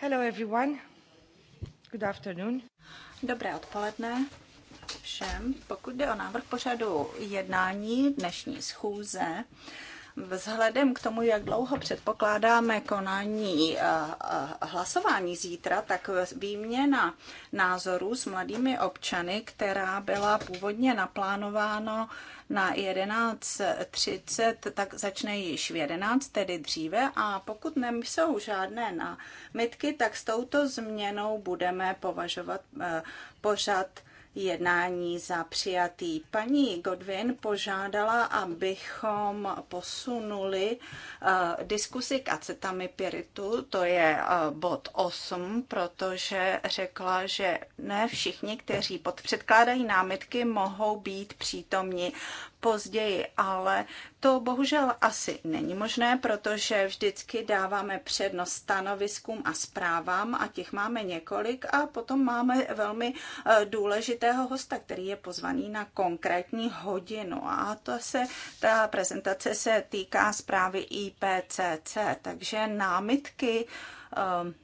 Hello everyone. Good afternoon. Dobré odpoledne všem. Pokud jde o návrh pořadu jednání dnešní schůze, Vzhledem k tomu, jak dlouho předpokládáme konání eh, eh, hlasování zítra, tak výměna názorů s mladými občany, která byla původně naplánována na 11.30, tak začne již v 11, tedy dříve. A pokud nejsou žádné námitky, tak s touto změnou budeme považovat eh, pořad jednání za přijatý. Paní Godwin požádala, abychom posunuli uh, diskusi k acetamipiritu, to je uh, bod 8, protože řekla, že ne všichni, kteří podpředkládají předkládají námitky, mohou být přítomni později, ale to bohužel asi není možné, protože vždycky dáváme přednost stanoviskům a zprávám a těch máme několik a potom máme velmi eh, důležitého hosta, který je pozvaný na konkrétní hodinu a to se, ta prezentace se týká zprávy IPCC, takže námitky um,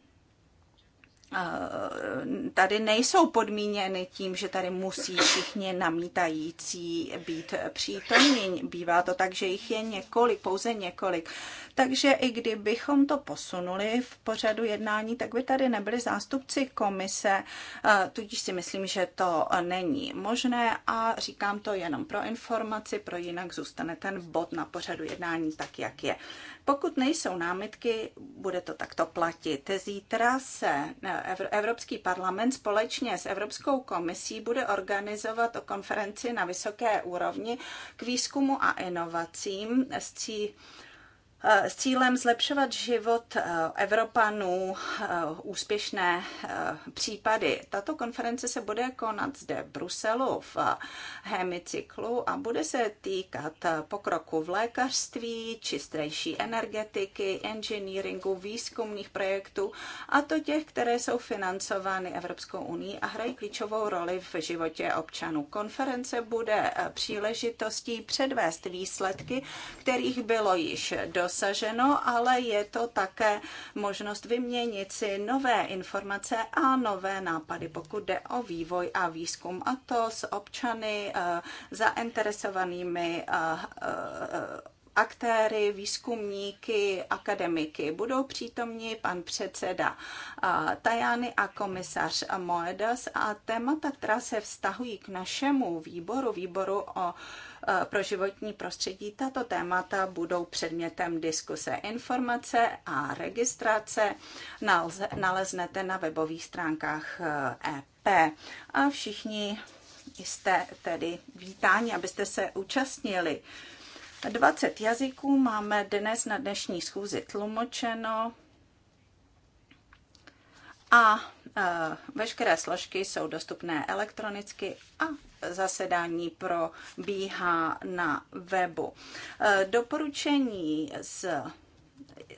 Eh, tady nejsou podmíněny tím, že tady musí všichni namítající být přítomní. Bývá to tak, že jich je několik, pouze několik. Takže i kdybychom to posunuli v pořadu jednání, tak by tady nebyli zástupci komise, eh, tudíž si myslím, že to není možné a říkám to jenom pro informaci, pro jinak zůstane ten bod na pořadu jednání tak, jak je. Pokud nejsou námitky, bude to takto platit. Zítra se eh, Evropský parlament společně s Evropskou komisí bude organizovat o konferenci na vysoké úrovni k výzkumu a inovacím s cílem Eh, s cílem zlepšovat život eh, Evropanů eh, úspěšné případy. Tato konference se bude konat zde v Bruselu v hemicyklu a bude se týkat pokroku v lékařství, čistější energetiky, engineeringu, výzkumných projektů a to těch, které jsou financovány Evropskou unii a hrají klíčovou roli v životě občanů. Konference bude příležitostí předvést výsledky, kterých bylo již dost obsaženo, ale je to také možnost vyměnit si nové informace a nové nápady, pokud jde o vývoj a výzkum. A to s občany eh, zainteresovanými eh, eh, aktéry, výzkumníky, akademiky. Budou přítomní pan předseda Tajany a komisař Moedas a témata, která se vztahují k našemu výboru, výboru o e, pro životní prostředí tato témata budou předmětem diskuse. Informace a registrace naleznete na webových stránkách EP. E a všichni jste tedy vítáni, abyste se účastnili. 20 jazyků máme dnes na dnešní schůzi tlumočeno a e, veškeré složky jsou dostupné elektronicky a zasedání probíhá na webu. E, doporučení z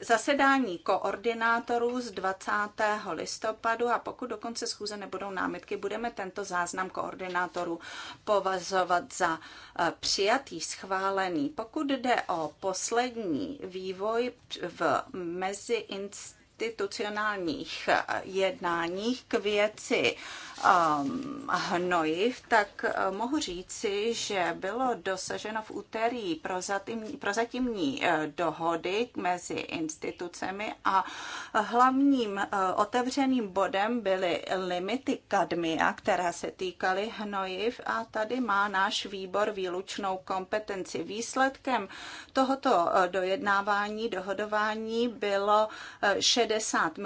zasedání koordinátorů z 20. listopadu a pokud do konce schůze nebudou námitky, budeme tento záznam koordinátorů považovat za eh, přijatý, schválený. Pokud jde o poslední vývoj v meziinstitucionální institucionálních eh, jednáních k věci ehm, hnojiv, tak eh, mohu říci, že bylo dosaženo v úterý prozatímní, prozatímní eh, dohody mezi institucemi a hlavním otevřeným bodem byly limity kadmia, které se týkaly hnojiv a tady má náš výbor výlučnou kompetenci. Výsledkem tohoto dojednávání, dohodování bylo šed 60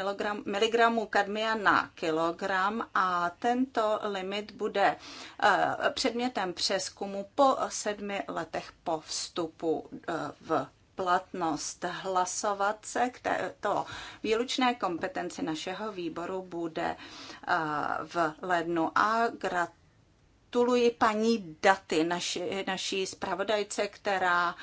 mg kadmia na kilogram a tento limit bude eh, předmětem přeskumu po sedmi letech po vstupu eh, v platnost hlasovat se k této výlučné kompetenci našeho výboru bude eh, v lednu a gratuluji paní Daty, naši, naší zpravodajce, která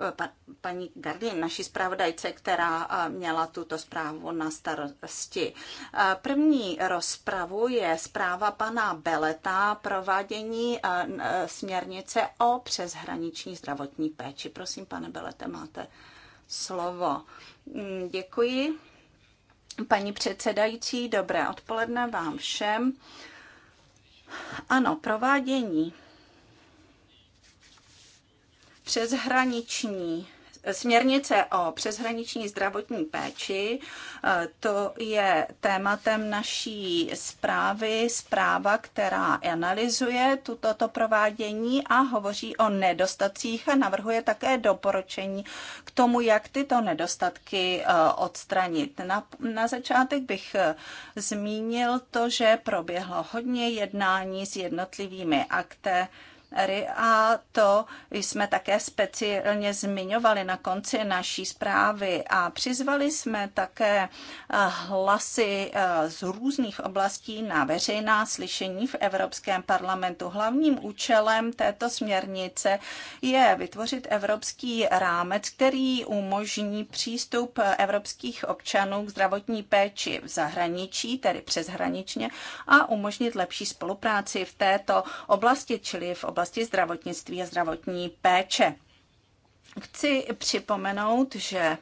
Eh, pa, paní Gardin, naší zpravodajce, která eh, měla tuto zprávu na starosti. Eh, první rozpravu je zpráva pana Beleta provádění směrnice o přeshraniční zdravotní péči. Prosím, pane Belete, máte slovo. Mm, děkuji. Paní předsedající, dobré odpoledne vám všem. Ano, provádění přeshraniční eh, Směrnice o přeshraniční zdravotní péči, eh, to je tématem naší zprávy, zpráva, která analyzuje toto provádění a hovoří o nedostacích a navrhuje také doporučení k tomu, jak tyto nedostatky eh, odstranit. Na, na začátek bych zmínil to, že proběhlo hodně jednání s jednotlivými akty. ERY a to jsme také speciálně zmiňovali na konci naší zprávy a přizvali jsme také eh, hlasy eh, z různých oblastí na veřejná slyšení v Evropském parlamentu. Hlavním účelem této směrnice je vytvořit evropský rámec, který umožní přístup evropských občanů k zdravotní péči v zahraničí, tedy přeshraničně, a umožnit lepší spolupráci v této oblasti, čili v oblasti oblasti zdravotnictví a zdravotní péče. Chci připomenout, že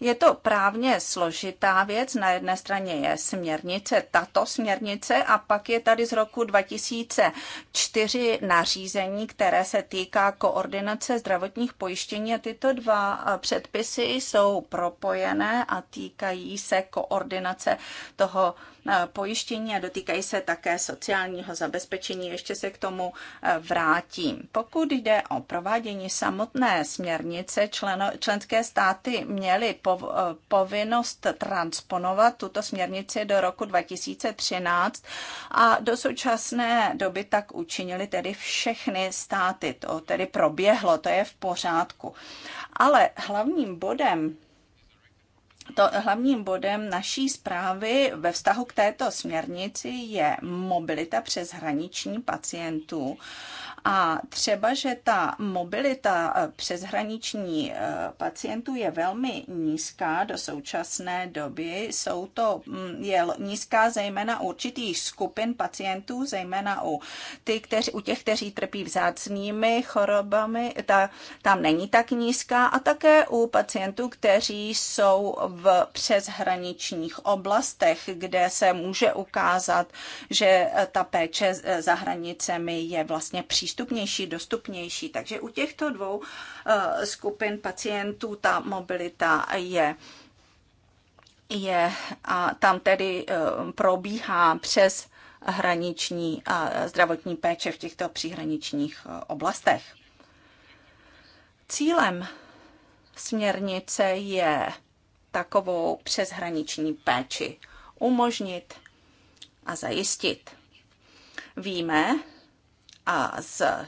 je to právně složitá věc. Na jedné straně je směrnice, tato směrnice, a pak je tady z roku 2004 nařízení, které se týká koordinace zdravotních pojištění. A tyto dva předpisy jsou propojené a týkají se koordinace toho Eh, pojištění a dotýkají se také sociálního zabezpečení. Ještě se k tomu eh, vrátím. Pokud jde o provádění samotné směrnice, členo, členské státy měly pov, eh, povinnost transponovat tuto směrnici do roku 2013 a do současné doby tak učinili tedy všechny státy. To tedy proběhlo, to je v pořádku. Ale hlavním bodem to hlavním bodem naší zprávy ve vztahu k této směrnici je mobilita přeshraniční pacientů. A třeba, že ta mobilita eh, přeshraniční eh, pacientů je velmi nízká do současné doby. Jsou to, mm, je nízká zejména určitých skupin pacientů, zejména u, ty, kteři, u těch, kteří trpí vzácnými chorobami, ta, tam není tak nízká a také u pacientů, kteří jsou v přeshraničních oblastech, kde se může ukázat, že eh, ta péče za hranicemi je vlastně příští přístupnější, dostupnější. Takže u těchto dvou eh, skupin pacientů ta mobilita je je a tam tedy eh, probíhá přes hraniční eh, zdravotní péče v těchto příhraničních oblastech. Cílem směrnice je takovou přeshraniční péči umožnit a zajistit. Víme, a z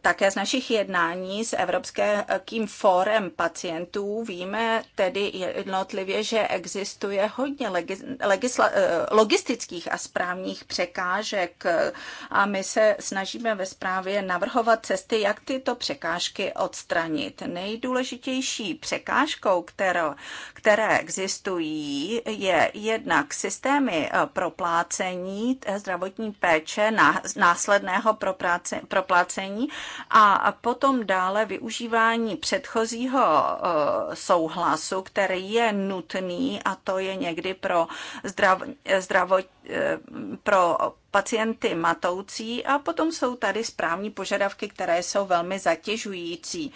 také z našich jednání s Evropským fórem pacientů víme tedy jednotlivě, že existuje hodně legisla- eh, logistických a správních překážek a my se snažíme ve zprávě navrhovat cesty, jak tyto překážky odstranit. Nejdůležitější překážkou, kterou, které existují, je jednak systémy eh, proplácení eh, zdravotní péče, následného proplácení, a potom dále využívání předchozího eh, souhlasu, který je nutný a to je někdy pro zdrav, eh, zdravo, eh, pro pacienty matoucí a potom jsou tady správní požadavky, které jsou velmi zatěžující.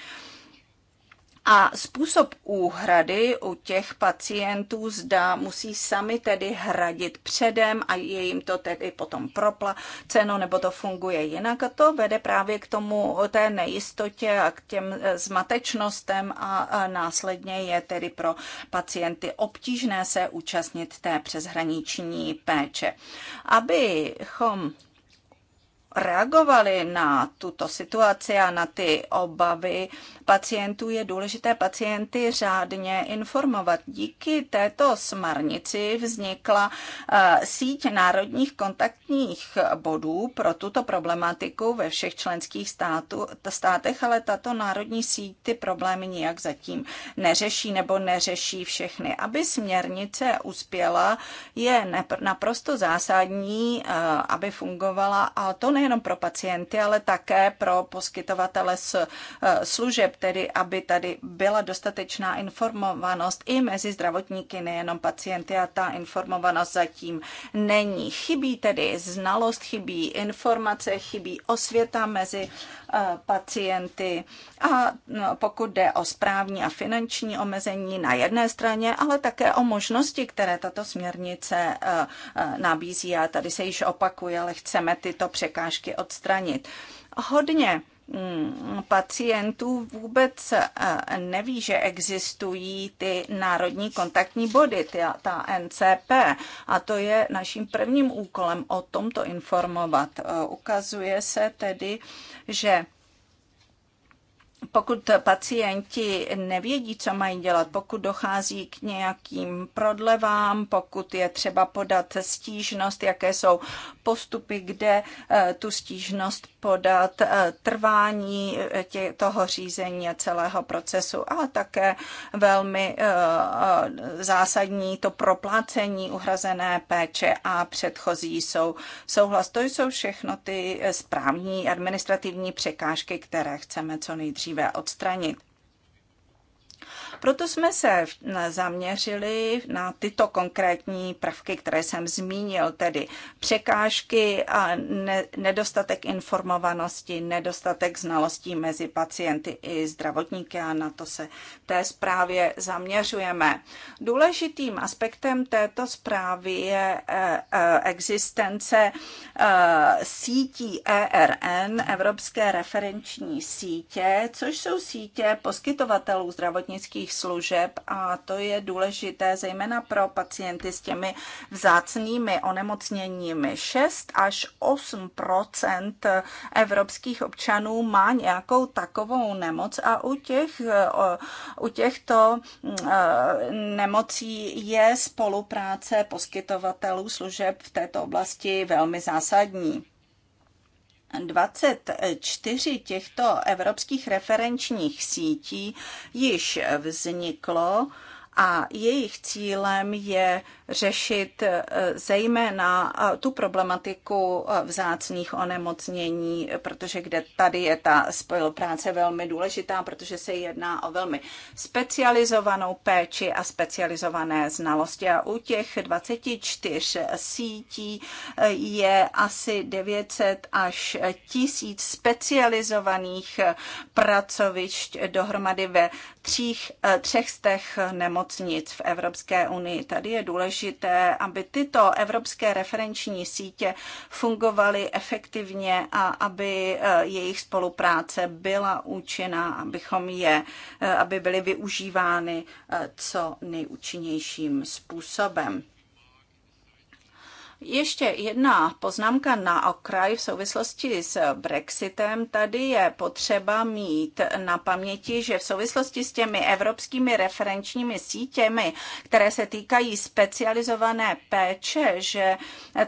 A způsob úhrady u těch pacientů zda musí sami tedy hradit předem a je jim to tedy potom proplaceno, nebo to funguje jinak. A to vede právě k tomu té nejistotě a k těm e, zmatečnostem a následně je tedy pro pacienty obtížné se účastnit té přeshraniční péče. Abychom reagovali na tuto situaci a na ty obavy pacientů, je důležité pacienty řádně informovat. Díky této smarnici vznikla eh, síť národních kontaktních bodů pro tuto problematiku ve všech členských státu, státech, ale tato národní síť ty problémy nijak zatím neřeší nebo neřeší všechny. Aby směrnice uspěla, je naprosto zásadní, eh, aby fungovala, a to nejenom pro pacienty, ale také pro poskytovatele eh, služeb, tedy aby tady byla dostatečná informovanost i mezi zdravotníky, nejenom pacienty a ta informovanost zatím není. Chybí tedy znalost, chybí informace, chybí osvěta mezi Eh, pacienty. A no, pokud jde o správní a finanční omezení na jedné straně, ale také o možnosti, které tato směrnice eh, eh, nabízí. A tady se již opakuje, ale chceme tyto překážky odstranit. Hodně Mm, pacientů vůbec eh, neví, že existují ty národní kontaktní body, ta, ta NCP. A to je naším prvním úkolem o tomto informovat. Eh, ukazuje se tedy, že pokud pacienti nevědí, co mají dělat, pokud dochází k nějakým prodlevám, pokud je třeba podat stížnost, jaké jsou postupy, kde eh, tu stížnost podat, eh, trvání eh, tě, toho řízení a celého procesu a také velmi zásadní to proplácení uhrazené péče a předchozí jsou souhlas. To jsou všechno ty správní administrativní překážky, které chceme co nejdříve odstranit. Proto jsme se zaměřili na tyto konkrétní prvky, které jsem zmínil, tedy překážky a ne, nedostatek informovanosti, nedostatek znalostí mezi pacienty i zdravotníky a na to se té zprávě zaměřujeme. Důležitým aspektem této zprávy je e, e, existence e, sítí ERN, Evropské referenční sítě, což jsou sítě poskytovatelů zdravotnických zdravotnických služeb a to je důležité zejména pro pacienty s těmi vzácnými onemocněními. 6 až 8 evropských občanů má nějakou takovou nemoc a u, těch, u těchto e, nemocí je spolupráce poskytovatelů služeb v této oblasti velmi zásadní. 24 těchto evropských referenčních sítí již vzniklo a jejich cílem je řešit eh, zejména eh, tu problematiku eh, vzácných onemocnění, protože kde tady je ta spolupráce velmi důležitá, protože se jedná o velmi specializovanou péči a specializované znalosti. A u těch 24 sítí je asi 900 až 1000 specializovaných pracovišť dohromady ve třích, třech těch nemocnic v Evropské unii. Tady je důležité důležité, aby tyto evropské referenční sítě fungovaly efektivně a aby e, jejich spolupráce byla účinná, abychom je, e, aby byly využívány e, co nejúčinnějším způsobem. Ještě jedna poznámka na okraj v souvislosti s Brexitem. Tady je potřeba mít na paměti, že v souvislosti s těmi evropskými referenčními sítěmi, které se týkají specializované péče, že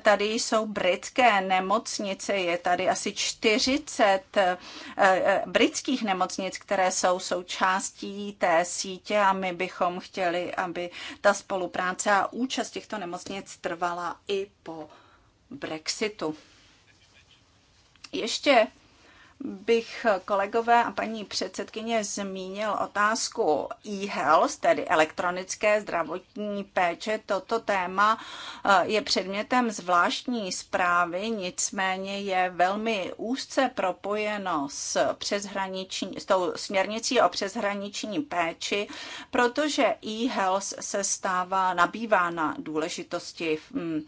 tady jsou britské nemocnice, je tady asi 40 eh, eh, britských nemocnic, které jsou součástí té sítě a my bychom chtěli, aby ta spolupráce a účast těchto nemocnic trvala i po Brexitu. Ještě bych kolegové a paní předsedkyně zmínil otázku e-health, tedy elektronické zdravotní péče. Toto téma eh, je předmětem zvláštní zprávy, nicméně je velmi úzce propojeno s, přeshraniční, s tou směrnicí o přeshraniční péči, protože e-health se stává, nabývá na důležitosti v, mm,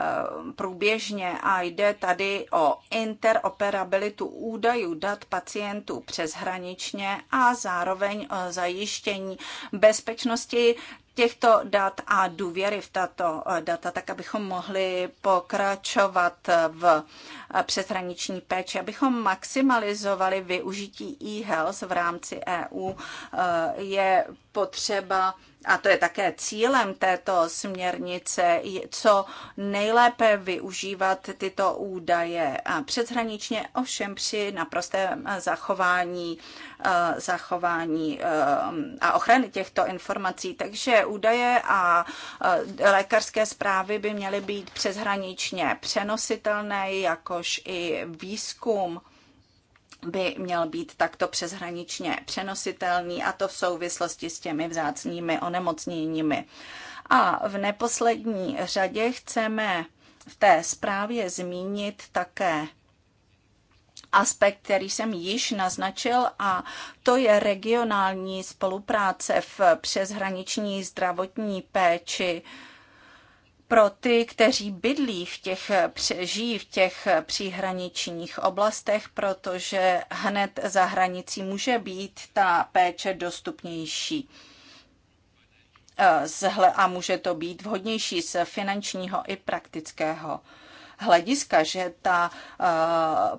Eh, průběžně a jde tady o interoperabilitu údajů dat pacientů přeshraničně a zároveň eh, zajištění bezpečnosti těchto dat a důvěry v tato eh, data, tak abychom mohli pokračovat v přeshraniční péči, abychom maximalizovali využití e-health v rámci EU, je potřeba a to je také cílem této směrnice, co nejlépe využívat tyto údaje předhraničně, ovšem při naprostém eh, zachování, eh, zachování eh, a ochrany těchto informací. Takže údaje a lékařské zprávy by měly být přeshraničně přenositelné, jakož i výzkum by měl být takto přeshraničně přenositelný a to v souvislosti s těmi vzácnými onemocněními. A v neposlední řadě chceme v té zprávě zmínit také aspekt, který jsem již naznačil, a to je regionální spolupráce v přeshraniční zdravotní péči pro ty, kteří bydlí v těch, žijí v těch příhraničních oblastech, protože hned za hranicí může být ta péče dostupnější eh, a může to být vhodnější z finančního i praktického hlediska, že ta eh,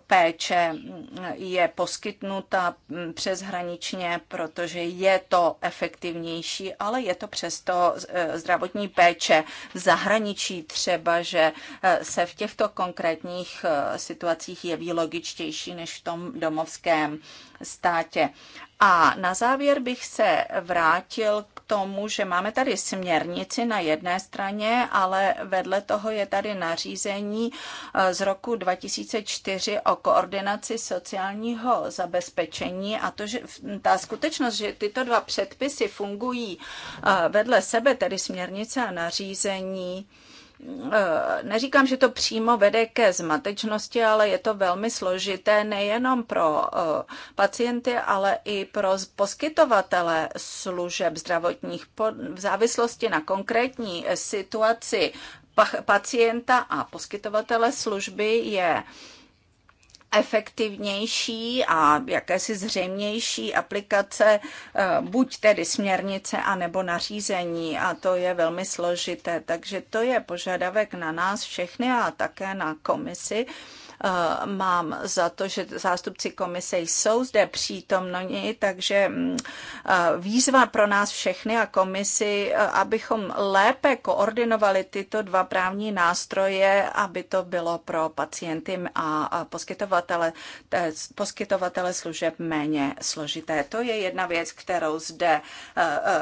péče mm, je poskytnuta mm, přeshraničně, protože je to efektivnější, ale je to přesto eh, zdravotní péče v zahraničí třeba, že eh, se v těchto konkrétních situacích jeví logičtější než v tom domovském státě. A na závěr bych se vrátil k tomu, že máme tady směrnici na jedné straně, ale vedle toho je tady nařízení eh, z roku 2004 o koordinaci sociálního zabezpečení a to, že ta skutečnost, že tyto dva předpisy fungují eh, vedle sebe, tedy směrnice a nařízení, Eh, neříkám, že to přímo vede ke zmatečnosti, ale je to velmi složité nejenom pro eh, pacienty, ale i pro poskytovatele služeb zdravotních v závislosti na konkrétní eh, situaci pacienta a poskytovatele služby je efektivnější a jakési zřejmější aplikace eh, buď tedy směrnice a nebo nařízení a to je velmi složité. Takže to je požadavek na nás všechny a také na komisi, Eh, mám za to, že zástupci komise jsou zde přítomni, takže mm, eh, výzva pro nás všechny a komisi, eh, abychom lépe koordinovali tyto dva právní nástroje, aby to bylo pro pacienty a poskytovatele, poskytovatele služeb méně složité. To je jedna věc, kterou zde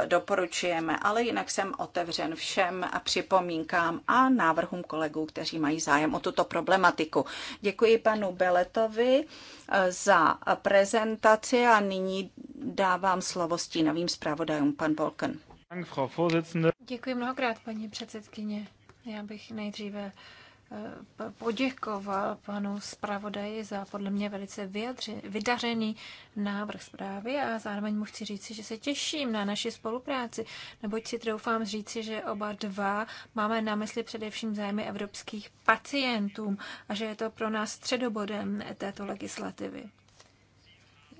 doporučujeme, ale jinak jsem otevřen všem připomínkám a návrhům kolegů, kteří mají zájem o tuto problematiku. Děkuji Děkuji panu Beletovi eh, za prezentaci a nyní dávám slovo stínovým zpravodajům, pan Volken. Děkuji mnohokrát, paní předsedkyně. Já bych nejdříve Eh, poděkoval panu zpravodaji za podle mě velice vyjadři, vydařený návrh zprávy a zároveň mu chci říci, že se těším na naši spolupráci, neboť si troufám říci, že oba dva máme na mysli především zájmy evropských pacientům a že je to pro nás středobodem této legislativy.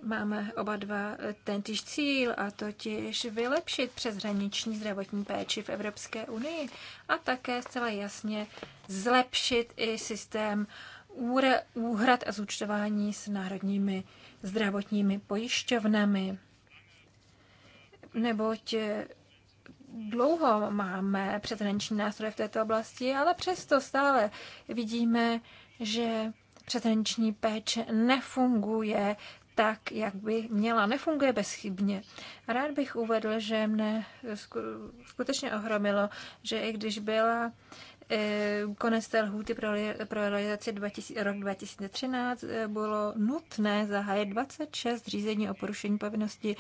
Máme oba dva eh, tentýž cíl, a totiž vylepšit přeshraniční zdravotní péči v Evropské unii a také zcela jasně zlepšit i systém úhrad a zúčtování s národními zdravotními pojišťovnami. Neboť eh, dlouho máme přeshraniční nástroje v této oblasti, ale přesto stále vidíme, že přeshraniční péče nefunguje tak, jak by měla. Nefunguje bezchybně. Rád bych uvedl, že mne skutečně ohromilo, že i když byla Eh, konec té lhůty pro, pro realizaci 2000, rok 2013 eh, bylo nutné zahájit 26 řízení o porušení povinnosti,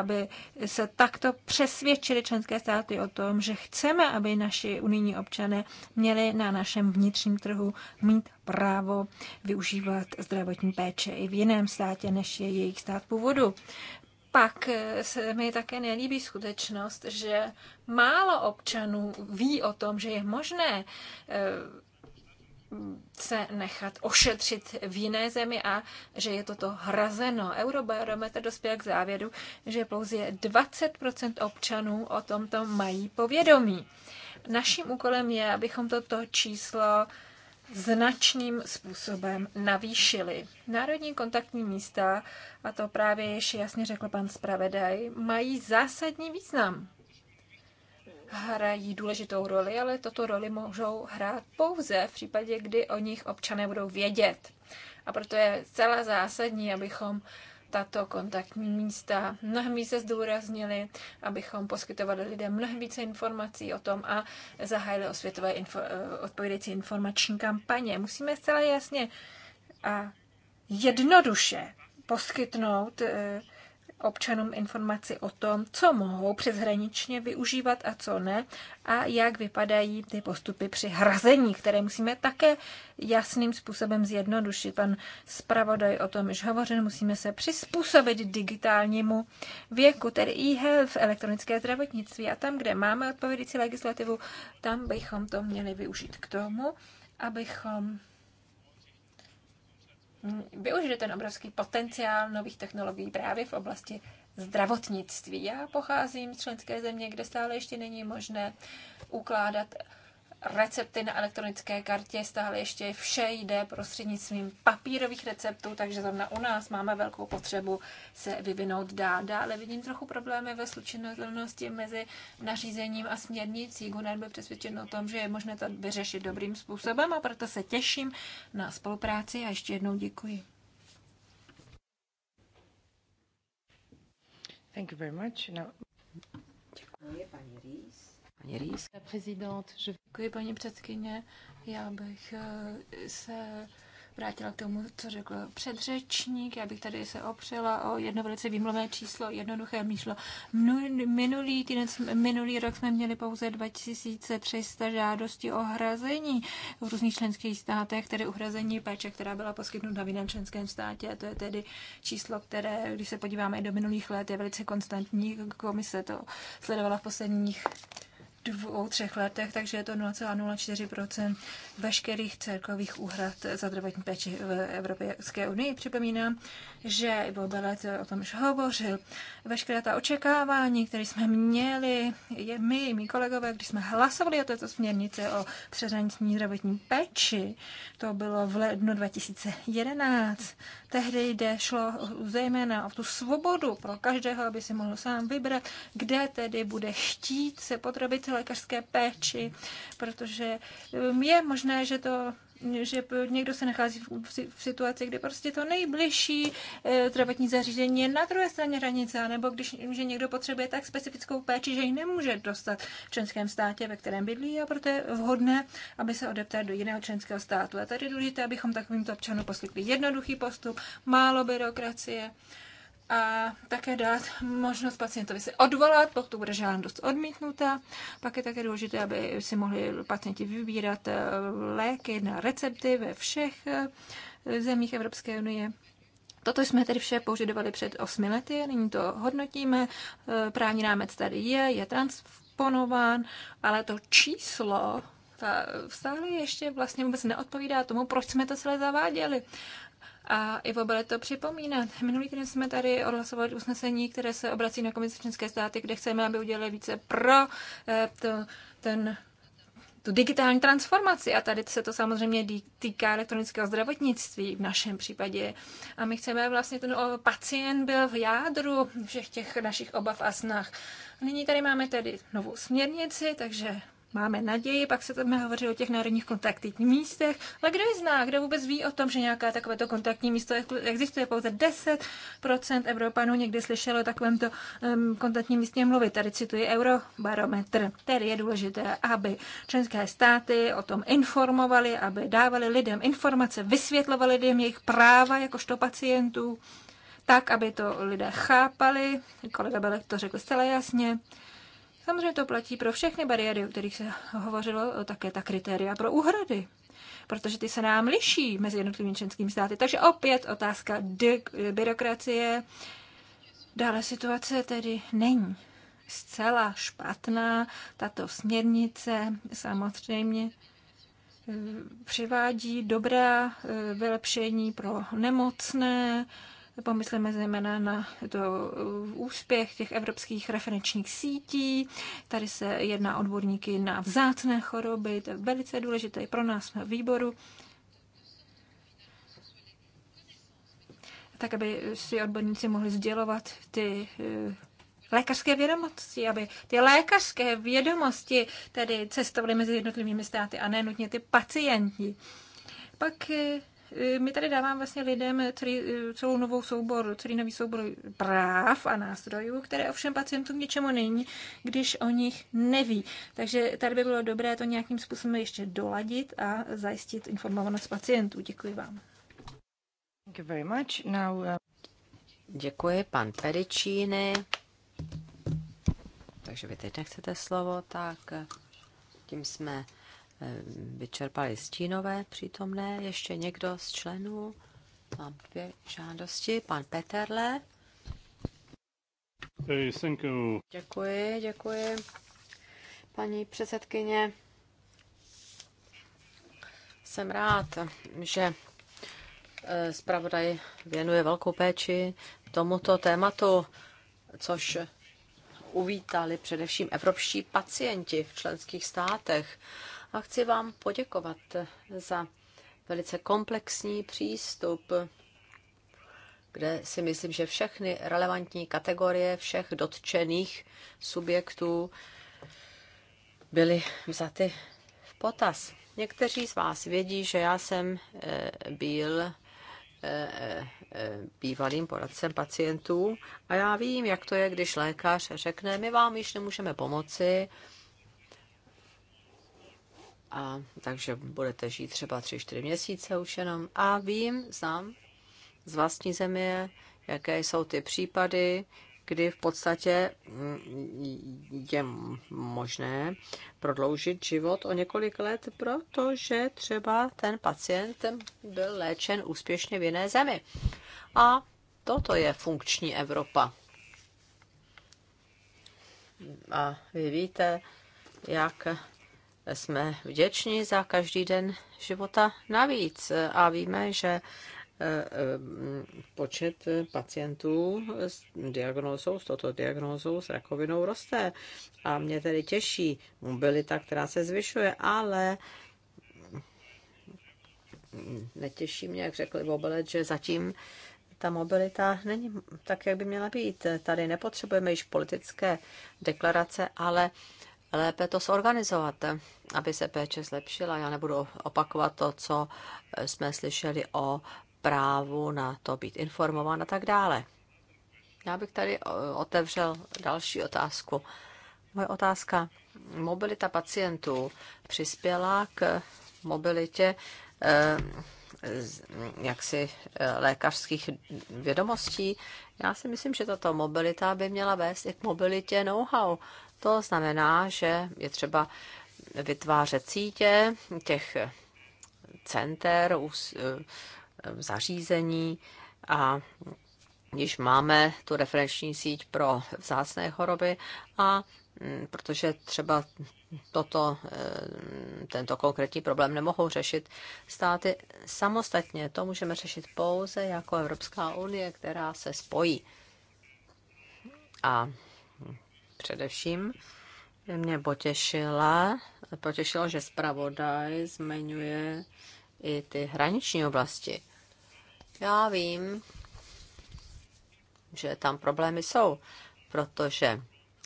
aby se takto přesvědčili členské státy o tom, že chceme, aby naši unijní občané měli na našem vnitřním trhu mít právo využívat zdravotní péče i v jiném státě, než je jejich stát původu. Pak eh, se mi také nelíbí skutečnost, že málo občanů ví o tom, že je možné eh, se nechat ošetřit v jiné zemi a že je toto hrazeno. Eurobarometr dospěl k závěru, že pouze 20% občanů o tomto mají povědomí. Naším úkolem je, abychom toto číslo značným způsobem navýšily. Národní kontaktní místa, a to právě již jasně řekl pan Spravedaj, mají zásadní význam. Hrají důležitou roli, ale toto roli můžou hrát pouze v případě, kdy o nich občané budou vědět. A proto je celá zásadní, abychom tato kontaktní místa. Mnohem více zdůraznili, abychom poskytovali lidem mnohem více informací o tom a zahájili osvětové info, eh, odpovědající informační kampaně. Musíme zcela jasně a jednoduše poskytnout eh, občanům informaci o tom, co mohou přeshraničně využívat a co ne, a jak vypadají ty postupy při hrazení, které musíme také jasným způsobem zjednodušit. Pan zpravodaj o tom již hovořil, musíme se přizpůsobit digitálnímu věku, tedy e-health, elektronické zdravotnictví. A tam, kde máme odpovědící legislativu, tam bychom to měli využít k tomu, abychom využili ten obrovský potenciál nových technologií právě v oblasti zdravotnictví. Já pocházím z členské země, kde stále ještě není možné ukládat recepty na elektronické kartě, stále ještě vše jde prostřednictvím papírových receptů, takže zrovna u nás máme velkou potřebu se vyvinout dál. Dále vidím trochu problémy ve slučitelnosti mezi nařízením a směrnicí. Gunnar byl přesvědčen o tom, že je možné to vyřešit dobrým způsobem a proto se těším na spolupráci a ještě jednou děkuji. Thank you very much. Now... Děkuji, paní Rý paní Rýs. Děkuji, paní předsedkyně. Já bych eh, se vrátila k tomu, co řekl předřečník. Já bych tady se opřela o jedno velice výmluvné číslo, jednoduché míšlo. Minulý týden, minulý rok jsme měli pouze 2300 žádostí o hrazení v různých členských státech, tedy uhrazení péče, která byla poskytnuta v jiném členském státě. A to je tedy číslo, které, když se podíváme i do minulých let, je velice konstantní. Komise to sledovala v posledních dvou, třech letech, takže je to 0,04 veškerých celkových úhrad za zdravotní péči v Evropské unii. Připomínám, že i Belet o tom už hovořil. Veškerá ta očekávání, které jsme měli, je my, mý kolegové, když jsme hlasovali o této směrnici o přeshraniční zdravotní péči, to bylo v lednu 2011. Tehdy jde, šlo zejména o tu svobodu pro každého, aby si mohl sám vybrat, kde tedy bude chtít se potrobit lékařské péči, protože um, je možné, že to že někdo se nachází v situaci, kdy prostě to nejbližší eh, zdravotní zařízení je na druhé straně hranice, nebo když že někdo potřebuje tak specifickou péči, že ji nemůže dostat v členském státě, ve kterém bydlí, a proto je vhodné, aby se odeptal do jiného členského státu. A tady je důležité, abychom takovýmto občanům poskytli jednoduchý postup, málo byrokracie a také dát možnost pacientovi se odvolat, pokud bude žádost odmítnuta. Pak je také důležité, aby si mohli pacienti vybírat eh, léky na recepty ve všech eh, zemích Evropské unie. Toto jsme tedy vše požadovali před osmi lety, nyní to hodnotíme. Eh, právní rámec tady je, je transponován, ale to číslo ta stále ještě vlastně vůbec neodpovídá tomu, proč jsme to celé zaváděli. A Ivo Bele to připomínat. Minulý týden jsme tady odhlasovali usnesení, které se obrací na komisi členské státy, kde chceme, aby udělali více pro eh, to, ten tu digitální transformaci. A tady se to samozřejmě týká elektronického zdravotnictví v našem případě. A my chceme vlastně, ten pacient byl v jádru všech těch našich obav a snah. Nyní tady máme tedy novou směrnici, takže máme naději, pak se tam hovoří o těch národních kontaktních místech, ale kdo je zná, kdo vůbec ví o tom, že nějaká takovéto kontaktní místo existuje pouze 10% Evropanů někdy slyšelo o takovémto um, kontaktním místě mluvit. Tady cituji Eurobarometr. Tedy je důležité, aby členské státy o tom informovali, aby dávali lidem informace, vysvětlovali lidem jejich práva jakožto pacientů, tak, aby to lidé chápali. Kolega Belek to řekl zcela jasně Samozřejmě to platí pro všechny bariéry, o kterých se hovořilo, také ta kritéria pro úhrady protože ty se nám liší mezi jednotlivými členskými státy. Takže opět otázka byrokracie. Dále situace tedy není zcela špatná. Tato směrnice samozřejmě eh, přivádí dobrá eh, vylepšení pro nemocné, Pomysleme zejména na to eh, úspěch těch evropských referenčních sítí. Tady se jedná odborníky na vzácné choroby, to je velice důležité i pro nás na výboru. Tak, aby si odborníci mohli sdělovat ty eh, lékařské vědomosti, aby ty lékařské vědomosti tedy cestovaly mezi jednotlivými státy a ne nutně ty pacienti. Pak eh, my tady dáváme vlastně lidem tři, celou novou soubor, celý nový soubor práv a nástrojů, které ovšem pacientům něčemu není, když o nich neví. Takže tady by bylo dobré to nějakým způsobem ještě doladit a zajistit informovanost pacientů. Děkuji vám. Thank you very much. Now, uh... Děkuji, pan Pericíny. Takže vy teď nechcete slovo, tak eh, tím jsme Ehm, vyčerpali stínové přítomné. Ještě někdo z členů? Mám dvě žádosti. Pan Peterle. Hey, thank you. Děkuji, děkuji. Paní předsedkyně, jsem rád, že eh, zpravodaj věnuje velkou péči tomuto tématu, což uvítali především evropští pacienti v členských státech a chci vám poděkovat za velice komplexní přístup, kde si myslím, že všechny relevantní kategorie všech dotčených subjektů byly vzaty v potaz. Někteří z vás vědí, že já jsem eh, byl eh, eh, bývalým poradcem pacientů a já vím, jak to je, když lékař řekne, my vám již nemůžeme pomoci, a takže budete žít třeba 3-4 měsíce už jenom. A vím, znám z vlastní země, jaké jsou ty případy, kdy v podstatě mm, je možné prodloužit život o několik let, protože třeba ten pacient byl léčen úspěšně v jiné zemi. A toto je funkční Evropa. A vy víte, jak jsme vděční za každý den života navíc a víme, že eh, eh, počet pacientů s diagnózou, s touto diagnózou, s rakovinou roste. A mě tedy těší mobilita, která se zvyšuje, ale netěší mě, jak řekli Bobelet, že zatím ta mobilita není tak, jak by měla být. Tady nepotřebujeme již politické deklarace, ale lépe to zorganizovat, aby se péče zlepšila. Já nebudu opakovat to, co jsme slyšeli o právu na to být informován a tak dále. Já bych tady otevřel další otázku. Moje otázka. Mobilita pacientů přispěla k mobilitě eh, jaksi eh, lékařských vědomostí. Já si myslím, že tato mobilita by měla vést i k mobilitě know-how to znamená, že je třeba vytvářet sítě těch center, eh, zařízení a když máme tu referenční síť pro vzácné choroby a mm, protože třeba toto, eh, tento konkrétní problém nemohou řešit státy samostatně. To můžeme řešit pouze jako Evropská unie, která se spojí. A Především mě potěšila, potěšilo, že zpravodaj zmiňuje i ty hraniční oblasti. Já vím, že tam problémy jsou, protože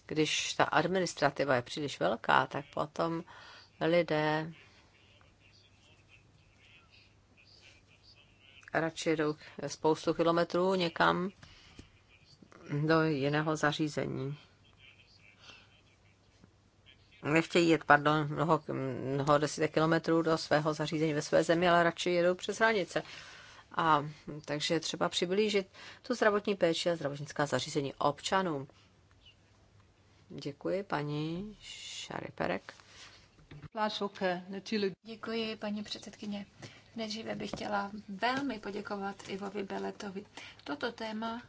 když ta administrativa je příliš velká, tak potom lidé radši jdou spoustu kilometrů někam do jiného zařízení nechtějí jet, pardon, mnoho, mnoho desítek kilometrů do svého zařízení ve své zemi, ale radši jedou přes hranice. A takže třeba přiblížit tu zdravotní péči a zdravotnická zařízení občanům. Děkuji, paní Šariperek. Děkuji, paní předsedkyně. Nejdříve bych chtěla velmi poděkovat Ivovi Beletovi. Toto téma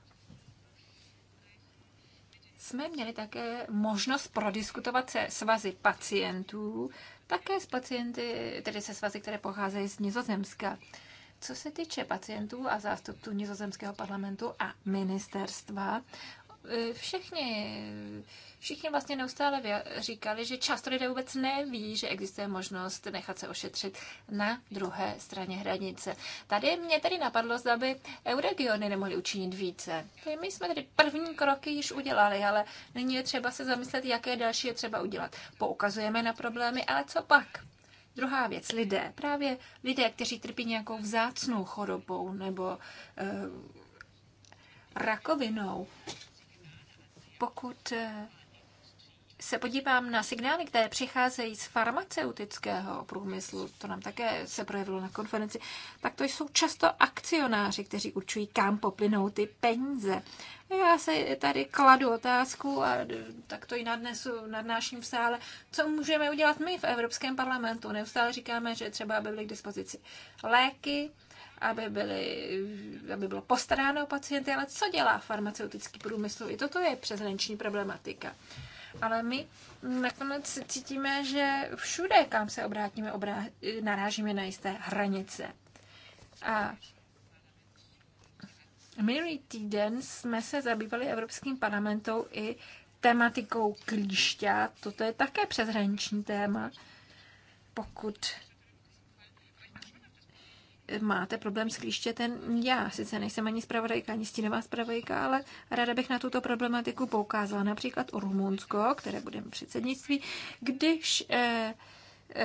jsme měli také možnost prodiskutovat se svazy pacientů, také s pacienty, tedy se svazy, které pocházejí z Nizozemska. Co se týče pacientů a zástupců nizozemského parlamentu a ministerstva, Všichni, všichni vlastně neustále říkali, že často lidé vůbec neví, že existuje možnost nechat se ošetřit na druhé straně hranice. Tady mě tedy napadlo, zda by euregiony nemohly učinit více. My jsme tedy první kroky již udělali, ale nyní je třeba se zamyslet, jaké další je třeba udělat. Poukazujeme na problémy, ale co pak? Druhá věc, lidé. Právě lidé, kteří trpí nějakou vzácnou chorobou nebo e, rakovinou, pokud eh, se podívám na signály, které přicházejí z farmaceutického průmyslu, to nám také se projevilo na konferenci, tak to jsou často akcionáři, kteří určují, kam poplynou ty peníze. Já se tady kladu otázku a tak to i nadnesu, nadnáším v sále, co můžeme udělat my v Evropském parlamentu. Neustále říkáme, že třeba by byly k dispozici léky, aby, byly, aby bylo postaráno o pacienty, ale co dělá farmaceutický průmysl? I toto je přeshraniční problematika. Ale my nakonec cítíme, že všude, kam se obrátíme, obrá- narážíme na jisté hranice. A minulý týden jsme se zabývali Evropským parlamentou i tematikou klíšťa. Toto je také přeshraniční téma. Pokud máte problém s klíštětem já. Sice nejsem ani zpravodajka, ani stínová zpravodajka, ale ráda bych na tuto problematiku poukázala. Například o Rumunsko, které budeme předsednictví, když eh,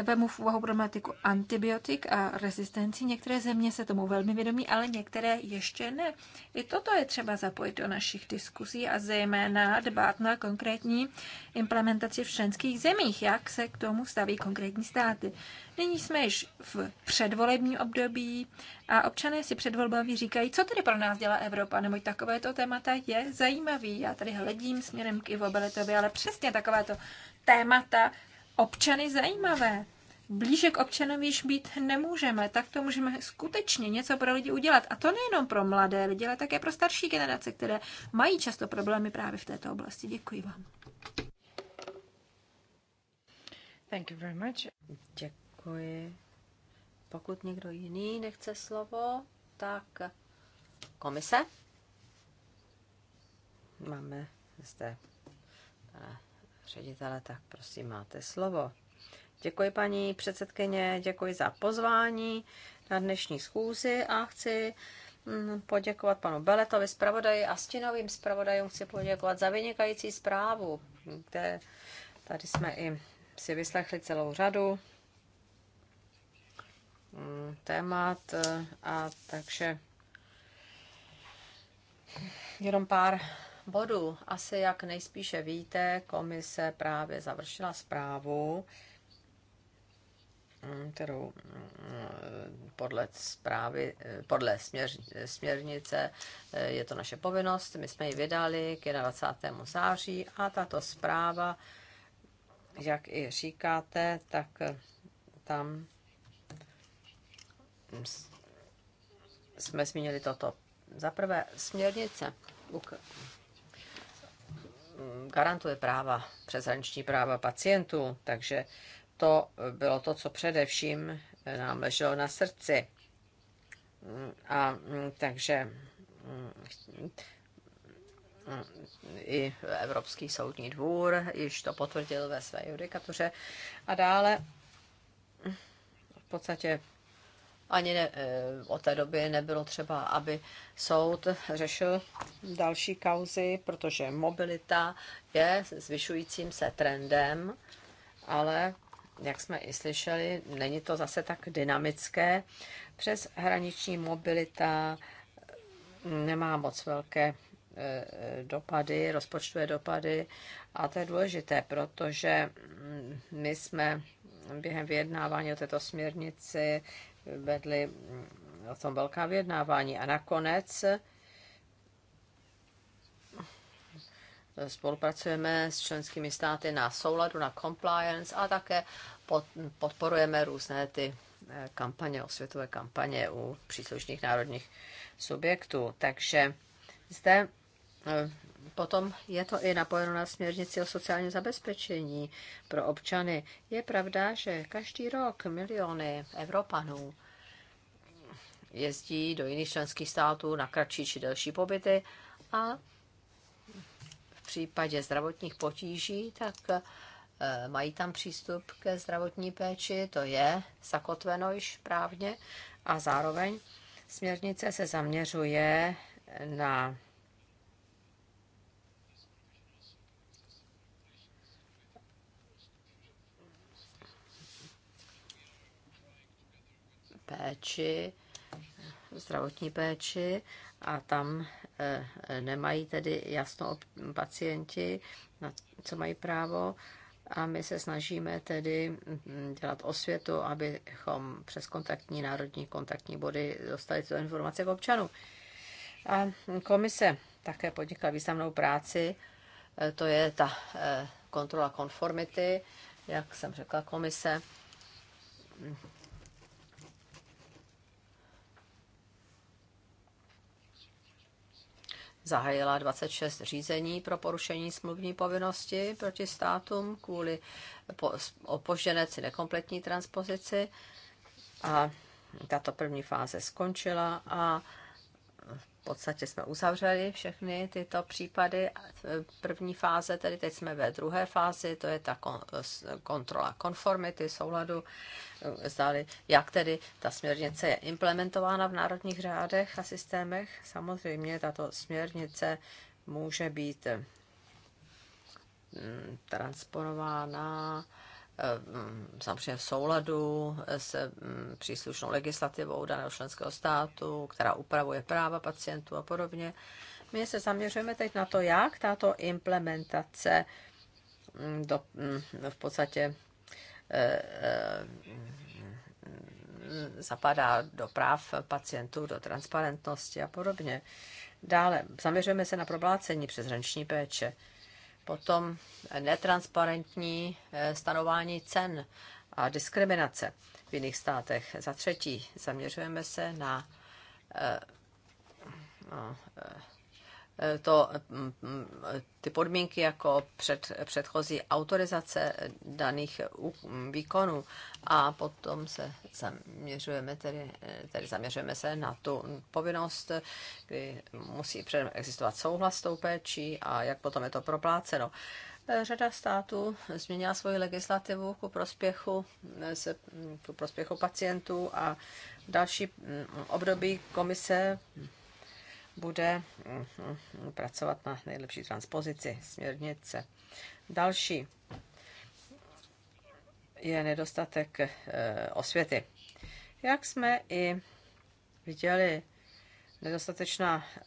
vemu v úvahu problematiku antibiotik a rezistenci. Některé země se tomu velmi vědomí, ale některé ještě ne. I toto je třeba zapojit do našich diskuzí a zejména dbát na konkrétní implementaci v členských zemích, jak se k tomu staví konkrétní státy. Nyní jsme již v předvolebním období a občané si před říkají, co tedy pro nás dělá Evropa, neboť takovéto témata je zajímavý. Já tady hledím směrem k Ivo Beletovi, ale přesně takovéto témata občany zajímavé. Blíže k občanům již být nemůžeme, tak to můžeme skutečně něco pro lidi udělat. A to nejenom pro mladé lidi, ale také pro starší generace, které mají často problémy právě v této oblasti. Děkuji vám. Thank you very much. Děkuji. Pokud někdo jiný nechce slovo, tak komise. Máme zde pana eh, ředitele, tak prosím, máte slovo. Děkuji paní předsedkyně, děkuji za pozvání na dnešní schůzi a chci mm, poděkovat panu Beletovi, zpravodaji a stinovým zpravodajům chci poděkovat za vynikající zprávu, kde tady jsme i si vyslechli celou řadu mm, témat eh, a takže jenom pár Bodu, Asi jak nejspíše víte, komise právě završila zprávu, mm, kterou mm, podle zprávy, eh, podle směř, směrnice eh, je to naše povinnost. My jsme ji vydali k 21. září a tato zpráva, jak i říkáte, tak eh, tam jsme zmínili toto. Za prvé, směrnice Mm, garantuje práva, přeshraniční práva pacientů, takže to bylo to, co především eh, nám leželo na srdci. Mm, a mm, takže i Evropský soudní dvůr již to potvrdil ve své judikatuře. A dále v podstatě ani ne, eh, od té doby nebylo třeba, aby soud řešil další kauzy, protože mobilita je zvyšujícím se trendem, ale jak jsme i slyšeli, není to zase tak dynamické. Přes hraniční mobilita mm, nemá moc velké eh, dopady, rozpočtové dopady a to je důležité, protože mm, my jsme během vyjednávání o této směrnici vedli o tom velká vyjednávání. A nakonec spolupracujeme s členskými státy na souladu, na compliance a také podporujeme různé ty eh, kampaně, osvětové kampaně u příslušných národních subjektů. Takže zde eh, potom je to i napojeno na směrnici o sociálním zabezpečení pro občany. Je pravda, že každý rok miliony Evropanů jezdí do jiných členských států na kratší či delší pobyty a v případě zdravotních potíží, tak eh, mají tam přístup ke zdravotní péči, to je zakotveno již právně a zároveň směrnice se zaměřuje na péči, zdravotní péči a tam eh, nemají tedy jasno pacienti, na co mají právo. A my se snažíme tedy hm, dělat osvětu, abychom přes kontaktní národní kontaktní body dostali tu informace k občanům. A komise také podnikla významnou práci, eh, to je ta eh, kontrola konformity, jak jsem řekla komise, hm, zahájila 26 řízení pro porušení smluvní povinnosti proti státům kvůli opožděné či nekompletní transpozici. A tato první fáze skončila a podstatě jsme uzavřeli všechny tyto případy. První fáze, tedy teď jsme ve druhé fázi, to je ta kontrola konformity, souladu, eh, zdali, jak tedy ta směrnice je implementována v národních řádech a systémech. Samozřejmě tato směrnice může být eh, transponována Eh, samozřejmě v souladu s mm, příslušnou legislativou daného členského státu, která upravuje práva pacientů a podobně. My se zaměřujeme teď na to, jak tato implementace mm, do, mm, no v podstatě eh, eh, zapadá do práv pacientů, do transparentnosti a podobně. Dále zaměřujeme se na problácení přeshraniční péče. Potom netransparentní eh, stanování cen a diskriminace v jiných státech. Za třetí, zaměřujeme se na eh, no, eh, to, mm, ty podmínky jako před, předchozí autorizace daných výkonů a potom se zaměřujeme tedy, tedy zaměřujeme se na tu povinnost, kdy musí předem existovat souhlas s tou péčí a jak potom je to propláceno. Řada států změnila svoji legislativu ku prospěchu, se, ku prospěchu pacientů a další mm, období komise bude mm-hmm, pracovat na nejlepší transpozici směrnice. Další je nedostatek eh, osvěty. Jak jsme i viděli, nedostatečná eh,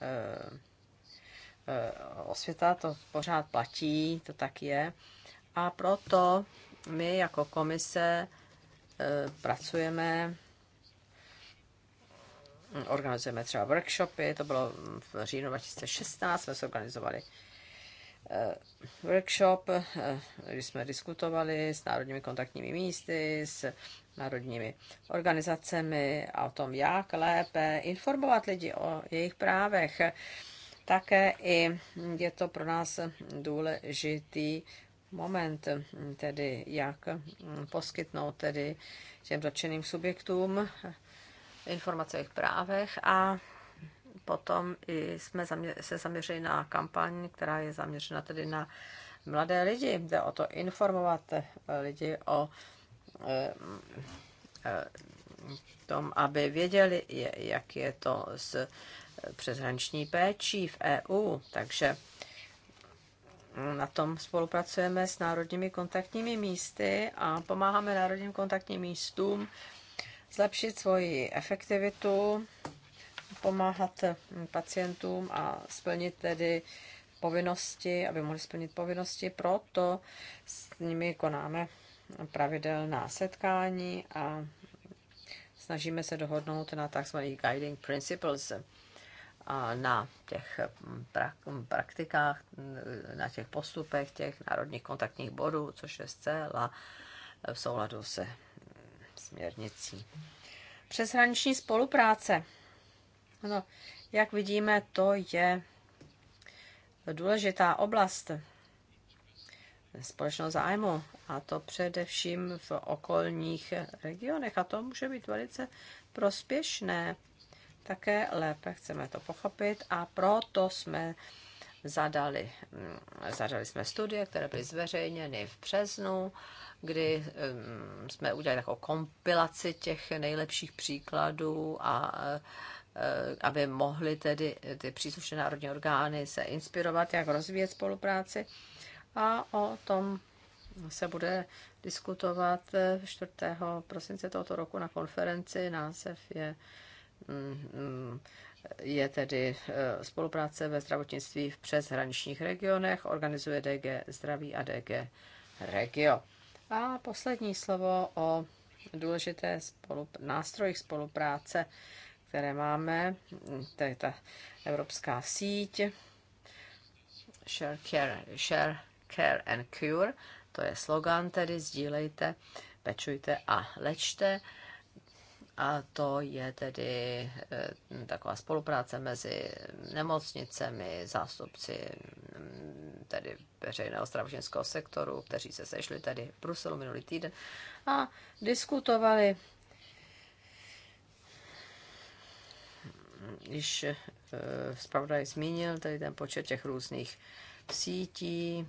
eh, osvěta, to pořád platí, to tak je. A proto my jako komise pracujeme organizujeme třeba workshopy, to bylo v říjnu 2016, jsme se organizovali eh, workshop, eh, kdy jsme diskutovali s národními kontaktními místy, s národními organizacemi a o tom, jak lépe informovat lidi o jejich právech. Také i je to pro nás důležitý moment, tedy jak poskytnout tedy těm dotčeným subjektům informace o jejich právech a potom i jsme se zaměřili na kampaň, která je zaměřena tedy na mladé lidi. Jde o to informovat eh, lidi o eh, eh, tom, aby věděli, jak je to s přeshraniční péčí v EU. Takže mm, na tom spolupracujeme s národními kontaktními místy a pomáháme národním kontaktním místům zlepšit svoji efektivitu, pomáhat pacientům a splnit tedy povinnosti, aby mohli splnit povinnosti, proto s nimi konáme pravidelná setkání a snažíme se dohodnout na tzv. guiding principles a na těch praktikách, na těch postupech těch národních kontaktních bodů, což je zcela v souladu se směrnicí. Přeshraniční spolupráce. No, jak vidíme, to je důležitá oblast společného zájmu, a to především v okolních regionech. A to může být velice prospěšné. Také lépe chceme to pochopit a proto jsme zadali. Mm, zadali jsme studie, které byly zveřejněny v březnu, kdy mm, jsme udělali takovou kompilaci těch nejlepších příkladů a e, e, aby mohly tedy ty příslušné národní orgány se inspirovat, jak rozvíjet spolupráci. A o tom se bude diskutovat 4. E, prosince tohoto roku na konferenci. Název je mm, je tedy eh, spolupráce ve zdravotnictví v přeshraničních regionech, organizuje DG Zdraví a DG Regio. A poslední slovo o důležité spolup- nástrojích spolupráce, které máme, to je ta evropská síť Share Care, share care and Cure, to je slogan, tedy sdílejte, pečujte a lečte. A to je tedy eh, taková spolupráce mezi nemocnicemi, zástupci mm, tedy veřejného zdravotnického sektoru, kteří se sešli tady v Bruselu minulý týden a diskutovali Když eh, zpravodaj zmínil, tady ten počet těch různých sítí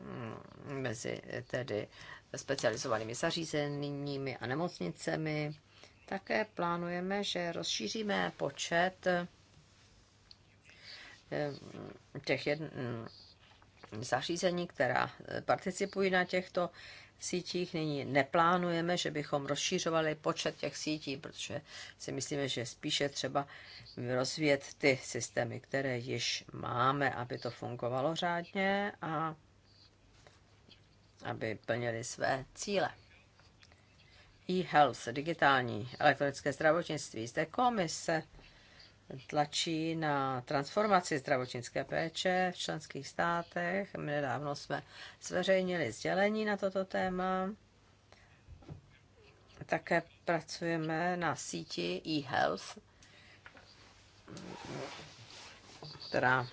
mm, mezi tedy specializovanými zařízeními a nemocnicemi také plánujeme, že rozšíříme počet eh, těch jedn, mm, zařízení, která eh, participují na těchto sítích. Nyní neplánujeme, že bychom rozšířovali počet těch sítí, protože si myslíme, že spíše třeba rozvíjet ty systémy, které již máme, aby to fungovalo řádně a aby plnili své cíle e-health, digitální elektronické zdravotnictví. Zde komise tlačí na transformaci zdravotnické péče v členských státech. Nedávno jsme zveřejnili sdělení na toto téma. Také pracujeme na síti e-health, která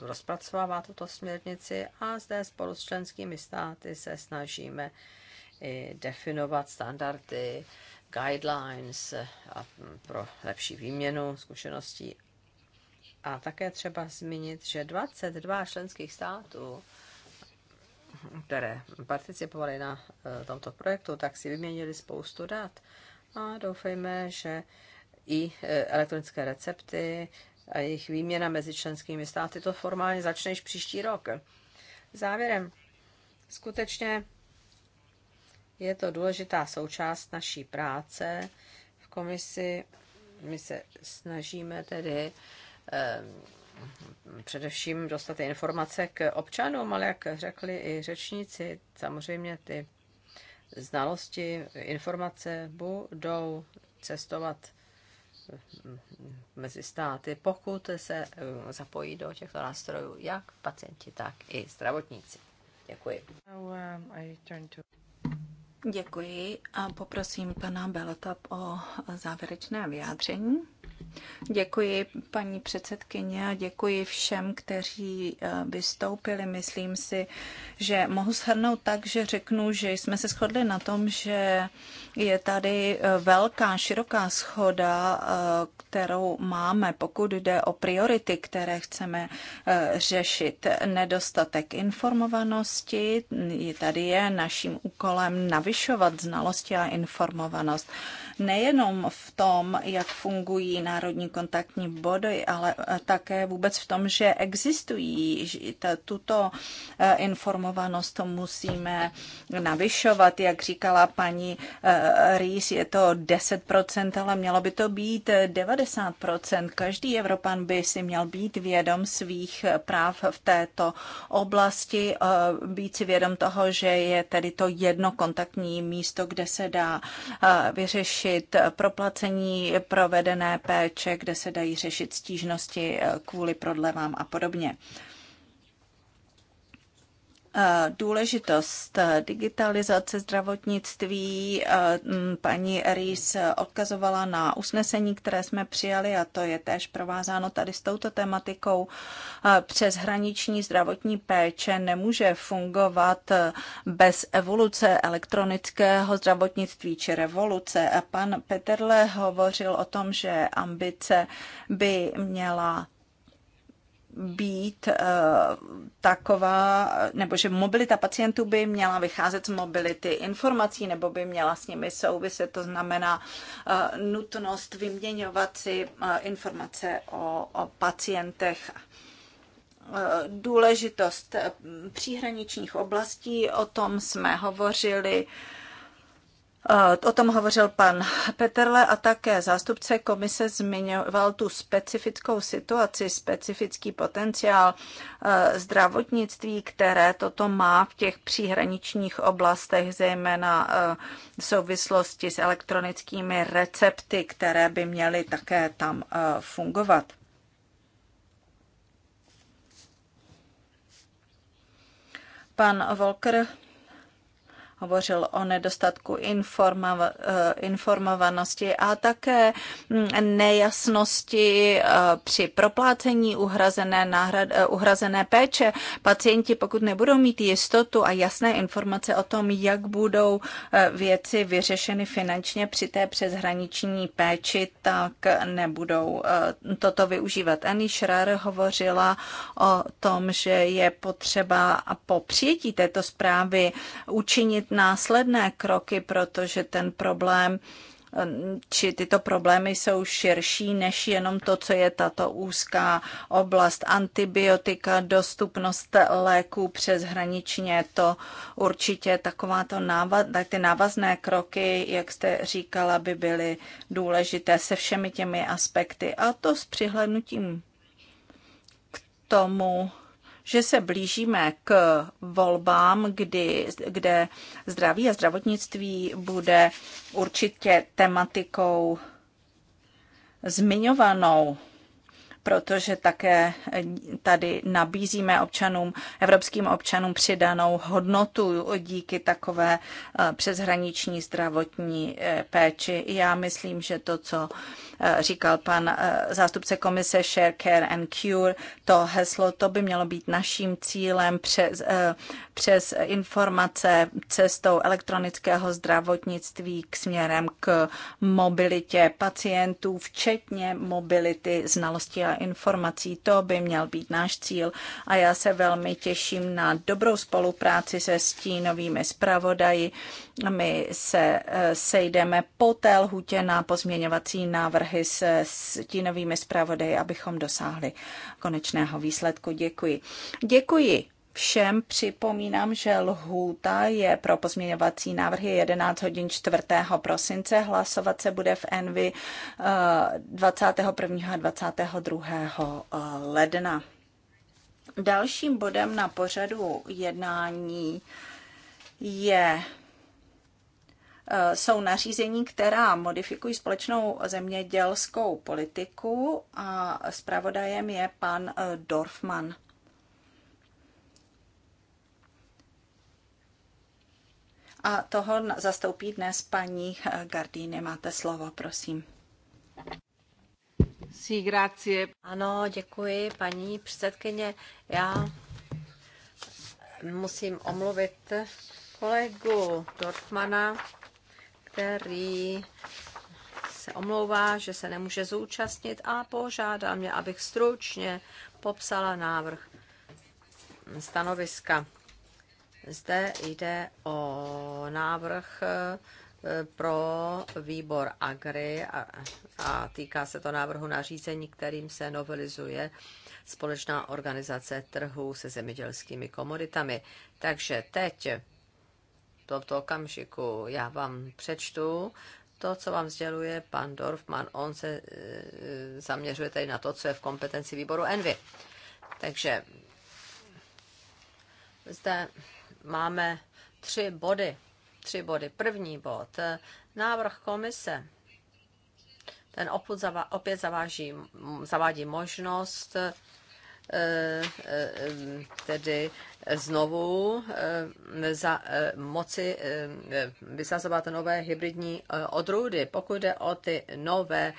rozpracovává tuto směrnici a zde spolu s členskými státy se snažíme definovat standardy, guidelines a pro lepší výměnu zkušeností. A také třeba zmínit, že 22 členských států, které participovaly na eh, tomto projektu, tak si vyměnili spoustu dat. A doufejme, že i eh, elektronické recepty a jejich výměna mezi členskými státy to formálně začne již příští rok. Závěrem, skutečně je to důležitá součást naší práce v komisi. My se snažíme tedy ehm, především dostat informace k občanům, ale jak řekli i řečníci, samozřejmě ty znalosti, informace budou cestovat mezi státy, pokud se ehm, zapojí do těchto nástrojů jak pacienti, tak i zdravotníci. Děkuji. Um, Děkuji a poprosím pana Belotap o závěrečné vyjádření. Děkuji paní předsedkyně a děkuji všem, kteří eh, vystoupili. Myslím si, že mohu shrnout tak, že řeknu, že jsme se shodli na tom, že je tady eh, velká, široká schoda, eh, kterou máme, pokud jde o priority, které chceme řešit. Nedostatek informovanosti, tady je naším úkolem navyšovat znalosti a informovanost nejenom v tom, jak fungují národní kontaktní body, ale eh, také vůbec v tom, že existují. Tuto eh, informovanost musíme navyšovat, jak říkala paní eh, Rýs, je to 10%, ale mělo by to být 90%. Každý Evropan by si měl být vědom svých práv v této oblasti, být si vědom toho, že je tedy to jedno kontaktní místo, kde se dá vyřešit řešit proplacení provedené péče, kde se dají řešit stížnosti eh, kvůli prodlevám a podobně. Eh, důležitost eh, digitalizace zdravotnictví. Eh, mm, paní Rýs odkazovala na usnesení, které jsme přijali a to je též provázáno tady s touto tematikou. Přeshraniční zdravotní péče nemůže fungovat bez evoluce elektronického zdravotnictví či revoluce. A pan Peterle hovořil o tom, že ambice by měla být eh, taková, nebo že mobilita pacientů by měla vycházet z mobility informací, nebo by měla s nimi souviset, to znamená eh, nutnost vyměňovat si eh, informace o, o pacientech důležitost příhraničních oblastí, o tom jsme hovořili Eh, o tom hovořil pan Peterle a také zástupce komise zmiňoval tu specifickou situaci, specifický potenciál eh, zdravotnictví, které toto má v těch příhraničních oblastech, zejména eh, v souvislosti s elektronickými recepty, které by měly také tam fungovat. Pan Volker hovořil o nedostatku eh, informovanosti a také mm, nejasnosti eh, při proplácení uhrazené, náhrad, eh, uhrazené péče. Pacienti, pokud nebudou mít jistotu a jasné informace o tom, jak budou věci vyřešeny finančně při té přeshraniční péči, tak nebudou toto využívat. Ani Schrar hovořila o tom, že je potřeba po přijetí této zprávy učinit následné kroky, protože ten problém či tyto problémy jsou širší než jenom to, co je tato úzká oblast. Antibiotika, dostupnost léků přeshraničně, to určitě takováto návaz, tak ty návazné kroky, jak jste říkala, by byly důležité se všemi těmi aspekty. A to s přihlednutím k tomu, že se blížíme k volbám, kdy, kde zdraví a zdravotnictví bude určitě tematikou zmiňovanou protože také tady nabízíme občanům, evropským občanům přidanou hodnotu díky takové eh, přeshraniční zdravotní eh, péči. Já myslím, že to, co Eh, říkal pan eh, zástupce komise Share, Care and Cure. To heslo, to by mělo být naším cílem přes, eh, přes informace cestou elektronického zdravotnictví k směrem k mobilitě pacientů, včetně mobility znalostí a informací. To by měl být náš cíl a já se velmi těším na dobrou spolupráci se stínovými zpravodaji. My se sejdeme po té lhutě na pozměňovací návrhy vztahy s stínovými zpravodaji, abychom dosáhli konečného výsledku. Děkuji. Děkuji Všem připomínám, že lhůta je pro pozměňovací návrhy 11 hodin 4. prosince. Hlasovat se bude v Envy 21. Eh, a 22. Eh, ledna. Dalším bodem na pořadu jednání je Eh, jsou nařízení, která modifikují společnou zemědělskou politiku a zpravodajem je pan eh, Dorfman. A toho zastoupí dnes paní eh, Gardíny. Máte slovo, prosím. Sí, grazie. Ano, děkuji, paní předsedkyně. Já musím omluvit kolegu Dorfmana, který se omlouvá, že se nemůže zúčastnit a požádá mě, abych stručně popsala návrh stanoviska. Zde jde o návrh eh, pro výbor Agri a, a týká se to návrhu nařízení, kterým se novelizuje společná organizace trhu se zemědělskými komoditami. Takže teď tomto okamžiku. Já vám přečtu to, co vám sděluje pan Dorfman. On se e, zaměřuje tady na to, co je v kompetenci výboru Envy. Takže zde máme tři body. Tři body. První bod, návrh komise ten opět zaváží, zavádí možnost e, e, tedy znovu eh, za, eh, moci eh, vysazovat nové hybridní odrůdy. Pokud jde o ty nové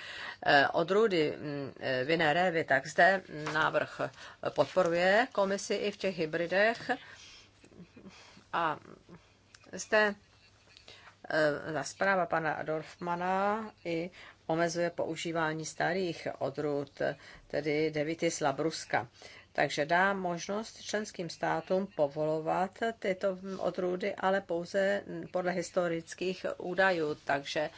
odrůdy mm, vinné révy, tak zde návrh podporuje komisi i v těch hybridech. A zde ta zpráva pana Dorfmana i omezuje používání starých odrůd, tedy devitis labruska. Takže dá možnost členským státům povolovat tyto odrůdy, ale pouze podle historických údajů. Takže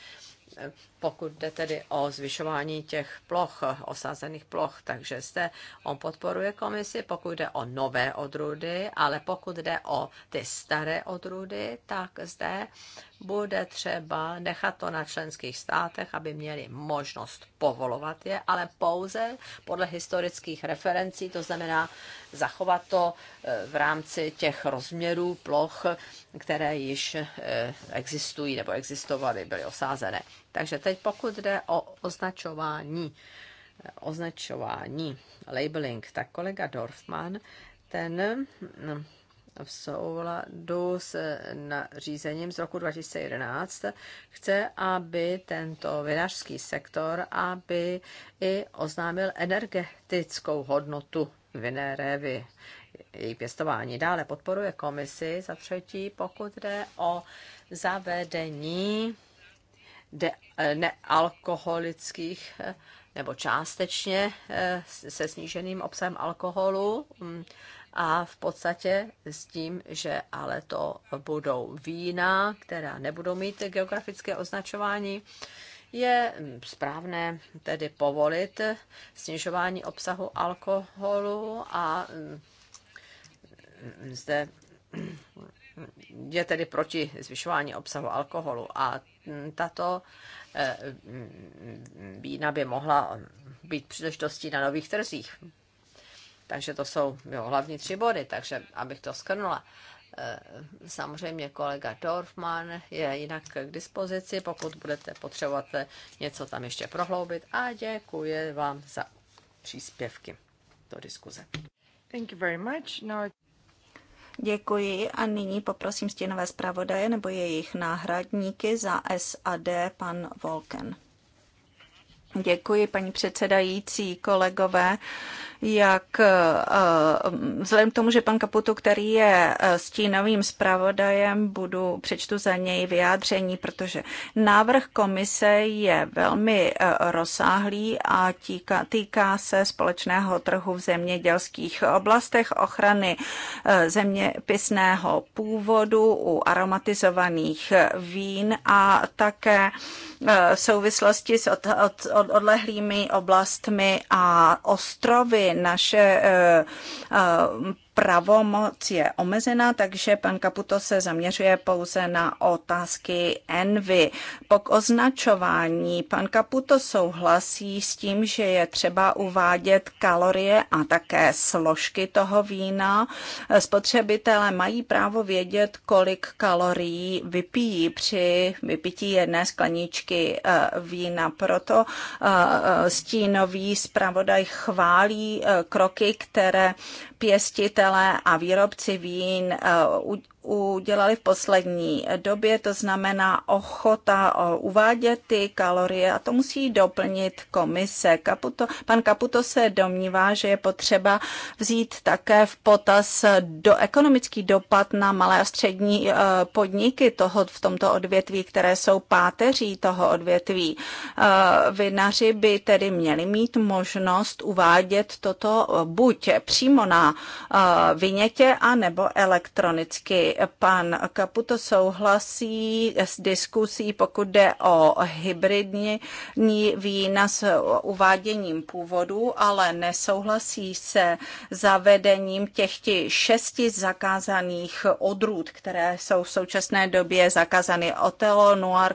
eh, pokud jde tedy o zvyšování těch ploch, osázených ploch, takže zde on podporuje komisi, pokud jde o nové odrůdy, ale pokud jde o ty staré odrůdy, tak zde bude třeba nechat to na členských státech, aby měli možnost povolovat je, ale pouze podle historických referencí, to znamená zachovat to eh, v rámci těch rozměrů ploch, které již eh, existují nebo existovaly, byly osázené. Takže teď pokud jde o označování, eh, označování, labeling, tak kolega Dorfman ten hm, v souladu s eh, nařízením z roku 2011 chce, aby tento vinařský sektor, aby i oznámil energetickou hodnotu vinné révy její pěstování. Dále podporuje komisi za třetí, pokud jde o zavedení de, eh, nealkoholických eh, nebo částečně se sníženým obsahem alkoholu mm, a v podstatě s tím, že ale to budou vína, která nebudou mít geografické označování, je správné tedy povolit snižování obsahu alkoholu a mm, zde je tedy proti zvyšování obsahu alkoholu a mm, tato eh, mm, vína by mohla být příležitostí na nových trzích takže to jsou jo, hlavní tři body, takže abych to skrnula. Eh, samozřejmě kolega Dorfman je jinak k dispozici, pokud budete potřebovat něco tam ještě prohloubit a děkuji vám za příspěvky do diskuze. Thank you very much. No... Děkuji a nyní poprosím stěnové zpravodaje nebo jejich náhradníky za SAD pan Volken. Děkuji, paní předsedající, kolegové. Jak eh, eh, vzhledem k tomu, že pan Kaputu, který je eh, stínovým zpravodajem, budu přečtu za něj vyjádření, protože návrh komise je velmi rozsáhlý a týká, týká se společného trhu v zemědělských oblastech, ochrany zeměpisného původu u aromatizovaných vín a také v souvislosti s od, od, od odlehlými oblastmi a ostrovy. Naše eh, eh, pravomoc je omezená, takže pan Kaputo se zaměřuje pouze na otázky envy. Po označování pan Kaputo souhlasí s tím, že je třeba uvádět kalorie a také složky toho vína. Spotřebitelé mají právo vědět, kolik kalorií vypijí při vypití jedné skleničky eh, vína. Proto eh, eh, stínový zpravodaj chválí kroky, které pěstitele a výrobci vín eh, udělali v poslední době, to znamená ochota eh, uvádět ty kalorie a to musí doplnit komise. Kaputo, pan Kaputo se domnívá, že je potřeba vzít také v potaz do, ekonomický dopad na malé a střední eh, podniky toho, v tomto odvětví, které jsou páteří toho odvětví. Eh, vinaři by tedy měli mít možnost uvádět toto buď přímo na a nebo elektronicky pan Kaputo souhlasí s diskusí, pokud jde o hybridní vína s uváděním původu, ale nesouhlasí se zavedením těch šesti zakázaných odrůd, které jsou v současné době zakázány Otelo, Noir,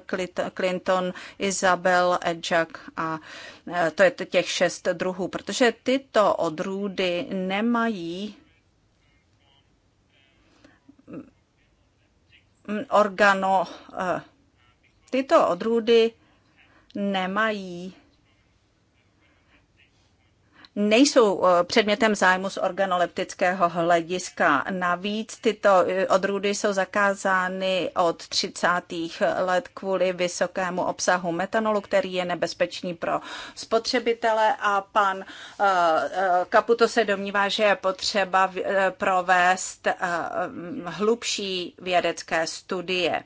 Clinton, Isabel, Edjak a e, to je těch šest druhů, protože tyto odrůdy nemají Mm, organo. Eh, tyto odrůdy nemají nejsou eh, předmětem zájmu z organoleptického hlediska. Navíc tyto eh, odrůdy jsou zakázány od 30. let kvůli vysokému obsahu metanolu, který je nebezpečný pro spotřebitele a pan Kaputo eh, se domnívá, že je potřeba provést hlubší vědecké studie.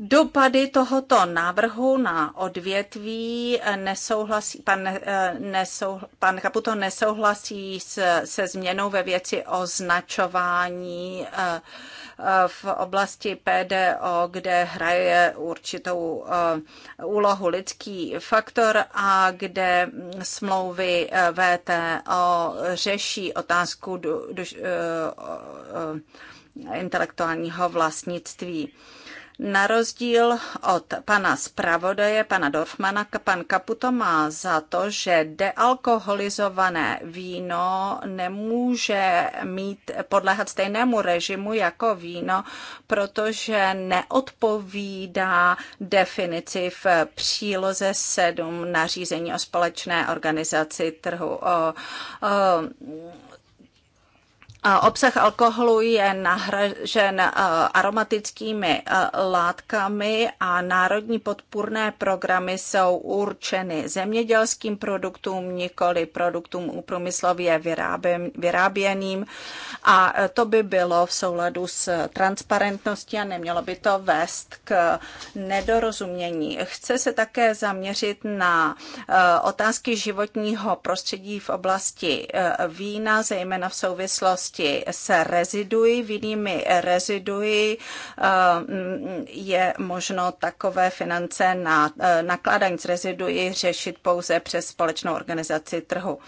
Dopady tohoto návrhu na odvětví nesouhlasí, pan, eh, nesou, pan Kaputo nesouhlasí se, se změnou ve věci označování eh, eh, v oblasti PDO, kde hraje určitou úlohu lidský faktor a kde smlouvy VTO řeší otázku do, do, intelektuálního vlastnictví. Na rozdíl od pana zpravodaje, pana Dorfmana, pan Kaputo má za to, že dealkoholizované víno nemůže mít podléhat stejnému režimu jako víno, protože neodpovídá definici v příloze 7 nařízení o společné organizaci trhu. O, o, Obsah alkoholu je nahražen eh, aromatickými eh, látkami a národní podpůrné programy jsou určeny zemědělským produktům, nikoli produktům úprůmyslově vyráběným. A eh, to by bylo v souladu s transparentností a nemělo by to vést k nedorozumění. Chce se také zaměřit na otázky životního prostředí v oblasti vína, zejména v souvislosti části se reziduji, v jinými reziduji eh, je možno takové finance na eh, nakládání s reziduji řešit pouze přes společnou organizaci trhu.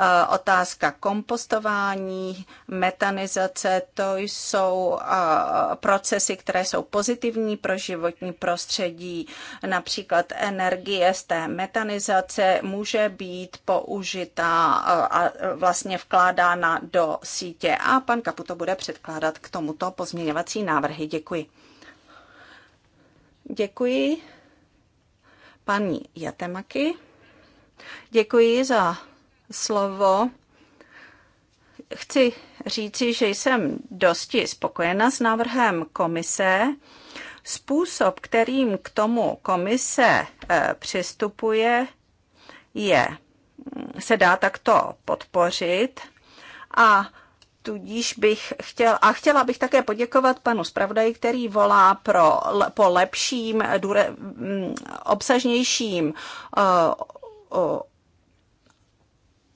Eh, otázka kompostování, metanizace, to jsou procesy, které jsou pozitivní pro životní prostředí, například energie z té metanizace může být použitá a vlastně vkládána do sítě určitě a pan Kaputo bude předkládat k tomuto pozměňovací návrhy. Děkuji. Děkuji paní Jatemaky. Děkuji za slovo. Chci říci, že jsem dosti spokojena s návrhem komise. Způsob, kterým k tomu komise eh, přistupuje, je, mm, se dá takto podpořit a Tudíž bych chtěl, a chtěla bych také poděkovat panu zpravodaji, který volá pro, po lepším, dure, mm, obsažnějším eh,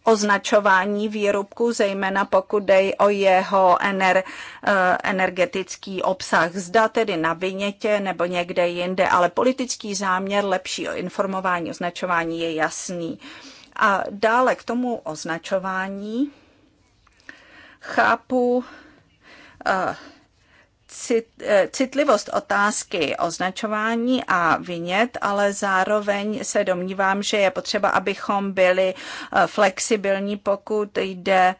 označování výrobku, zejména pokud jde o jeho ener, eh, energetický obsah. Zda tedy na vinětě nebo někde jinde, ale politický záměr lepší informování, označování je jasný. A dále k tomu označování Chápu eh, eh, citlivost otázky označování a vinět, ale zároveň se domnívám, že je potřeba, abychom byli eh, flexibilní, pokud jde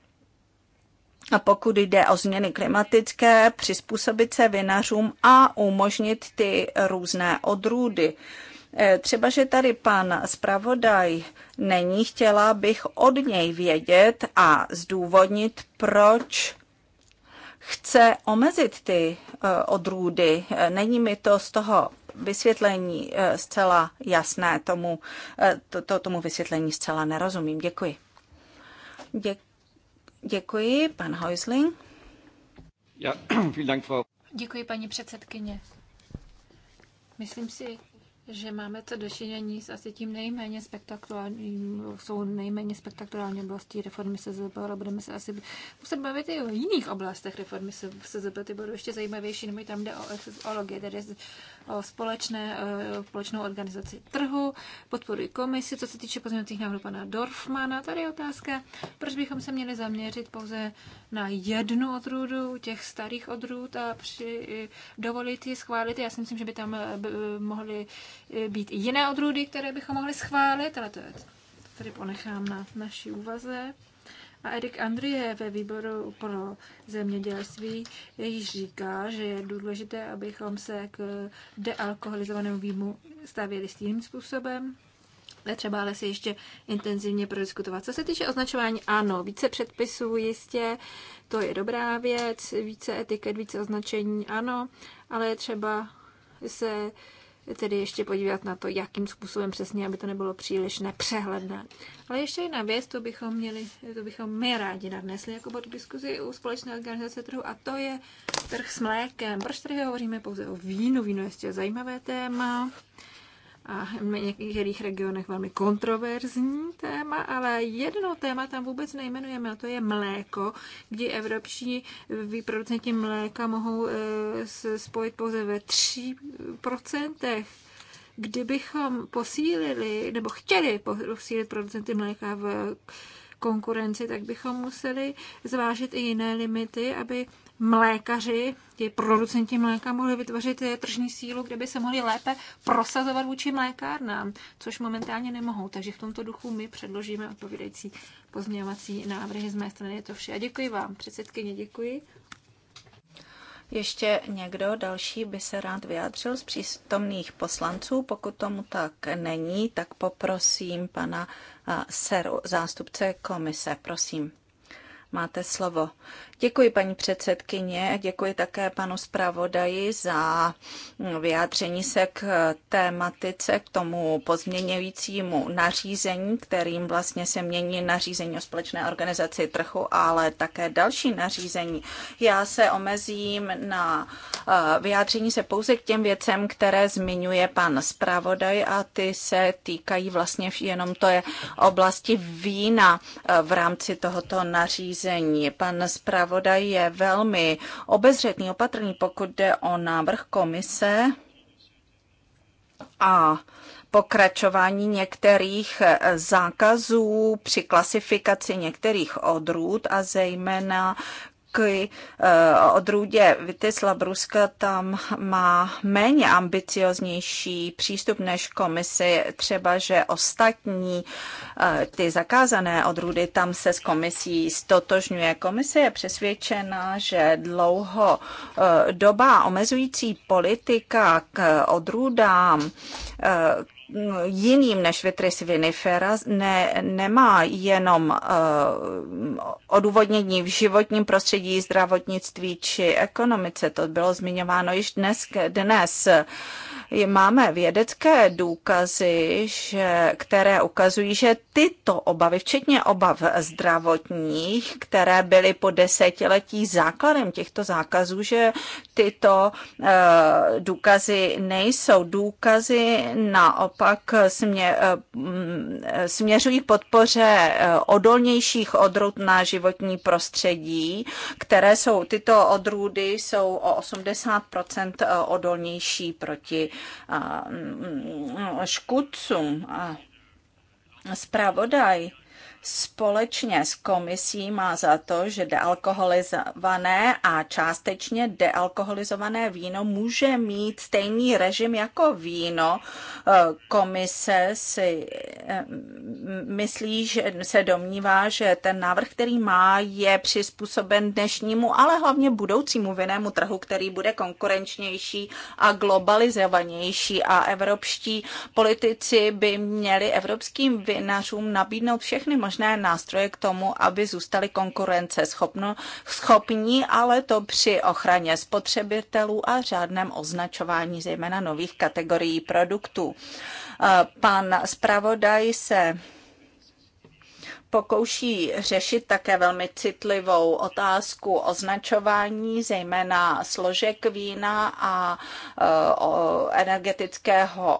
a pokud jde o změny klimatické, přizpůsobit se vinařům a umožnit ty různé odrůdy. Eh, třeba, že tady pan zpravodaj není, chtěla bych od něj vědět a zdůvodnit, proč chce omezit ty eh, odrůdy. Eh, není mi to z toho vysvětlení zcela jasné, tomu, to, to, tomu vysvětlení zcela nerozumím. Děkuji. Dě, děkuji, pan Heusling. Děkuji, paní předsedkyně. Myslím si, že máme to dočinění s asi tím nejméně spektakulárním, jsou nejméně spektakulární oblasti reformy SZB, ale budeme se asi muset bavit i o jiných oblastech reformy SZB, ty budou ještě zajímavější, nebo tam jde o exologii, tedy o společné, o eh, společnou organizaci trhu, podporuji komisi, co se týče pozměnutých návrhů pana Dorfmana, tady je otázka, proč bychom se měli zaměřit pouze na jednu odrůdu těch starých odrůd a při, eh, dovolit ji schválit, já si myslím, že by tam eh, mohli E, být i jiné odrůdy, které bychom mohli schválit, ale to je, tady ponechám na naší úvaze. A Erik Andrie ve výboru pro zemědělství již říká, že je důležité, abychom se k dealkoholizovanému výmu stavěli tím způsobem. Ale třeba ale si ještě intenzivně prodiskutovat. Co se týče označování, ano, více předpisů jistě, to je dobrá věc, více etiket, více označení, ano, ale je třeba se tedy ještě podívat na to, jakým způsobem přesně, aby to nebylo příliš nepřehledné. Ale ještě jedna věc, to bychom, měli, to bychom my rádi nadnesli jako bod diskuzi u společné organizace trhu, a to je trh s mlékem. Proč tady hovoříme pouze o vínu? Víno je ještě zajímavé téma a v některých regionech velmi kontroverzní téma, ale jedno téma tam vůbec nejmenujeme, a to je mléko, kdy evropští producenti mléka mohou eh, se spojit pouze ve 3%. Kdybychom posílili, nebo chtěli posílit producenty mléka v konkurenci, tak bychom museli zvážit i jiné limity, aby mlékaři, ti producenti mléka mohli vytvořit eh, tržní sílu, kde by se mohli lépe prosazovat vůči mlékárnám, což momentálně nemohou. Takže v tomto duchu my předložíme odpovídající pozměňovací návrhy z mé strany. Je to vše. A děkuji vám, předsedkyně, děkuji. Ještě někdo další by se rád vyjádřil z přítomných poslanců. Pokud tomu tak není, tak poprosím pana Seru, zástupce komise, prosím. Máte slovo. Děkuji paní předsedkyně a děkuji také panu zpravodaji za vyjádření se k tématice, k tomu pozměňujícímu nařízení, kterým vlastně se mění nařízení o společné organizaci trhu, ale také další nařízení. Já se omezím na eh, vyjádření se pouze k těm věcem, které zmiňuje pan zpravodaj a ty se týkají vlastně jenom to je oblasti vína eh, v rámci tohoto nařízení. Pan zpravodaj zpravodaj je velmi obezřetný, opatrný, pokud jde o návrh komise a pokračování některých eh, zákazů při klasifikaci některých odrůd a zejména k eh, odrůdě Vitis labruska tam má méně ambicioznější přístup než komisi, třeba že ostatní eh, ty zakázané odrůdy, tam se s komisí stotožňuje. Komise je přesvědčena, že dlouho eh, doba omezující politika k odrůdám, jiným než vitris vinifera ne, nemá jenom uh, odůvodnění v životním prostředí, zdravotnictví či ekonomice. To bylo zmiňováno již dnes. dnes. Uh, máme vědecké důkazy, že, které ukazují, že tyto obavy, včetně obav zdravotních, které byly po desetiletí základem těchto zákazů, že tyto e, důkazy nejsou. Důkazy naopak smě, e, směřují k podpoře eh, odolnějších odrůd na životní prostředí, které jsou, tyto odrůdy jsou o 80% odolnější proti Mm, mm, mm, škůdcům. A zpravodaj společně s komisí má za to, že dealkoholizované a částečně dealkoholizované víno může mít stejný režim jako víno. Eh, komise si eh, myslí, že se domnívá, že ten návrh, který má, je přizpůsoben dnešnímu, ale hlavně budoucímu vinnému trhu, který bude konkurenčnější a globalizovanější a evropští politici by měli evropským vinařům nabídnout všechny možnosti možné nástroje k tomu, aby zůstali konkurence schopno, schopní, ale to při ochraně spotřebitelů a řádném označování zejména nových kategorií produktů. Eh, pan zpravodaj se pokouší řešit také velmi citlivou otázku označování, zejména složek vína a e, energetického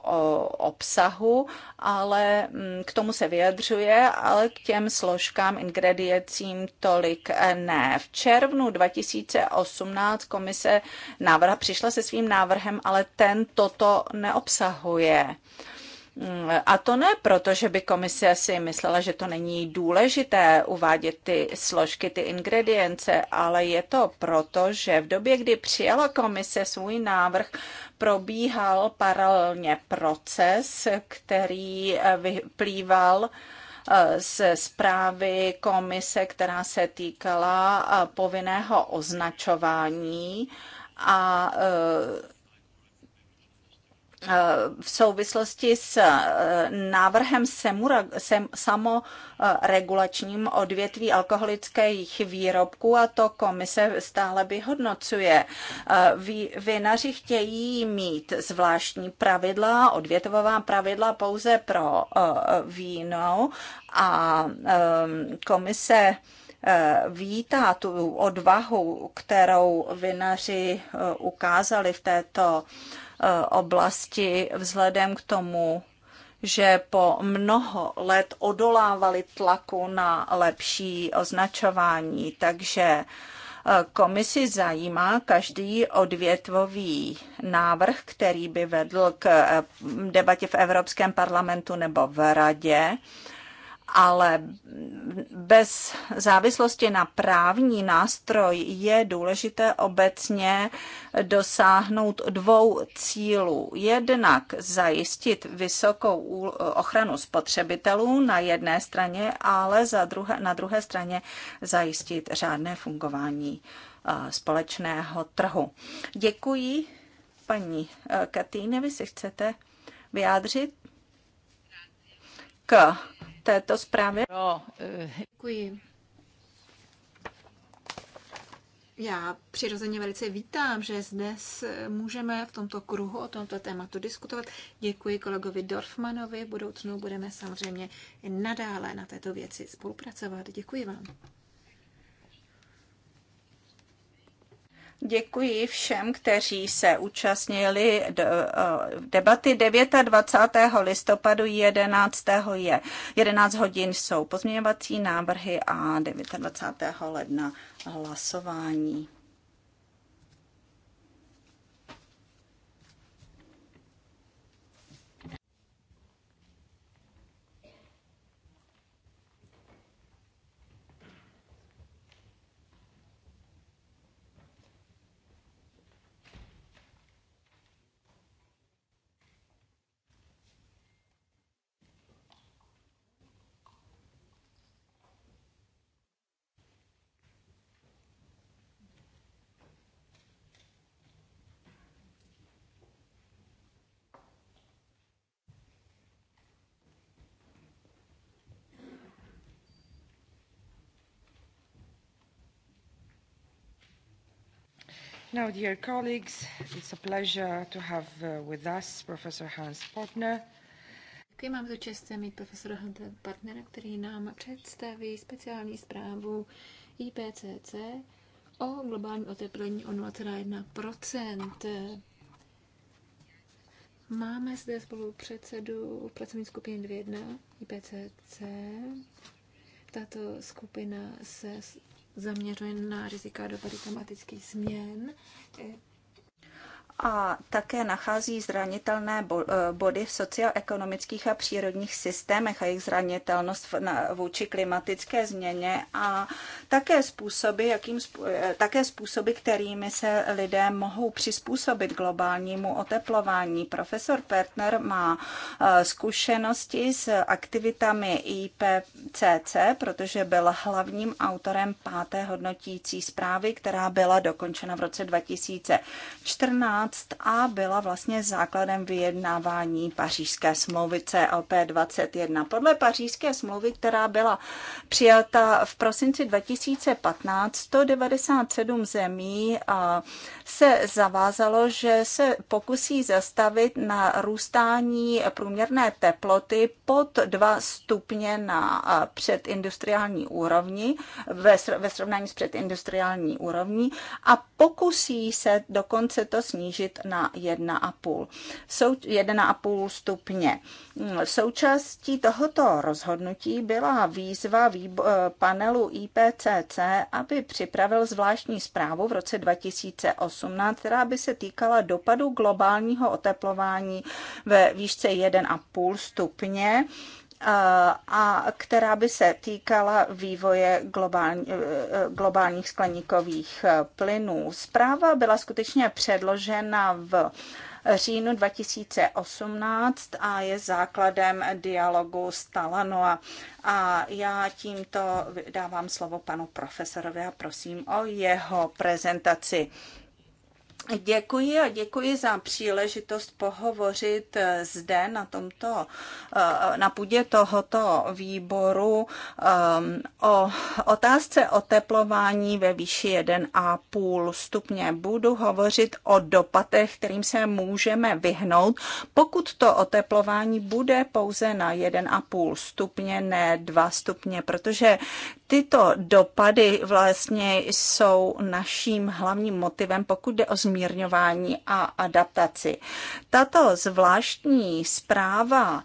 obsahu, ale mm, k tomu se vyjadřuje, ale k těm složkám, ingrediencím tolik ne. V červnu 2018 komise návrh, přišla se svým návrhem, ale ten toto neobsahuje. Mm, a to ne proto, že by komise si myslela, že to není důležité uvádět ty složky, ty ingredience, ale je to proto, že v době, kdy přijala komise svůj návrh, probíhal paralelně proces, který eh, vyplýval eh, z zprávy komise, která se týkala eh, povinného označování a v souvislosti s eh, návrhem semura, sem, samoregulačním eh, odvětví alkoholických výrobků a to komise stále vyhodnocuje. Eh, vinaři chtějí mít zvláštní pravidla, odvětvová pravidla pouze pro víno a komise vítá tu odvahu, kterou vinaři ukázali v této uh, Eh, oblasti vzhledem k tomu, že po mnoho let odolávali tlaku na lepší označování, takže eh, komisi zajímá každý odvětvový návrh, který by vedl k eh, debatě v Evropském parlamentu nebo v Radě ale bez závislosti na právní nástroj je důležité obecně dosáhnout dvou cílů. Jednak zajistit vysokou ochranu spotřebitelů na jedné straně, ale za druhé, na druhé straně zajistit řádné fungování eh, společného trhu. Děkuji. Paní eh, Katýne, vy si chcete vyjádřit k této zprávě? No, eh, děkuji. Já přirozeně velice vítám, že dnes můžeme v tomto kruhu o tomto tématu diskutovat. Děkuji kolegovi Dorfmanovi. V budoucnu budeme samozřejmě nadále na této věci spolupracovat. Děkuji vám. Děkuji všem, kteří se účastnili eh, debaty 29. listopadu 11. je 11 hodin jsou pozměňovací návrhy a 29. ledna hlasování. Now, dear colleagues, it's a pleasure to have uh, with us Professor Hans Portner. Děkuji, mám tu čest mít profesora Hunter Partnera, který nám představí speciální zprávu IPCC o globálním oteplení o 0,1 Máme zde spolu předsedu pracovní skupiny 2.1 IPCC. Tato skupina se zaměřen na rizika dopady klimatických změn, a také nachází zranitelné eh, body v socioekonomických a přírodních systémech a jejich zranitelnost vůči klimatické změně a také způsoby, jakým, eh, také způsoby, kterými se lidé mohou přizpůsobit globálnímu oteplování. Profesor Pertner má eh, zkušenosti s aktivitami IPCC, protože byl hlavním autorem páté hodnotící zprávy, která byla dokončena v roce 2014 a byla vlastně základem vyjednávání pařížské smlouvy COP21. Podle pařížské smlouvy, která byla přijata v prosinci 2015, 197 zemí se zavázalo, že se pokusí zastavit na růstání průměrné teploty pod 2 stupně na předindustriální úrovni, ve srovnání s předindustriální úrovní a pokusí se dokonce to snížit snížit na 1,5, Sou, 1,5 stupně. součástí tohoto rozhodnutí byla výzva eh, panelu IPCC, aby připravil zvláštní zprávu v roce 2018, která by se týkala dopadu globálního oteplování ve výšce 1,5 stupně a která by se týkala vývoje globální, globálních skleníkových plynů. Zpráva byla skutečně předložena v říjnu 2018 a je základem dialogu s Talanoa. A já tímto dávám slovo panu profesorovi a prosím o jeho prezentaci. Děkuji a děkuji za příležitost pohovořit eh, zde na tomto, eh, na půdě tohoto výboru ehm, o otázce oteplování ve výši 1,5 stupně. Budu hovořit o dopadech, kterým se můžeme vyhnout, pokud to oteplování bude pouze na 1,5 stupně, ne 2 stupně, protože Tyto dopady vlastně jsou naším hlavním motivem, pokud jde o zmírňování a adaptaci. Tato zvláštní zpráva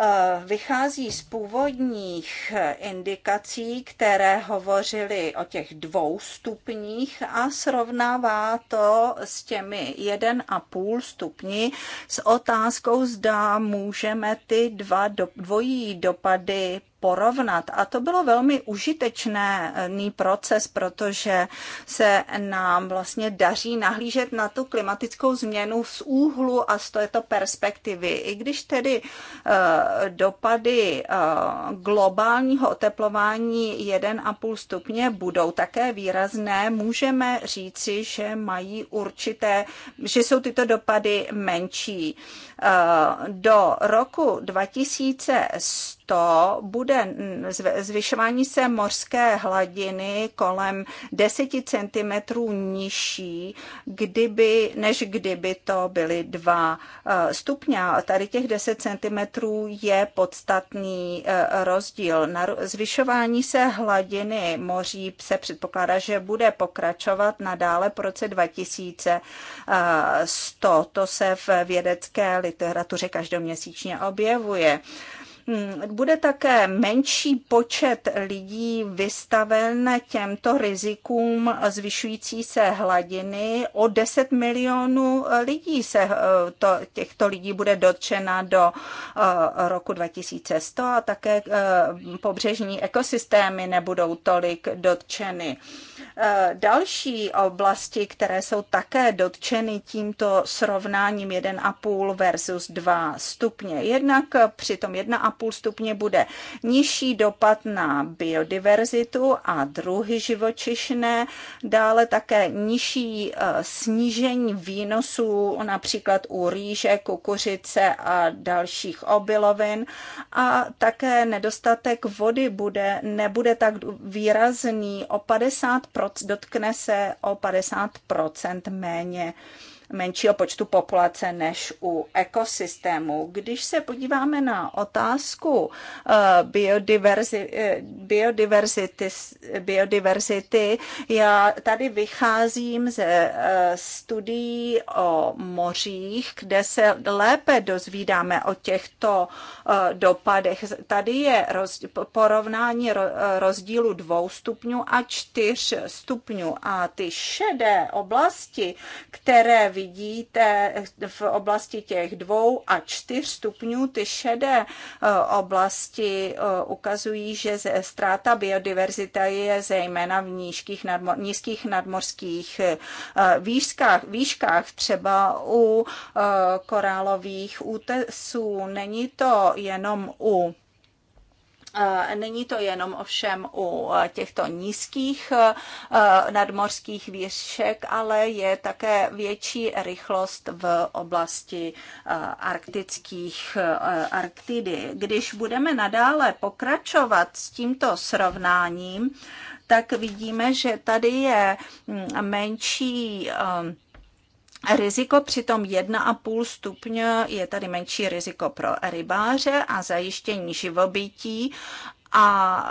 eh, vychází z původních indikací, které hovořily o těch dvou stupních a srovnává to s těmi 1,5 stupni s otázkou, zda můžeme ty dva do, dvojí dopady porovnat. A to bylo velmi užitečný proces, protože se nám vlastně daří nahlížet na tu klimatickou změnu z úhlu a z této perspektivy. I když tedy eh, dopady eh, globálního oteplování 1,5 stupně budou také výrazné, můžeme říci, že mají určité, že jsou tyto dopady menší. Eh, do roku 2100 bude bude zvyšování se mořské hladiny kolem 10 cm nižší, kdyby, než kdyby to byly dva eh, stupně. Tady těch 10 cm je podstatný eh, rozdíl. Na zvyšování se hladiny moří se předpokládá, že bude pokračovat nadále po roce 2100. Eh, to se v vědecké literatuře každoměsíčně objevuje. Hmm, bude také menší počet lidí vystaven těmto rizikům zvyšující se hladiny. O 10 milionů eh, lidí se eh, to, těchto lidí bude dotčena do eh, roku 2100 a také pobřežní ekosystémy nebudou tolik dotčeny. Další oblasti, které jsou také dotčeny tímto srovnáním 1,5 versus 2 stupně. Jednak při tom 2,5 stupně bude nižší dopad na biodiverzitu a druhy živočišné, dále také nižší eh, snížení výnosů například u rýže, kukuřice a dalších obilovin a také nedostatek vody bude, nebude tak výrazný o 50%, dotkne se o 50% méně menšího počtu populace než u ekosystému. Když se podíváme na otázku eh, eh, biodiverzity, biodiverzity, já tady vycházím ze eh, studií o mořích, kde se lépe dozvídáme o těchto dopadech. Tady je roz, porovnání rozdílu dvou stupňů a čtyř stupňů a ty šedé oblasti, které vidíte v oblasti těch dvou a čtyř stupňů, ty šedé eh, oblasti eh, ukazují, že ztráta biodiverzita je zejména v nízkých, nadmo- nízkých nadmorských eh, výškách, výškách, třeba u korálových útesů. Není to jenom u Eh, není to jenom ovšem u eh, těchto nízkých eh, nadmorských výšek, ale je také větší rychlost v oblasti arktických Arktidy. Když budeme nadále pokračovat s tímto srovnáním, tak vidíme, že tady je mm, menší riziko, přitom 1,5 stupně je tady menší riziko pro rybáře a zajištění živobytí a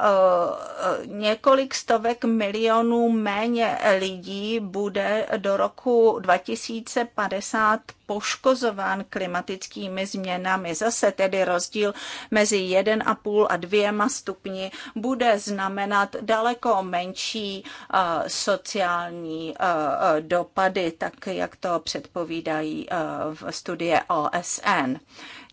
e, několik stovek milionů méně lidí bude do roku 2050 poškozován klimatickými změnami. Zase tedy rozdíl mezi 1,5 a 2 stupni bude znamenat daleko menší e, sociální e, dopady, tak jak to předpovídají v studie OSN.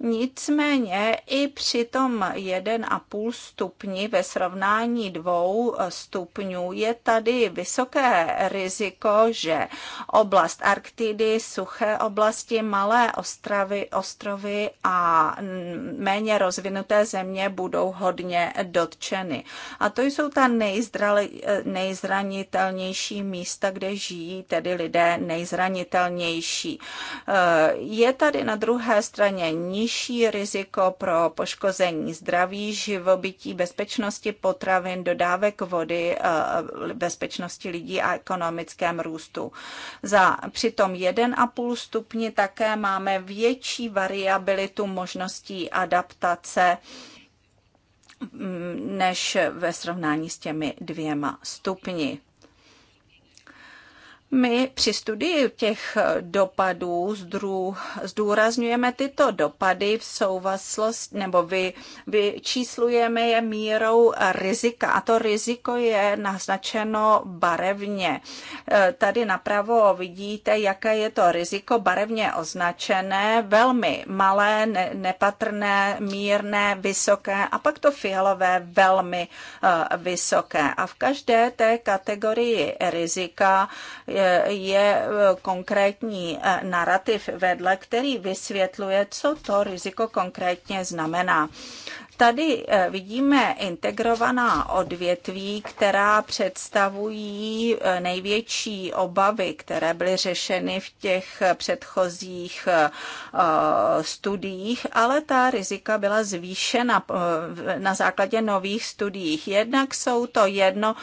Nicméně i při tom 1,5 stupni ve srovnání dvou stupňů je tady vysoké riziko, že oblast Arktidy, suché oblasti, malé ostravy, ostrovy a méně rozvinuté země budou hodně dotčeny. A to jsou ta nejzranitelnější místa, kde žijí tedy lidé nejzranitelnější. Je tady na druhé straně níž vyšší riziko pro poškození zdraví, živobytí, bezpečnosti potravin, dodávek vody, eh, bezpečnosti lidí a ekonomickém růstu. Za přitom 1,5 stupni také máme větší variabilitu možností adaptace mm, než ve srovnání s těmi dvěma stupni. My při studii těch dopadů zdůrazňujeme tyto dopady v souvislosti nebo vy, vyčíslujeme je mírou rizika a to riziko je naznačeno barevně. E, tady napravo vidíte, jaké je to riziko barevně označené, velmi malé, ne, nepatrné, mírné, vysoké a pak to fialové velmi uh, vysoké. A v každé té kategorii rizika je je e, konkrétní e, narrativ vedle, který vysvětluje, co to riziko konkrétně znamená. Tady eh, vidíme integrovaná odvětví, která představují eh, největší obavy, které byly řešeny v těch eh, předchozích studiích, ale ta rizika byla zvýšena na základě nových studiích. Jednak jsou to jedno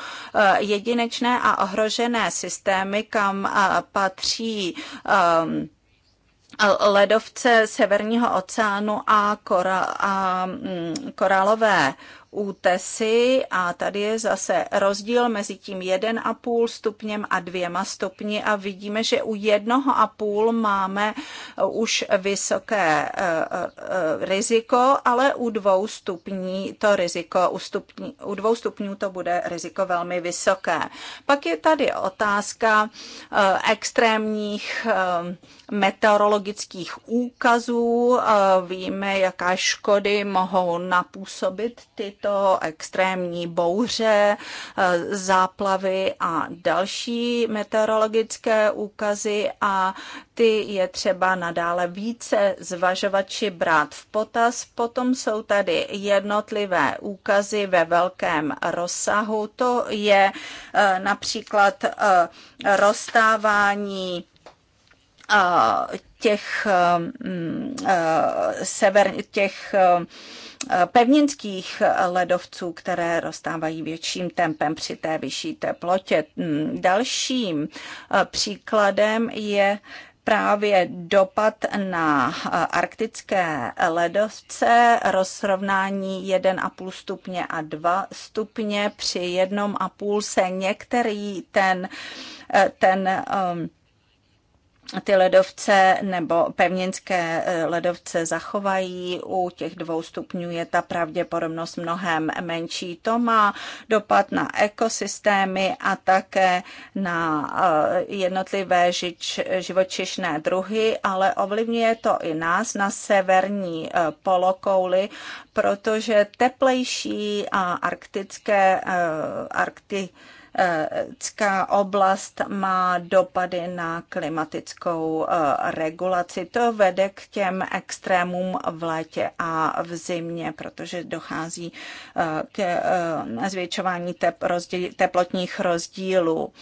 jedinečné a ohrožené systémy, kam patří um, ledovce Severního oceánu a, kora, a mm, korálové útesy a tady je zase rozdíl mezi tím 1,5 stupněm a dvěma stupni a vidíme, že u 1,5 máme už vysoké eh, eh, riziko, ale u dvou stupní to riziko, u, stupni, u dvou stupňů to bude riziko velmi vysoké. Pak je tady otázka eh, extrémních meteorologických úkazů. Víme, jaká škody mohou napůsobit ty to extrémní bouře, eh, záplavy a další meteorologické úkazy a ty je třeba nadále více zvažovat brát v potaz. Potom jsou tady jednotlivé úkazy ve velkém rozsahu. To je eh, například eh, rozstávání těch, eh, eh, sever, těch eh, pevninských ledovců, které rozstávají větším tempem při té vyšší teplotě. Mm, dalším příkladem je právě dopad na arktické ledovce, rozrovnání 1,5 stupně a 2 stupně. Při 1,5 se některý ten, ten um, ty ledovce nebo pevninské eh, ledovce zachovají. U těch dvou stupňů je ta pravděpodobnost mnohem menší. To má dopad na ekosystémy a také na eh, jednotlivé žič, živočišné druhy, ale ovlivňuje to i nás na severní eh, polokouli, protože teplejší a arktické arktické Ská oblast má dopady na klimatickou eh, regulaci. To vede k těm extrémům v létě a v zimě, protože dochází eh, k eh, zvětšování teplotních rozdílů.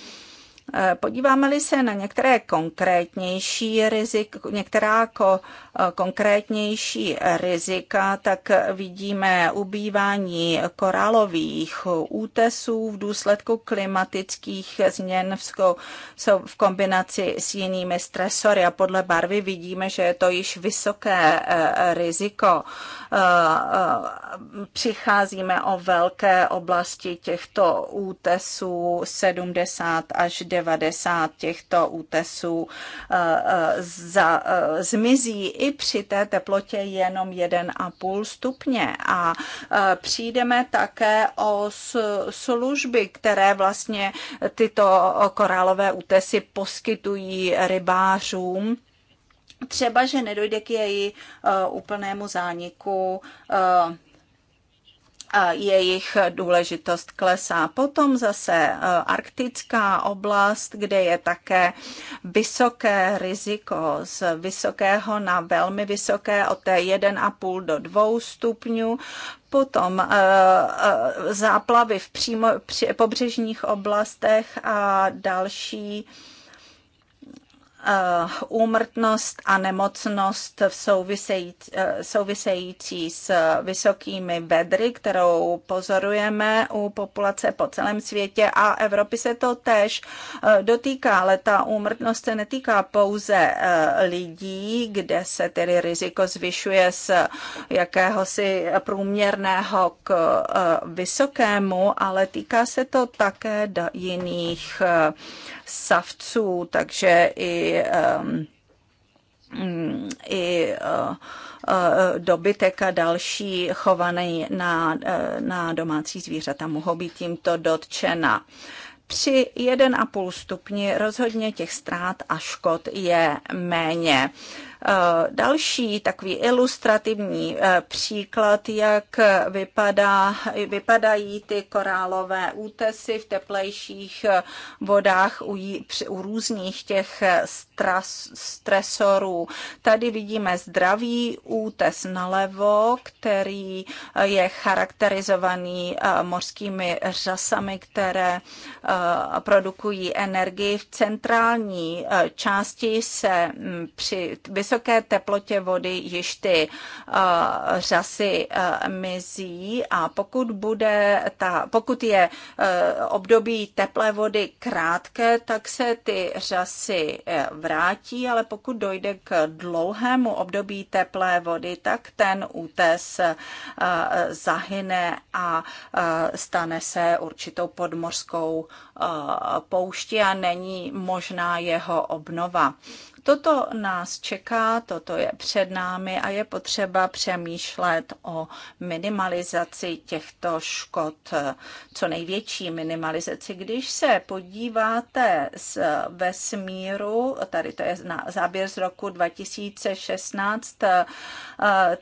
Podíváme-li se na některé konkrétnější rizik, některá ko, eh, konkrétnější rizika, tak vidíme ubývání korálových útesů v důsledku klimatických změn v, v kombinaci s jinými stresory a podle barvy vidíme, že je to již vysoké eh, riziko. Eh, přicházíme o velké oblasti těchto útesů 70 až 90 90 těchto útesů eh, eh, za, eh, zmizí i při té teplotě jenom 1,5 stupně. A přijdeme také o služby, které vlastně tyto korálové útesy poskytují rybářům. Třeba, že nedojde k její uh, úplnému zániku uh, jejich důležitost klesá. Potom zase e, arktická oblast, kde je také vysoké riziko z vysokého na velmi vysoké, od té 1,5 do 2 stupňů. Potom e, e, záplavy v přímo, při, pobřežních oblastech a další Uh, úmrtnost a nemocnost v související, uh, související s vysokými vedry, kterou pozorujeme u populace po celém světě a Evropy se to též uh, dotýká, ale ta úmrtnost se netýká pouze lidí, kde se tedy riziko zvyšuje z jakéhosi průměrného k vysokému, ale týká se to také jiných savců, takže i i e, e, dobytek a další chované na, e, na domácí zvířata mohou být tímto dotčena. Při 1,5 stupni rozhodně těch ztrát a škod je méně. Eh, další takový ilustrativní eh, příklad, jak vypadá, vypadají ty korálové útesy v teplejších eh, vodách u, u různých těch tras, stresorů. Tady vidíme zdravý útes nalevo, který eh, je charakterizovaný eh, mořskými řasami, které eh, produkují energii. V centrální části se mm, při vysoké teplotě vody již ty řasy mizí a pokud bude ta, pokud je období teplé vody krátké, tak se ty řasy ve vrátí, ale pokud dojde k dlouhému období teplé vody, tak ten útes eh, zahyne a eh, stane se určitou podmořskou eh, pouští a není možná jeho obnova. Toto nás čeká, toto je před námi a je potřeba přemýšlet o minimalizaci těchto škod, co největší minimalizaci. Když se podíváte z vesmíru, tady to je záběr z roku 2016, eh,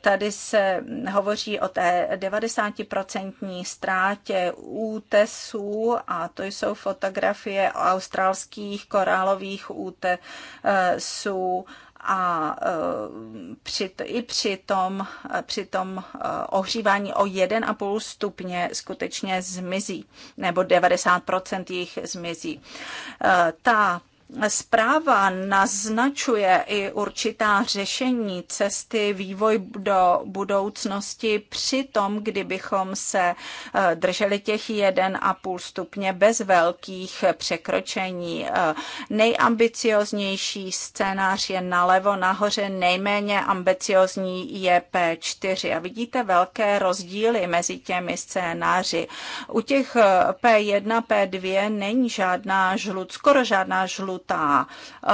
tady se hovoří o té 90% ztrátě útesů a to jsou fotografie australských korálových útesů eh, lesů a e, při, i při tom, e, při tom e, ohřívání o 1,5 stupně skutečně zmizí, nebo 90% jich zmizí. Ta zpráva naznačuje i určitá řešení cesty vývoj do budoucnosti při tom, kdybychom se eh, drželi těch 1,5 stupně bez velkých překročení. Eh, nejambicioznější scénář je nalevo nahoře, nejméně ambiciozní je P4. A vidíte velké rozdíly mezi těmi scénáři. U těch P1, eh, P2 není žádná žlud, skoro žádná žlud ta eh,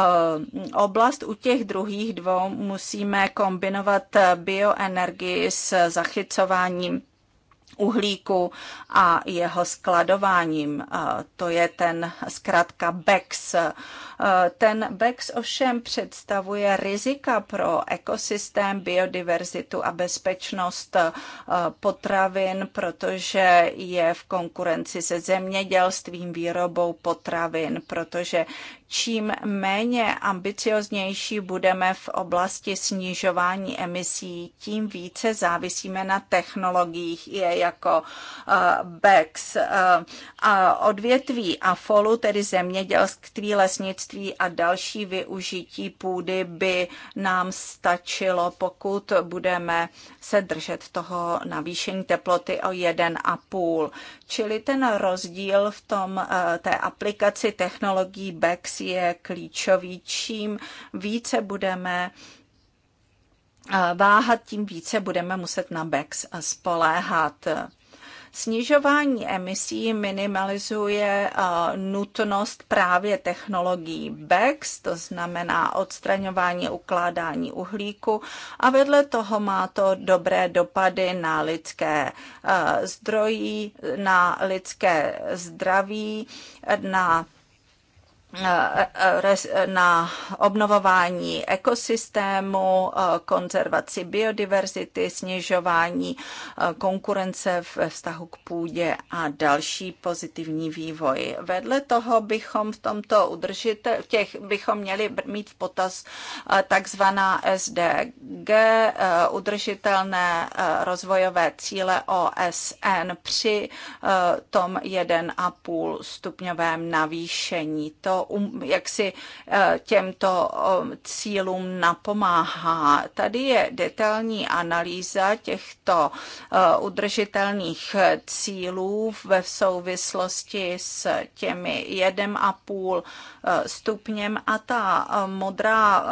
oblast. U těch druhých dvou musíme kombinovat bioenergii s zachycováním uhlíku a jeho skladováním. Eh, to je ten zkrátka BEX ten BEX ovšem představuje rizika pro ekosystém, biodiverzitu a bezpečnost eh, potravin, protože je v konkurenci se zemědělstvím, výrobou potravin, protože čím méně ambicioznější budeme v oblasti snižování emisí, tím více závisíme na technologiích, je jako eh, BEX. Eh, a odvětví a folu, tedy zemědělství, lesnictví, zemědělství a další využití půdy by nám stačilo, pokud budeme se držet toho navýšení teploty o 1,5. Čili ten rozdíl v tom, eh, té aplikaci technologií BEX je klíčový. Čím více budeme eh, váhat, tím více budeme muset na BEX spoléhat. Snižování emisí minimalizuje eh, nutnost právě technologií BECS, to znamená odstraňování ukládání uhlíku a vedle toho má to dobré dopady na lidské eh, zdrojí, na lidské zdraví, na E, e, e, na obnovování ekosystému, konzervaci biodiverzity, snižování konkurence ve vztahu k půdě a další pozitivní vývoj. Vedle toho bychom v tomto udržit těch bychom měli mít v potaz takzvaná SDG, udržitelné rozvojové cíle OSN při tom 1,5 stupňovém navýšení. To um, jak si eh, těmto eh, cílům napomáhá. Tady je detailní analýza těchto eh, udržitelných cílů ve souvislosti s těmi 1,5 stupněm a ta modrá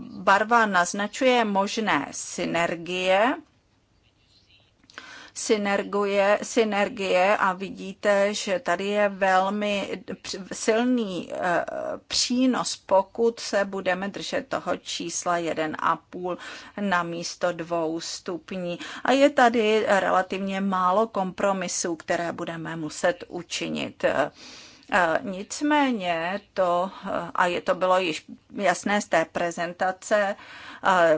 barva naznačuje možné synergie synergie, synergie a vidíte, že tady je velmi silný eh, přínos, pokud se budeme držet toho čísla 1,5 na místo dvou stupní. A je tady relativně málo kompromisů, které budeme muset učinit. Eh, nicméně to, eh, a je to bylo již jasné z té prezentace,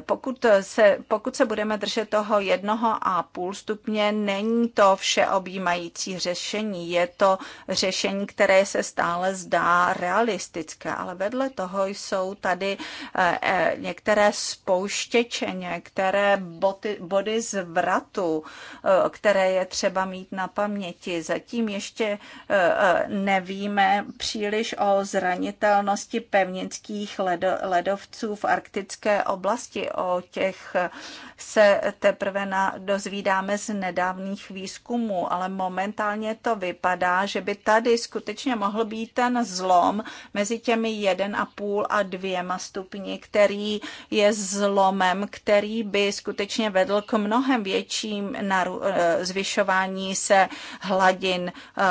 pokud se, pokud se budeme držet toho jednoho a půl stupně, není to všeobjímající řešení. Je to řešení, které se stále zdá realistické, ale vedle toho jsou tady eh, eh, některé spouštěče, některé boty, body zvratu, eh, které je třeba mít na paměti. Zatím ještě nevíme příliš o zranitelnosti pevnických ledo, ledovců v arktické oblasti oblasti. O těch se teprve na, dozvídáme z nedávných výzkumů, ale momentálně to vypadá, že by tady skutečně mohl být ten zlom mezi těmi 1,5 a 2 stupni, který je zlomem, který by skutečně vedl k mnohem větším naru, eh, zvyšování se hladin eh,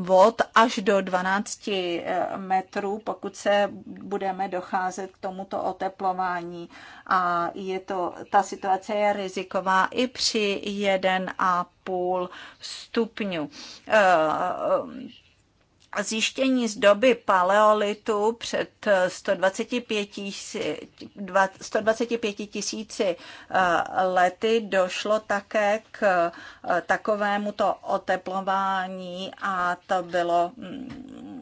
vod až do 12 eh, metrů, pokud se budeme docházet k tomuto otevření oteplování a je to, ta situace je riziková i při 1,5 stupňu. Eh, zjištění z doby paleolitu před 125 tisíci eh, lety došlo také k eh, takovému to oteplování a to bylo mm,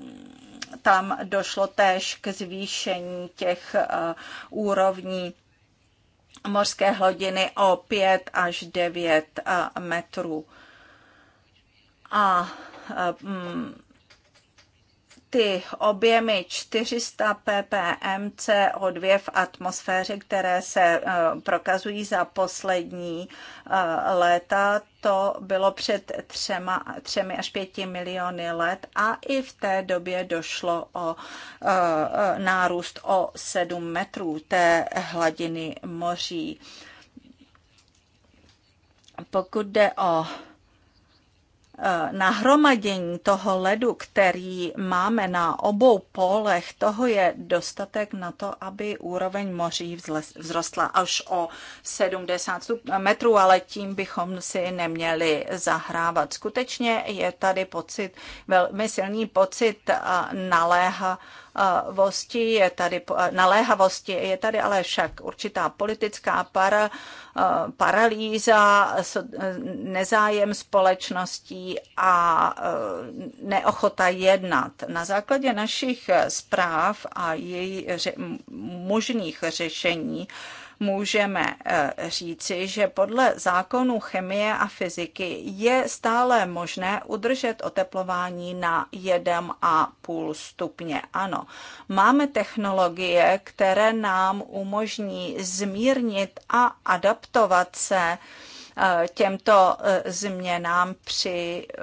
tam došlo též k zvýšení těch eh, úrovní mořské hladiny o 5 až 9 eh, metrů. A eh, mm, ty objemy 400 ppm CO2 v atmosféře, které se eh, prokazují za poslední eh, léta, to bylo před třema, třemi až pěti miliony let a i v té době došlo o eh, nárůst o 7 metrů té hladiny moří. Pokud jde o Eh, nahromadění toho ledu, který máme na obou polech, toho je dostatek na to, aby úroveň moří vzrostla až o 70 metrů, ale tím bychom si neměli zahrávat. Skutečně je tady pocit, velmi silný pocit eh, naléha naléhavosti, je tady, naléhavosti, je tady ale však určitá politická para, eh, paralýza, eh, nezájem společností a eh, neochota jednat. Na základě našich zpráv a jejich možných řešení můžeme eh, říci, že podle zákonů chemie a fyziky je stále možné udržet oteplování na 1,5 stupně. Ano, máme technologie, které nám umožní zmírnit a adaptovat se Eh, těmto eh, změnám při eh,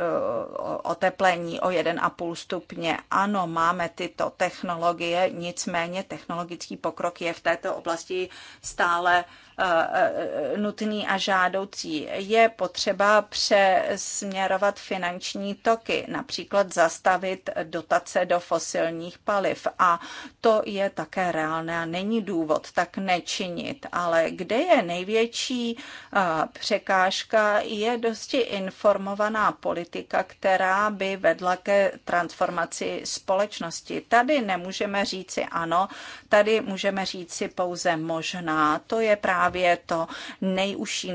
oteplení o 1,5 stupně. Ano, máme tyto technologie, nicméně technologický pokrok je v této oblasti stále Eh, nutný a žádoucí. Je potřeba přesměrovat finanční toky, například zastavit dotace do fosilních paliv. A to je také reálné a není důvod tak nečinit. Ale kde je největší eh, překážka, je dosti informovaná politika, která by vedla ke transformaci společnosti. Tady nemůžeme říci ano, tady můžeme říci pouze možná. To je právě právě to nejužší,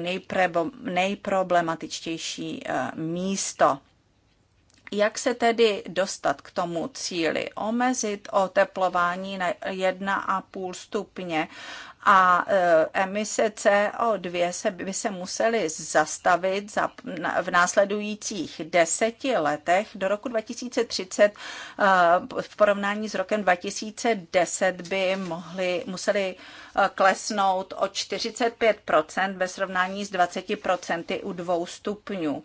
nejproblematičtější eh, místo. Jak se tedy dostat k tomu cíli? Omezit oteplování na 1,5 stupně a e, emise CO2 se, by se musely zastavit za, v následujících deseti letech do roku 2030 e, v porovnání s rokem 2010 by mohly, museli e, klesnout o 45% ve srovnání s 20% u dvou stupňů.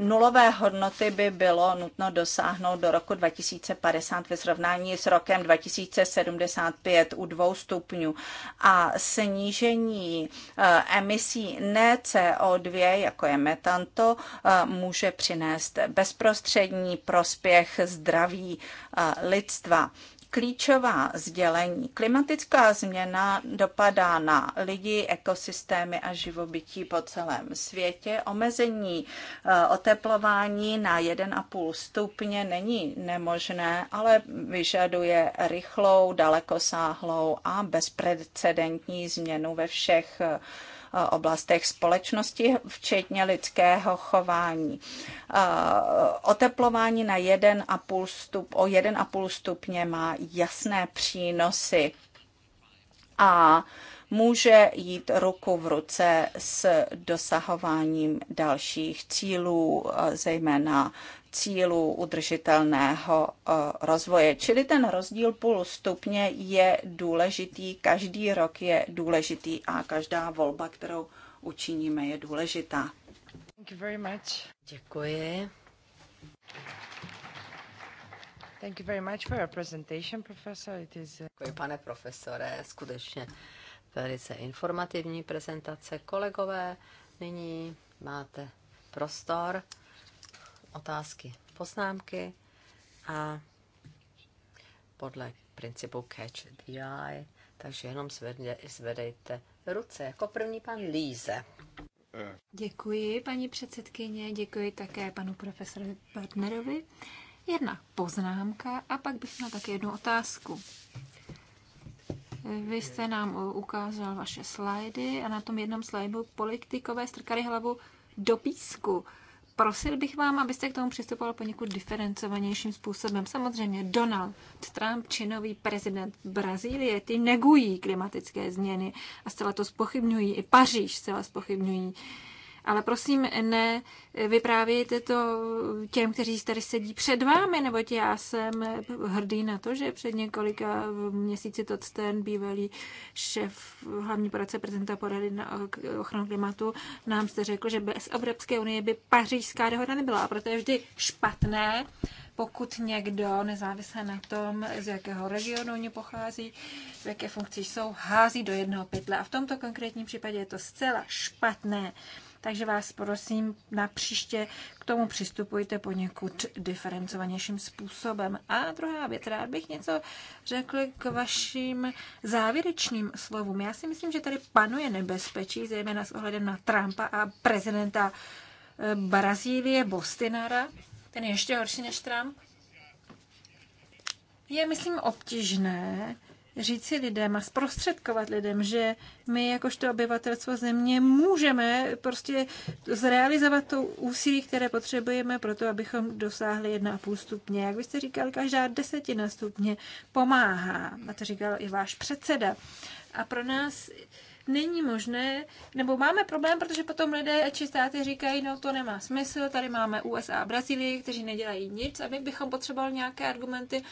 Nulové hodnoty by bylo nutno dosáhnout do roku 2050 ve srovnání s rokem 2075 u dvou stupňů a snížení eh, emisí ne CO2, jako je metan, to eh, může přinést bezprostřední prospěch zdraví eh, lidstva klíčová sdělení. Klimatická změna dopadá na lidi, ekosystémy a živobytí po celém světě. Omezení eh, oteplování na 1,5 stupně není nemožné, ale vyžaduje rychlou, dalekosáhlou a bezprecedentní změnu ve všech eh, oblastech společnosti, včetně lidského chování. Oteplování na 1,5 stup, o 1,5 stupně má jasné přínosy a může jít ruku v ruce s dosahováním dalších cílů, zejména cílů udržitelného eh, rozvoje. Čili ten rozdíl půl stupně je důležitý, každý rok je důležitý a každá volba, kterou učiníme, je důležitá. Thank you very much. Děkuji. Thank you very much for your presentation, professor. It is... Eh, Děkuji, pane profesore, skutečně velice informativní prezentace. Kolegové, nyní máte prostor otázky, poznámky a podle principu catch the eye, takže jenom zvedne, zvedejte ruce. Jako první pan Líze. Děkuji, paní předsedkyně, děkuji také panu profesorovi Partnerovi. Jedna poznámka a pak bych měla také jednu otázku. Vy jste nám ukázal vaše slajdy a na tom jednom slajdu politikové strkali hlavu do písku prosil bych vám, abyste k tomu přistupoval poněkud diferencovanějším způsobem. Samozřejmě Donald Trump činový prezident Brazílie, ty negují klimatické změny a zcela to spochybňují. I Paříž zcela spochybňují. Ale prosím, ne vyprávějte to těm, kteří tady sedí před vámi, nebo já jsem hrdý na to, že před několika měsíci to ten bývalý šéf hlavní poradce prezidenta porady na ochranu klimatu, nám jste řekl, že bez Evropské unie by pařížská dohoda nebyla. A proto je vždy špatné, pokud někdo, nezávisle na tom, z jakého regionu oni pochází, v jaké funkci jsou, hází do jednoho pytle. A v tomto konkrétním případě je to zcela špatné. Takže vás prosím, na příště k tomu přistupujte poněkud diferencovanějším způsobem. A druhá věc, rád bych něco řekl k vašim závěrečným slovům. Já si myslím, že tady panuje nebezpečí, zejména s ohledem na Trumpa a prezidenta eh, Brazílie Bostinara, ten je ještě horší než Trump, je, myslím, obtížné říci lidem a zprostředkovat lidem, že my jakožto obyvatelstvo země můžeme prostě zrealizovat to úsilí, které potřebujeme pro to, abychom dosáhli 1,5 stupně. Jak byste říkal, každá desetina stupně pomáhá. A to říkal i váš předseda. A pro nás není možné, nebo máme problém, protože potom lidé či státy říkají, no to nemá smysl, tady máme USA a Brazílii, kteří nedělají nic a my bychom potřebovali nějaké argumenty,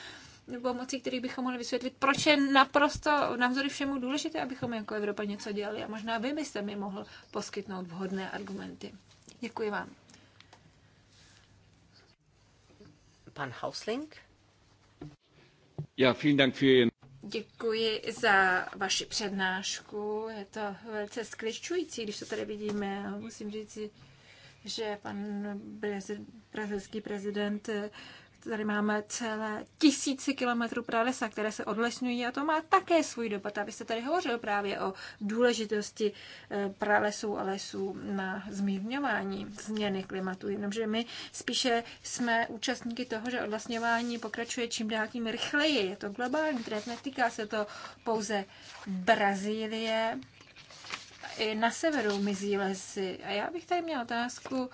nebo pomocí kterých bychom mohli vysvětlit, proč je naprosto navzory všemu důležité, abychom jako Evropa něco dělali. A možná vy byste mi mohl poskytnout vhodné argumenty. Děkuji vám. Pan Hausling. Ja, vielen Dank für Ihren Děkuji za vaši přednášku. Je to velice skličující, když to tady vidíme. Musím říct, že pan brazilský prezident Tady máme celé tisíce kilometrů pralesa, které se odlesňují a to má také svůj dopad. jste tady hovořil právě o důležitosti eh, pralesů a lesů na zmírňování změny klimatu. Jenomže my spíše jsme účastníky toho, že odlesňování pokračuje čím dál tím rychleji. Je to globální trend, netýká se to pouze Brazílie. I na severu mizí lesy. A já bych tady měla otázku,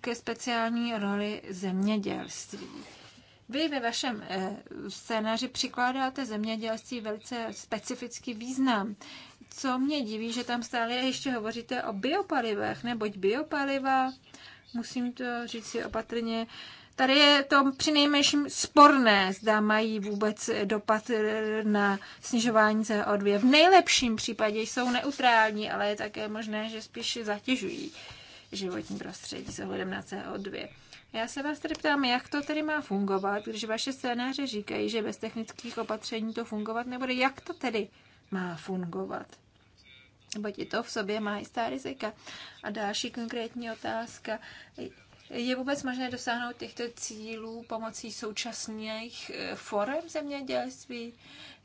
ke speciální roli zemědělství. Vy ve vašem eh, scénáři přikládáte zemědělství velice specifický význam. Co mě diví, že tam stále ještě hovoříte o biopalivech, neboť biopaliva, musím to říct si opatrně, Tady je to přinejmenším sporné, zda mají vůbec dopad eh, na snižování CO2. V nejlepším případě jsou neutrální, ale je také možné, že spíš zatěžují životní prostředí s ohledem na CO2. Já se vás tedy ptám, jak to tedy má fungovat, když vaše scénáře říkají, že bez technických opatření to fungovat nebude. Jak to tedy má fungovat? Nebo ti to v sobě má jistá rizika. A další konkrétní otázka. Je vůbec možné dosáhnout těchto cílů pomocí současných eh, forem zemědělství?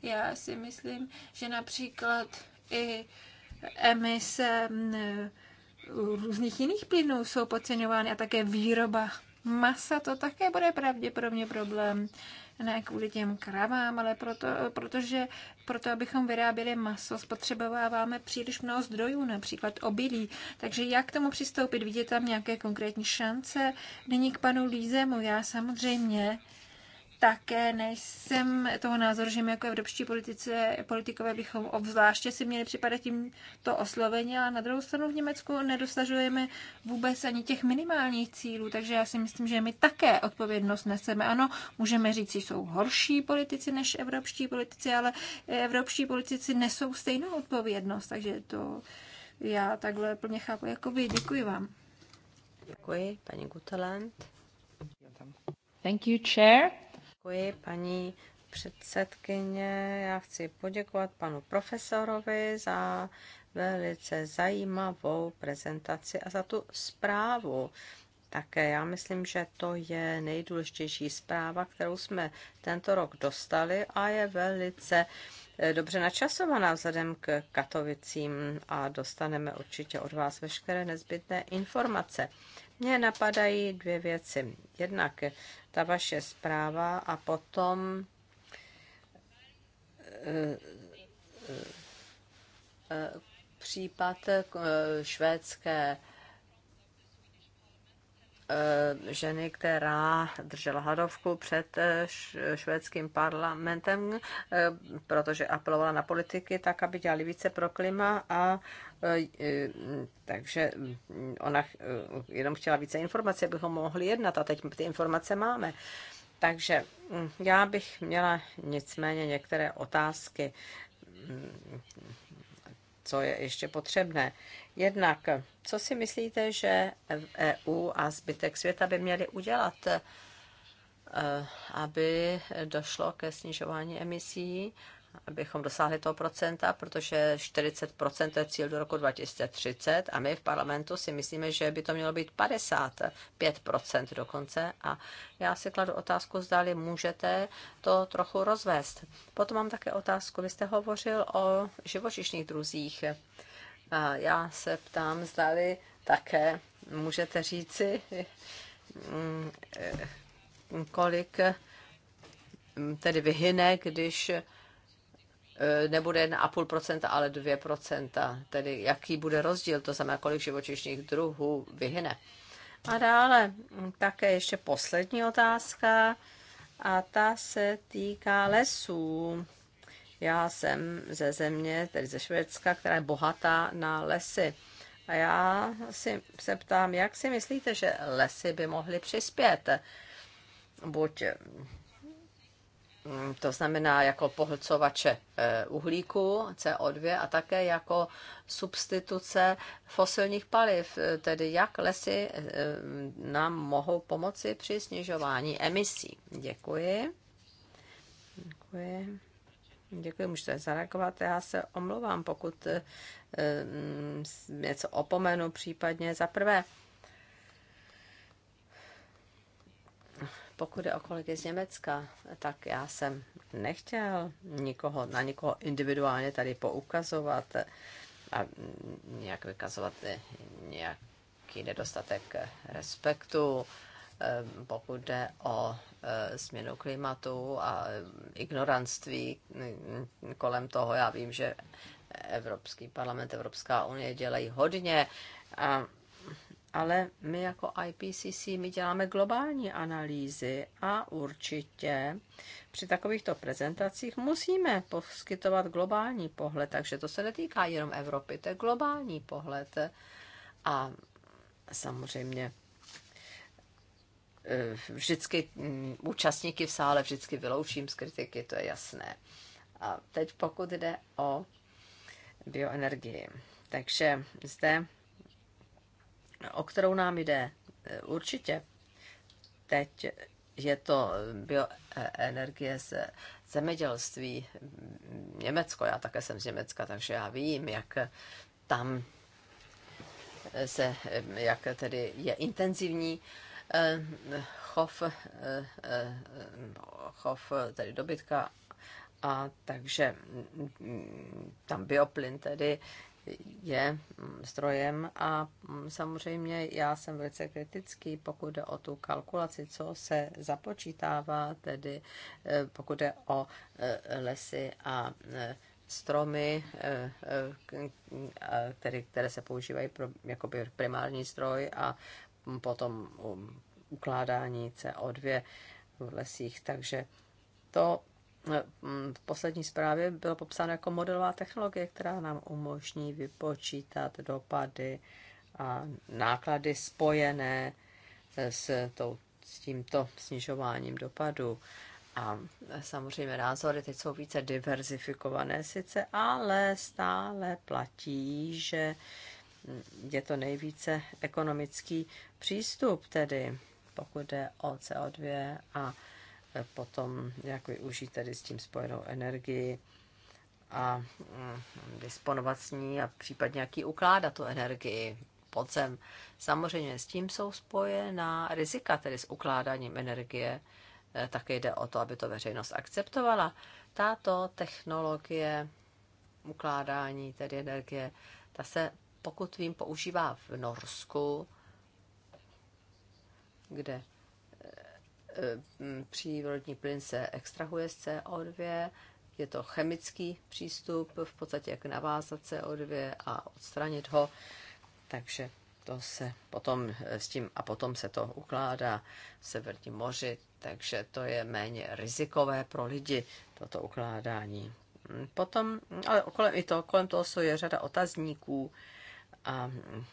Já si myslím, že například i emise mm, eh, různých jiných plynů jsou podceňovány a také výroba masa to také bude pravděpodobně problém. Ne kvůli těm kravám, ale proto, protože proto, abychom vyráběli maso, spotřebováváme příliš mnoho zdrojů, například obilí. Takže jak k tomu přistoupit? Vidíte tam nějaké konkrétní šance? Nyní k panu Lízemu. Já samozřejmě také nejsem toho názoru, že my jako evropští politice, politikové bychom obzvláště si měli připadat to osloveni, ale na druhou stranu v Německu nedosažujeme vůbec ani těch minimálních cílů, takže já si myslím, že my také odpovědnost neseme. Ano, můžeme říct, že jsou horší politici než evropští politici, ale evropští politici nesou stejnou odpovědnost, takže to já takhle plně chápu. Jakoby, děkuji vám. Děkuji, paní Guteland. Thank you, Chair. Děkuji, paní předsedkyně. Já chci poděkovat panu profesorovi za velice zajímavou prezentaci a za tu zprávu. Také já myslím, že to je nejdůležitější zpráva, kterou jsme tento rok dostali a je velice eh, dobře načasovaná vzhledem k Katovicím a dostaneme určitě od vás veškeré nezbytné informace. Mně napadají dvě věci. Jednak ta vaše zpráva a potom eh, eh, případ eh, švédské ženy, která držela hladovku před švédským parlamentem, protože apelovala na politiky tak, aby dělali více pro klima a Eh, eh, takže mm, ona eh, jenom chtěla více informací, abychom mohli jednat a teď ty informace máme. Takže mm, já bych měla nicméně některé otázky, mm, co je ještě potřebné. Jednak, co si myslíte, že EU a zbytek světa by měli udělat, aby došlo ke snižování emisí abychom dosáhli toho procenta, protože 40% to je cíl do roku 2030 a my v parlamentu si myslíme, že by to mělo být 55% dokonce a já si kladu otázku, zdali můžete to trochu rozvést. Potom mám také otázku, vy jste hovořil o živočišných druzích. A já se ptám, zdali také můžete říci, mm, eh, kolik mm, tedy vyhyne, když Eh, nebude 1,5%, ale 2%. Tedy jaký bude rozdíl, to znamená, kolik živočišních druhů vyhne. A dále mm, také ještě poslední otázka a ta se týká lesů. Já jsem ze země, tedy ze Švédska, která je bohatá na lesy. A já si, se ptám, jak si myslíte, že lesy by mohly přispět buď Mm, to znamená jako pohlcovače eh, uhlíku CO2 a také jako substituce fosilních paliv, eh, tedy jak lesy eh, nám mohou pomoci při snižování emisí. Děkuji. Děkuji. Děkuji, můžete zareagovat. Já se omlouvám, pokud mm, něco opomenu případně. Za prvé, Pokud je o kolegy z Německa, tak já jsem nechtěl nikoho, na nikoho individuálně tady poukazovat a nějak vykazovat nějaký nedostatek respektu, eh, pokud jde o eh, změnu klimatu a ignoranství mm, kolem toho. Já vím, že Evropský parlament, Evropská unie dělají hodně a ale my jako IPCC my děláme globální analýzy a určitě při takovýchto prezentacích musíme poskytovat globální pohled, takže to se netýká jenom Evropy, to je globální pohled a samozřejmě e, vždycky účastníky v sále vždycky vyloučím z kritiky, to je jasné. A teď pokud jde o bioenergii. Takže zde o kterou nám jde. E, určitě. Teď je to bioenergie z zemědělství Německo. Já také jsem z Německa, takže já vím, jak tam se, jak tedy je intenzivní e, chov, e, chov tedy dobytka a takže tam bioplyn tedy je zdrojem a samozřejmě já jsem velice kritický, pokud jde o tu kalkulaci, co se započítává, tedy eh, pokud jde o eh, lesy a eh, stromy, které, které se používají pro, jako primární stroj a potom um, ukládání CO2 v lesích. Takže to v poslední zprávě bylo popsáno jako modelová technologie, která nám umožní vypočítat dopady a náklady spojené s, tou, s tímto snižováním dopadu. A samozřejmě názory teď jsou více diverzifikované sice, ale stále platí, že je to nejvíce ekonomický přístup, tedy pokud jde o CO2 a potom, jak využít tedy s tím spojenou energii a mm, disponovat s ní a případně nějaký ukládat tu energii pod zem. Samozřejmě s tím jsou spojená rizika, tedy s ukládáním energie. Eh, Také jde o to, aby to veřejnost akceptovala. Tato technologie ukládání tedy energie, ta se, pokud vím, používá v Norsku, kde Eh, přírodní plyn se extrahuje z CO2, je to chemický přístup, v podstatě jak navázat CO2 a odstranit ho, takže to se potom eh, s tím a potom se to ukládá v Severním moři, takže to je méně rizikové pro lidi, toto ukládání. Mm, potom, ale kolem, i to, kolem toho je řada otazníků a mm,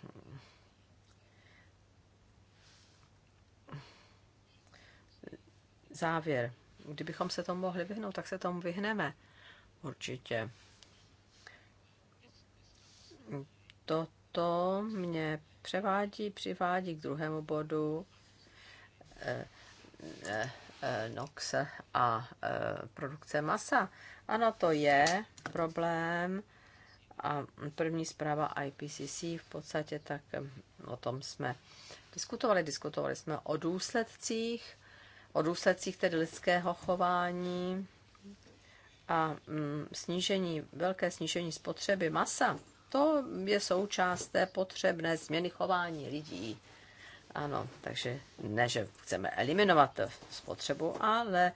závěr. Kdybychom se tomu mohli vyhnout, tak se tomu vyhneme. Určitě. Toto mě převádí, přivádí k druhému bodu. Eh, eh, eh NOx a eh, produkce masa. Ano, to je problém. A první zpráva IPCC v podstatě tak eh, o tom jsme diskutovali. Diskutovali jsme o důsledcích o důsledcích tedy lidského chování a mm, snížení, velké snížení spotřeby masa, to je součást té potřebné změny chování lidí. Ano, takže ne, že chceme eliminovat spotřebu, ale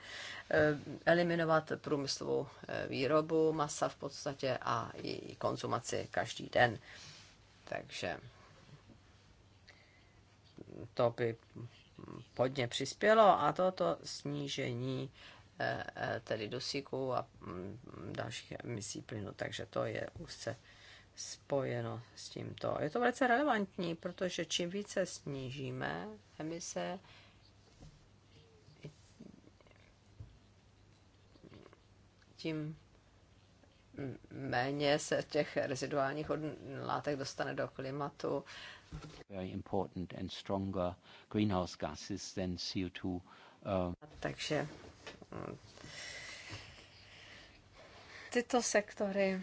e, eliminovat průmyslovou e, výrobu masa v podstatě a i konzumaci každý den. Takže to by hodně přispělo a toto snížení eh, eh, tedy dusíku a mm, dalších emisí plynu, takže to je úzce spojeno s tímto. Je to velice relevantní, protože čím více snížíme emise, tím méně se těch reziduálních látek dostane do klimatu, Very important and stronger greenhouse gases than CO2. Uh... Takže mm, tyto sektory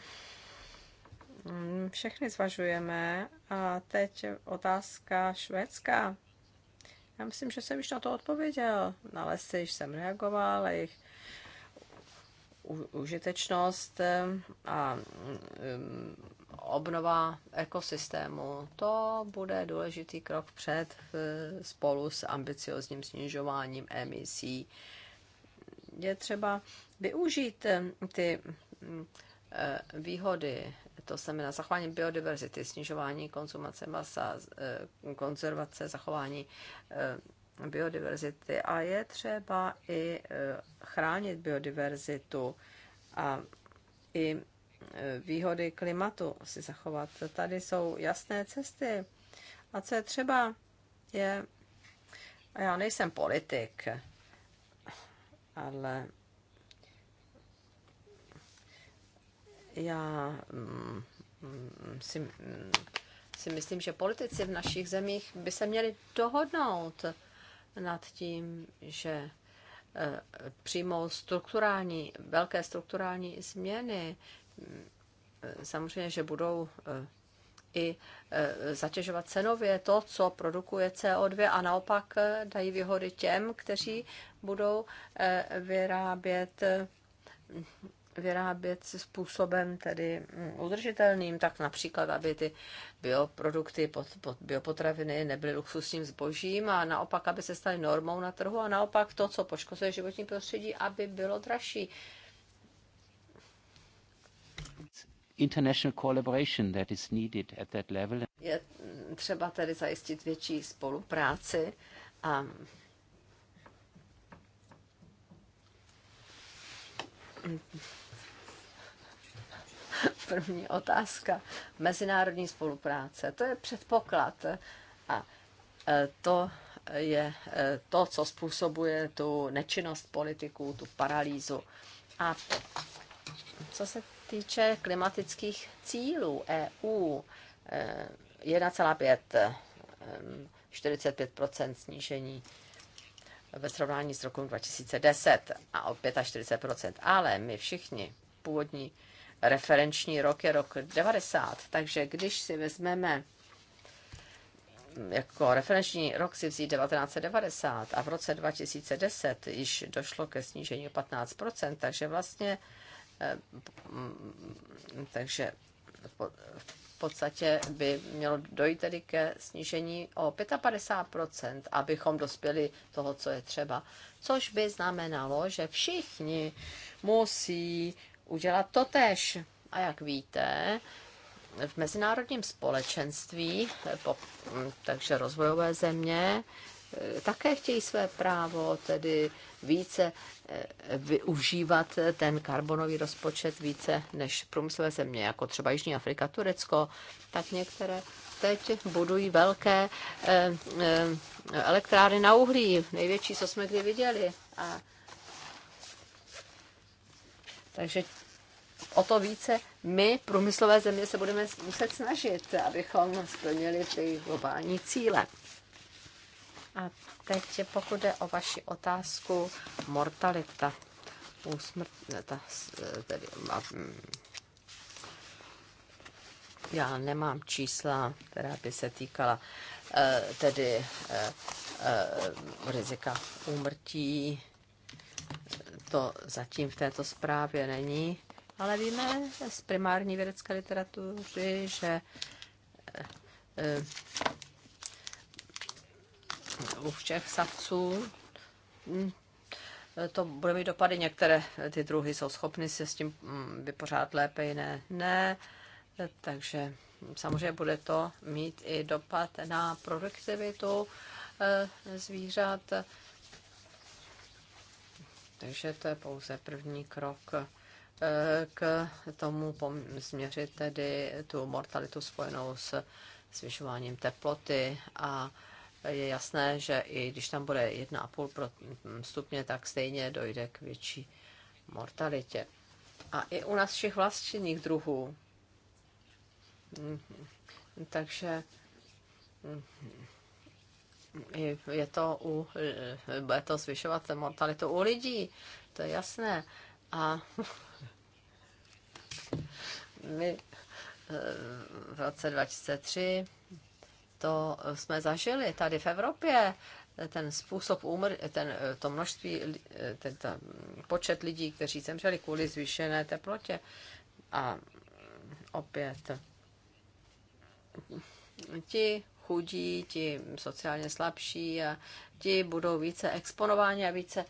mm, všechny zvažujeme. A teď otázka švédská. Já myslím, že jsem již na to odpověděl. Na lesy jsem reagoval, jejich užitečnost eh, a mm, obnova ekosystému. To bude důležitý krok před eh, spolu s ambiciozním snižováním emisí. Je třeba využít eh, ty mm, výhody, to znamená zachování biodiverzity, snižování konzumace masa, konzervace, zachování biodiverzity a je třeba i e, chránit biodiverzitu a i e, výhody klimatu si zachovat. Tady jsou jasné cesty. A co je třeba, je. Já nejsem politik, ale já mm, si, mm, si myslím, že politici v našich zemích by se měli dohodnout nad tím, že e, přijmout strukturální, velké strukturální změny. E, samozřejmě, že budou e, i zatěžovat cenově to, co produkuje CO2 a naopak dají výhody těm, kteří budou vyrábět vyrábět způsobem tedy mm, udržitelným, tak například, aby ty bioprodukty, pod, pod, biopotraviny nebyly luxusním zbožím a naopak, aby se staly normou na trhu a naopak to, co poškozuje životní prostředí, aby bylo dražší. International collaboration that is needed at that level. Je třeba tedy zajistit větší spolupráci a první otázka. Mezinárodní spolupráce, to je předpoklad. A e, to je e, to, co způsobuje tu nečinnost politiků, tu paralýzu. A co se týče klimatických cílů EU, 1,5, 45 snížení ve srovnání s rokem 2010 a o 45 Ale my všichni, původní referenční rok je rok 90, takže když si vezmeme jako referenční rok si vzít 1990 a v roce 2010 již došlo ke snížení o 15%, takže vlastně eh, takže v podstatě by mělo dojít tedy ke snížení o 55%, abychom dospěli toho, co je třeba. Což by znamenalo, že všichni musí udělat tež. A jak víte, v mezinárodním společenství, takže rozvojové země, eh, také chtějí své právo, tedy více eh, využívat ten karbonový rozpočet více než průmyslové země, jako třeba Jižní Afrika, Turecko, tak některé teď budují velké eh, elektrárny na uhlí, největší, co jsme kdy viděli. A takže o to více my, průmyslové země, se budeme muset snažit, abychom splnili ty globální cíle. A teď, pokud jde o vaši otázku, mortalita, úsmrt, ta, tedy, a, mm, já nemám čísla, která by se týkala e, tedy e, e, rizika úmrtí. To zatím v této zprávě není ale víme z primární vědecké literatury, že eh, eh, u všech savců hm, to bude mít dopady. Některé eh, ty druhy jsou schopny se s tím hm, vypořádat lépe, jiné ne. Takže samozřejmě bude to mít i dopad na produktivitu zvířat. Takže to je pouze první krok k tomu změřit tedy tu mortalitu spojenou s zvyšováním teploty a je jasné, že i když tam bude 1,5 stupně, tak stejně dojde k větší mortalitě. A i u nás všech vlastních druhů. Mhm. Takže mhm, je to, u, e, bude to zvyšovat mortalitu u lidí, to je jasné. A my eh, v roce 2003 to jsme zažili tady v Evropě, ten způsob úmr, ten, eh, to množství, eh, ten, ten počet lidí, kteří zemřeli kvůli zvýšené teplotě. A opět ti chudí, ti sociálně slabší a ti budou více exponováni a více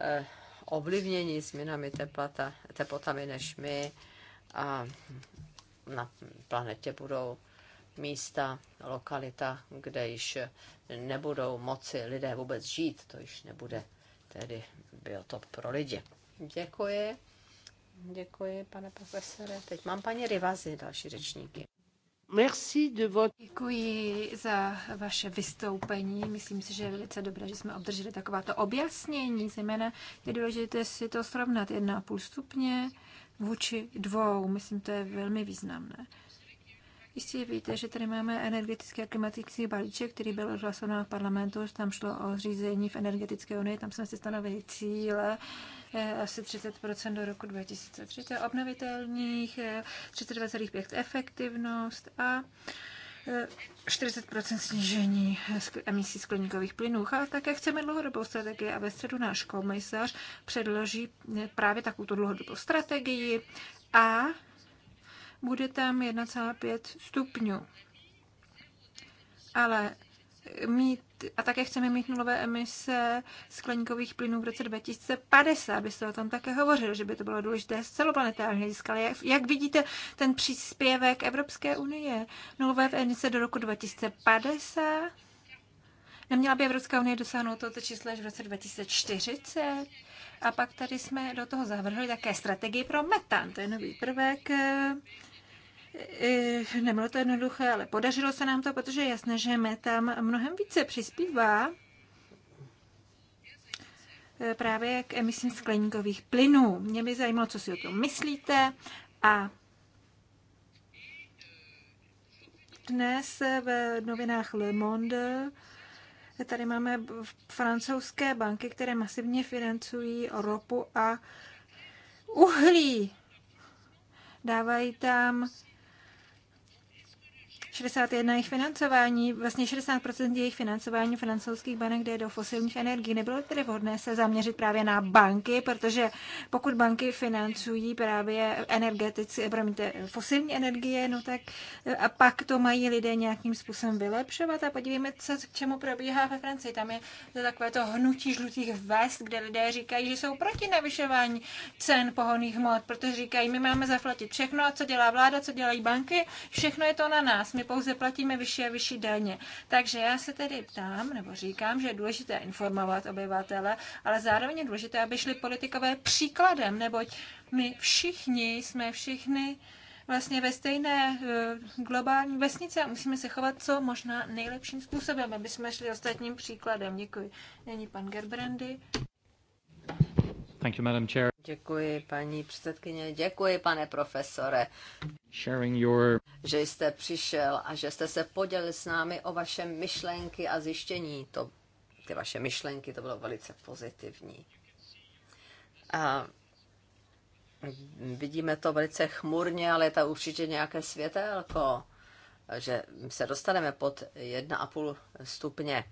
eh, ovlivněni změnami teplata, teplotami než my a na planetě budou místa, lokalita, kde již nebudou moci lidé vůbec žít, to již nebude tedy biotop pro lidi. Děkuji. Děkuji, pane profesore. Teď mám paní Rivazy, další řečníky. Merci de votre... Děkuji za vaše vystoupení. Myslím si, že je velice dobré, že jsme obdrželi takováto objasnění. Zejména je důležité si to srovnat 1,5 stupně vůči dvou. Myslím, to je velmi významné. Jistě víte, že tady máme energetický a klimatický balíček, který byl odhlasován v parlamentu. Tam šlo o řízení v energetické unii, tam jsme si stanovili cíle Eh, asi 30% do roku 2030, obnovitelných 32,5 eh, efektivnost a 40 eh, snížení emisí skleníkových plynů. A také chceme dlouhodobou strategii a ve středu náš komisař předloží právě takovou dlouhodobou strategii a bude tam 1,5 stupňů. Ale mít a také chceme mít nulové emise skleníkových plynů v roce 2050. abyste o tom také hovořil, že by to bylo důležité z celoplanetárního hlediska. jak, jak vidíte ten příspěvek Evropské unie? Nulové emise do roku 2050? Neměla by Evropská unie dosáhnout toto číslo až v roce 2040? A pak tady jsme do toho zavrhli také strategii pro metan. To je nový prvek eh, nebylo to jednoduché, ale podařilo se nám to, protože je jasné, že tam mnohem více přispívá eh, právě k emisím skleníkových plynů. Mě by zajímalo, co si o tom myslíte a dnes v novinách Le Monde eh, tady máme francouzské banky, které masivně financují ropu a uhlí. Dávají tam 61 jejich financování, vlastně 60% jejich financování francouzských banek jde do fosilních energií. Nebylo tedy vhodné se zaměřit právě na banky, protože pokud banky financují právě energetici, promiňte, fosilní energie, no tak a pak to mají lidé nějakým způsobem vylepšovat a podívejme se, k čemu probíhá ve Francii. Tam je to takové to hnutí žlutých vest, kde lidé říkají, že jsou proti navyšování cen pohoných hmot, protože říkají, my máme zaplatit všechno, a co dělá vláda, co dělají banky, všechno je to na nás. My pouze platíme vyšší a vyšší daně. Takže já se tedy ptám, nebo říkám, že je důležité informovat obyvatele, ale zároveň je důležité, aby šli politikové příkladem, neboť my všichni jsme všichni vlastně ve stejné eh, globální vesnice a musíme se chovat co možná nejlepším způsobem, aby jsme šli ostatním příkladem. Děkuji. Není pan Gerbrandy. Thank you, Madam Chair. Děkuji, paní předsedkyně, děkuji, pane profesore, Sharing your... že jste přišel a že jste se podělil s námi o vaše myšlenky a zjištění. To, ty vaše myšlenky, to bylo velice pozitivní. A vidíme to velice chmurně, ale je to určitě nějaké světélko, že se dostaneme pod 1,5 stupně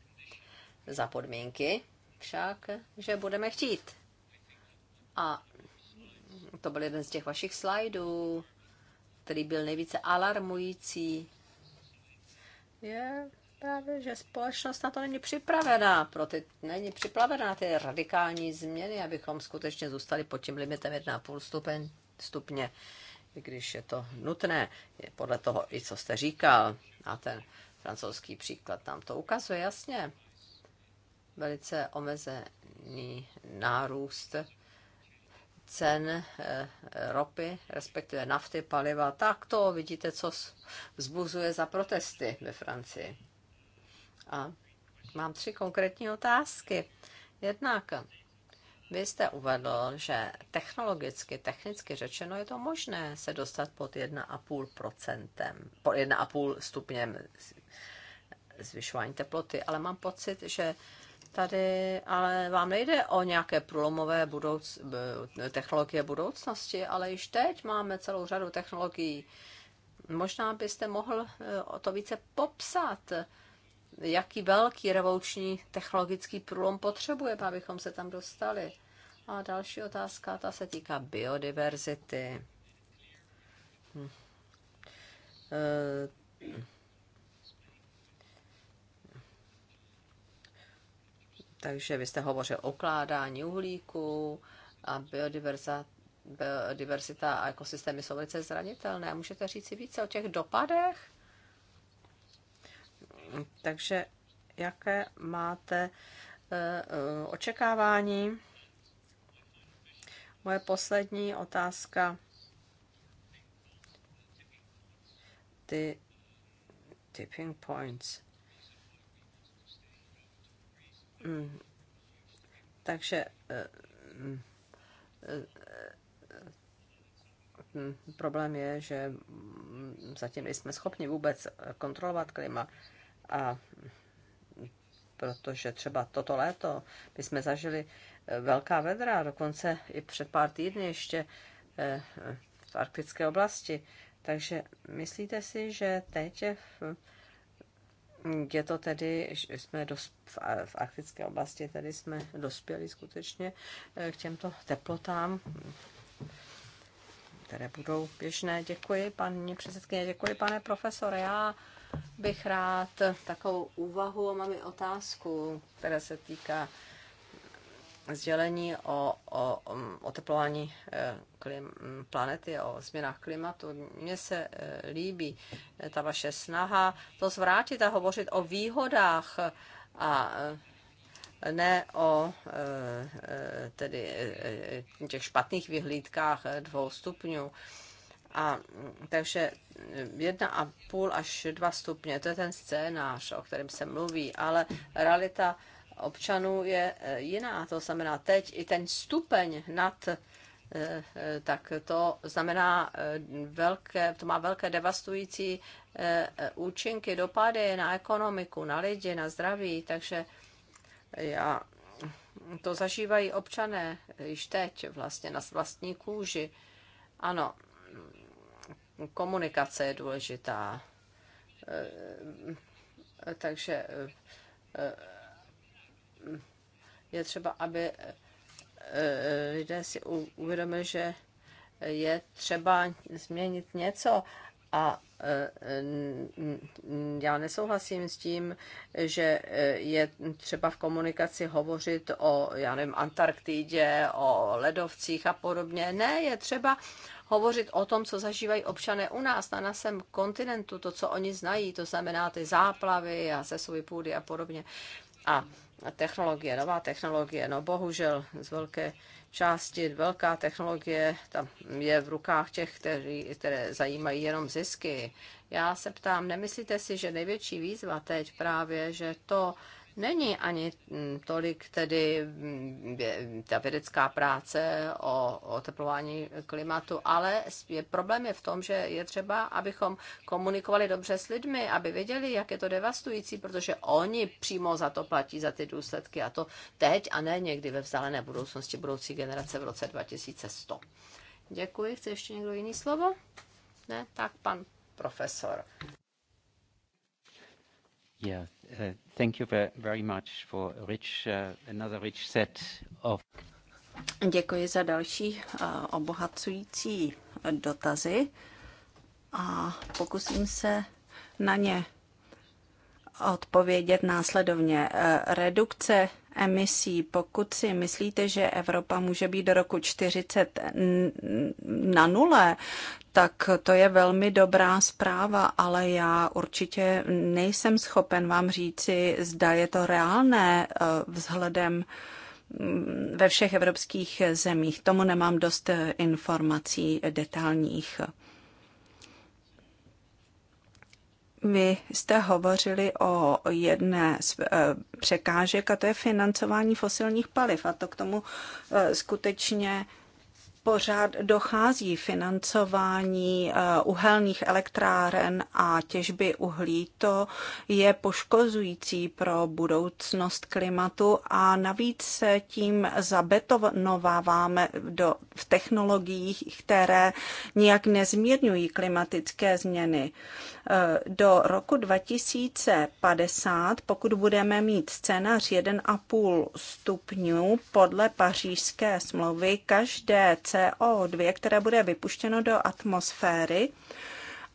za podmínky však, že budeme chtít. A to byl jeden z těch vašich slajdů, který byl nejvíce alarmující. Je právě, že společnost na to není připravená, pro ty, není připravená ty radikální změny, abychom skutečně zůstali pod tím limitem 1,5 stupeň, stupně, i když je to nutné, je podle toho i co jste říkal. A ten francouzský příklad nám to ukazuje jasně. Velice omezený nárůst cen eh, ropy, respektive nafty, paliva, tak to vidíte, co vzbuzuje za protesty ve Francii. A mám tři konkrétní otázky. Jednak, vy jste uvedl, že technologicky, technicky řečeno je to možné se dostat pod 1,5%, pod 1,5 stupněm zvyšování teploty, ale mám pocit, že Tady ale vám nejde o nějaké průlomové budouc, eh, technologie budoucnosti, ale již teď máme celou řadu technologií. Možná byste mohl eh, o to více popsat, jaký velký revoluční technologický průlom potřebujeme, abychom se tam dostali. A další otázka, ta se týká biodiverzity. Hm. E Takže vy jste hovořil o ukládání uhlíku a biodiverzita a ekosystémy jsou velice zranitelné. Můžete říct si více o těch dopadech? Takže jaké máte eh, eh, očekávání? Moje poslední otázka. Ty tipping points Mm. Takže eh, mm, eh, mm, problém je, že zatím nejsme schopni vůbec kontrolovat klima a protože třeba toto léto my jsme zažili eh, velká vedra, dokonce i před pár týdny ještě v arktické oblasti. Takže myslíte si, že teď v je to tedy, jsme dos, v, v arktické oblasti, tady jsme dospěli skutečně eh, k těmto teplotám, které budou běžné. Děkuji, paní předsedkyně, děkuji, pane profesore. Já bych rád takovou úvahu, mám i otázku, která se týká sdělení o, o, o um, oteplování eh, klim, planety, o změnách klimatu. Mně se eh, líbí eh, ta vaše snaha to zvrátit a hovořit o výhodách a ne o tedy těch špatných vyhlídkách dvou stupňů. A, mm, takže mm, jedna a půl až dva stupně, to je ten scénář, o kterém se mluví, ale realita občanů je e, jiná. To znamená, teď i ten stupeň nad e, e, tak to znamená velké, to má velké devastující účinky, dopady na ekonomiku, na lidi, na zdraví, takže já, to zažívají občané již teď vlastně na vlastní kůži. Ano, komunikace je důležitá. Takže je třeba, aby eh, eh, lidé si uvědomili, že je třeba změnit něco a eh, já nesouhlasím s tím, že je třeba v komunikaci hovořit o, já nevím, Antarktidě, o ledovcích a podobně. Ne, je třeba hovořit o tom, co zažívají občané u nás na našem kontinentu, to, co oni znají, to znamená ty záplavy a sesuvy půdy a podobně. A technologie, nová technologie, no bohužel z velké části velká technologie tam je v rukách těch, kteří, které zajímají jenom zisky. Já se ptám, nemyslíte si, že největší výzva teď právě, že to, Není ani mm, tolik tedy mm, ta vědecká práce o oteplování klimatu, ale je, problém je v tom, že je třeba, abychom komunikovali dobře s lidmi, aby věděli, jak je to devastující, protože oni přímo za to platí, za ty důsledky a to teď a ne někdy ve vzdálené budoucnosti budoucí generace v roce 2100. Děkuji. Chce ještě někdo jiný slovo? Ne? Tak pan profesor. Yeah, Uh, thank you very much for rich, uh, another rich set of... Děkuji za další uh, obohacující uh, dotazy a pokusím se na ně odpovědět následovně. Uh, Redukce emisí. Pokud si myslíte, že Evropa může být do roku 40 na nule, tak to je velmi dobrá zpráva, ale já určitě nejsem schopen vám říci, zda je to reálné eh, vzhledem mm, ve všech evropských zemích. Tomu nemám dost eh, informací eh, detailních. Vy jste hovořili o jedné z eh, překážek, a to je financování fosilních paliv. A to k tomu eh, skutečně pořád dochází financování eh, uhelných elektráren a těžby uhlí. To je poškozující pro budoucnost klimatu a navíc se tím zabetonováváme do, v technologiích, které nijak nezmírňují klimatické změny. Eh, do roku 2050, pokud budeme mít scénář 1,5 stupňů podle pařížské smlouvy, každé CO2, které bude vypuštěno do atmosféry,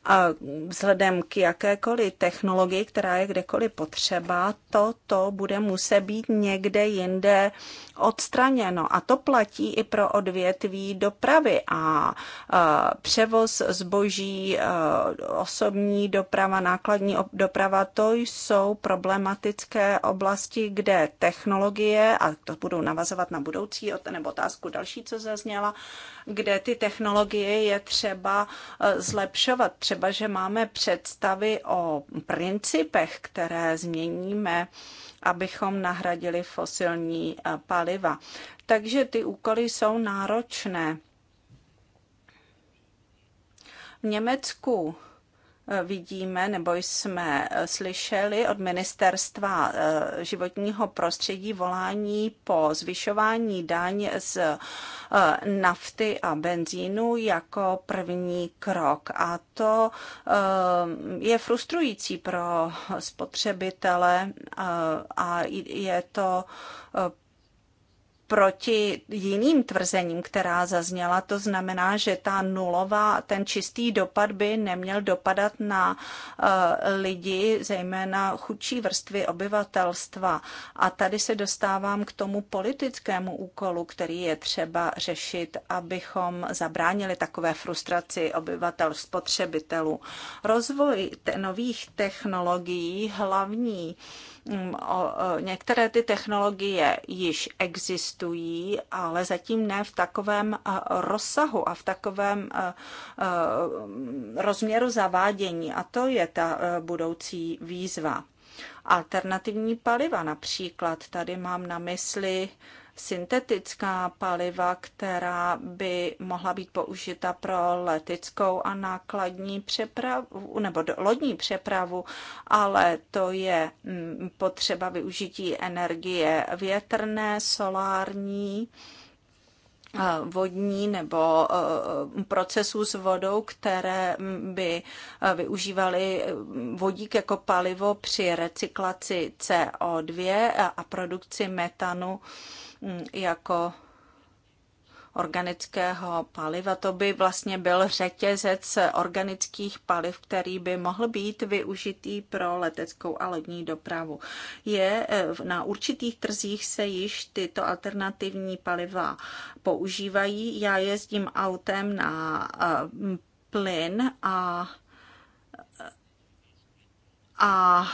a vzhledem k jakékoliv technologii, která je kdekoliv potřeba, to, to bude muset být někde jinde odstraněno. A to platí i pro odvětví dopravy a, a převoz zboží, a, osobní doprava, nákladní doprava, to jsou problematické oblasti, kde technologie, a to budou navazovat na budoucí nebo otázku další, co zazněla, kde ty technologie je třeba zlepšovat třeba, že máme představy o principech, které změníme, abychom nahradili fosilní eh, paliva. Takže ty úkoly jsou náročné. V Německu Eh, vidíme nebo jsme eh, slyšeli od ministerstva eh, životního prostředí volání po zvyšování daň z nafty a benzínu jako první krok. A to je frustrující pro spotřebitele a je to proti jiným tvrzením, která zazněla. To znamená, že ta nulová, ten čistý dopad by neměl dopadat na eh, lidi, zejména chudší vrstvy obyvatelstva. A tady se dostávám k tomu politickému úkolu, který je třeba řešit, abychom zabránili takové frustraci obyvatel, spotřebitelů. Rozvoj nových technologií, hlavní Mm, některé ty technologie již existují, ale zatím ne v takovém rozsahu a v takovém rozměru zavádění. A to je ta budoucí výzva. Alternativní paliva například, tady mám na mysli syntetická paliva, která by mohla být použita pro leteckou a nákladní přepravu nebo lodní přepravu, ale to je mm, potřeba využití energie větrné, solární vodní nebo procesů s vodou, které mm, by využívaly mm, vodík jako palivo při recyklaci CO2 a produkci metanu jako organického paliva. To by vlastně byl řetězec organických paliv, který by mohl být využitý pro leteckou a lodní dopravu. Je, eh, na určitých trzích se již tyto alternativní paliva používají. Já jezdím autem na eh, plyn a a e,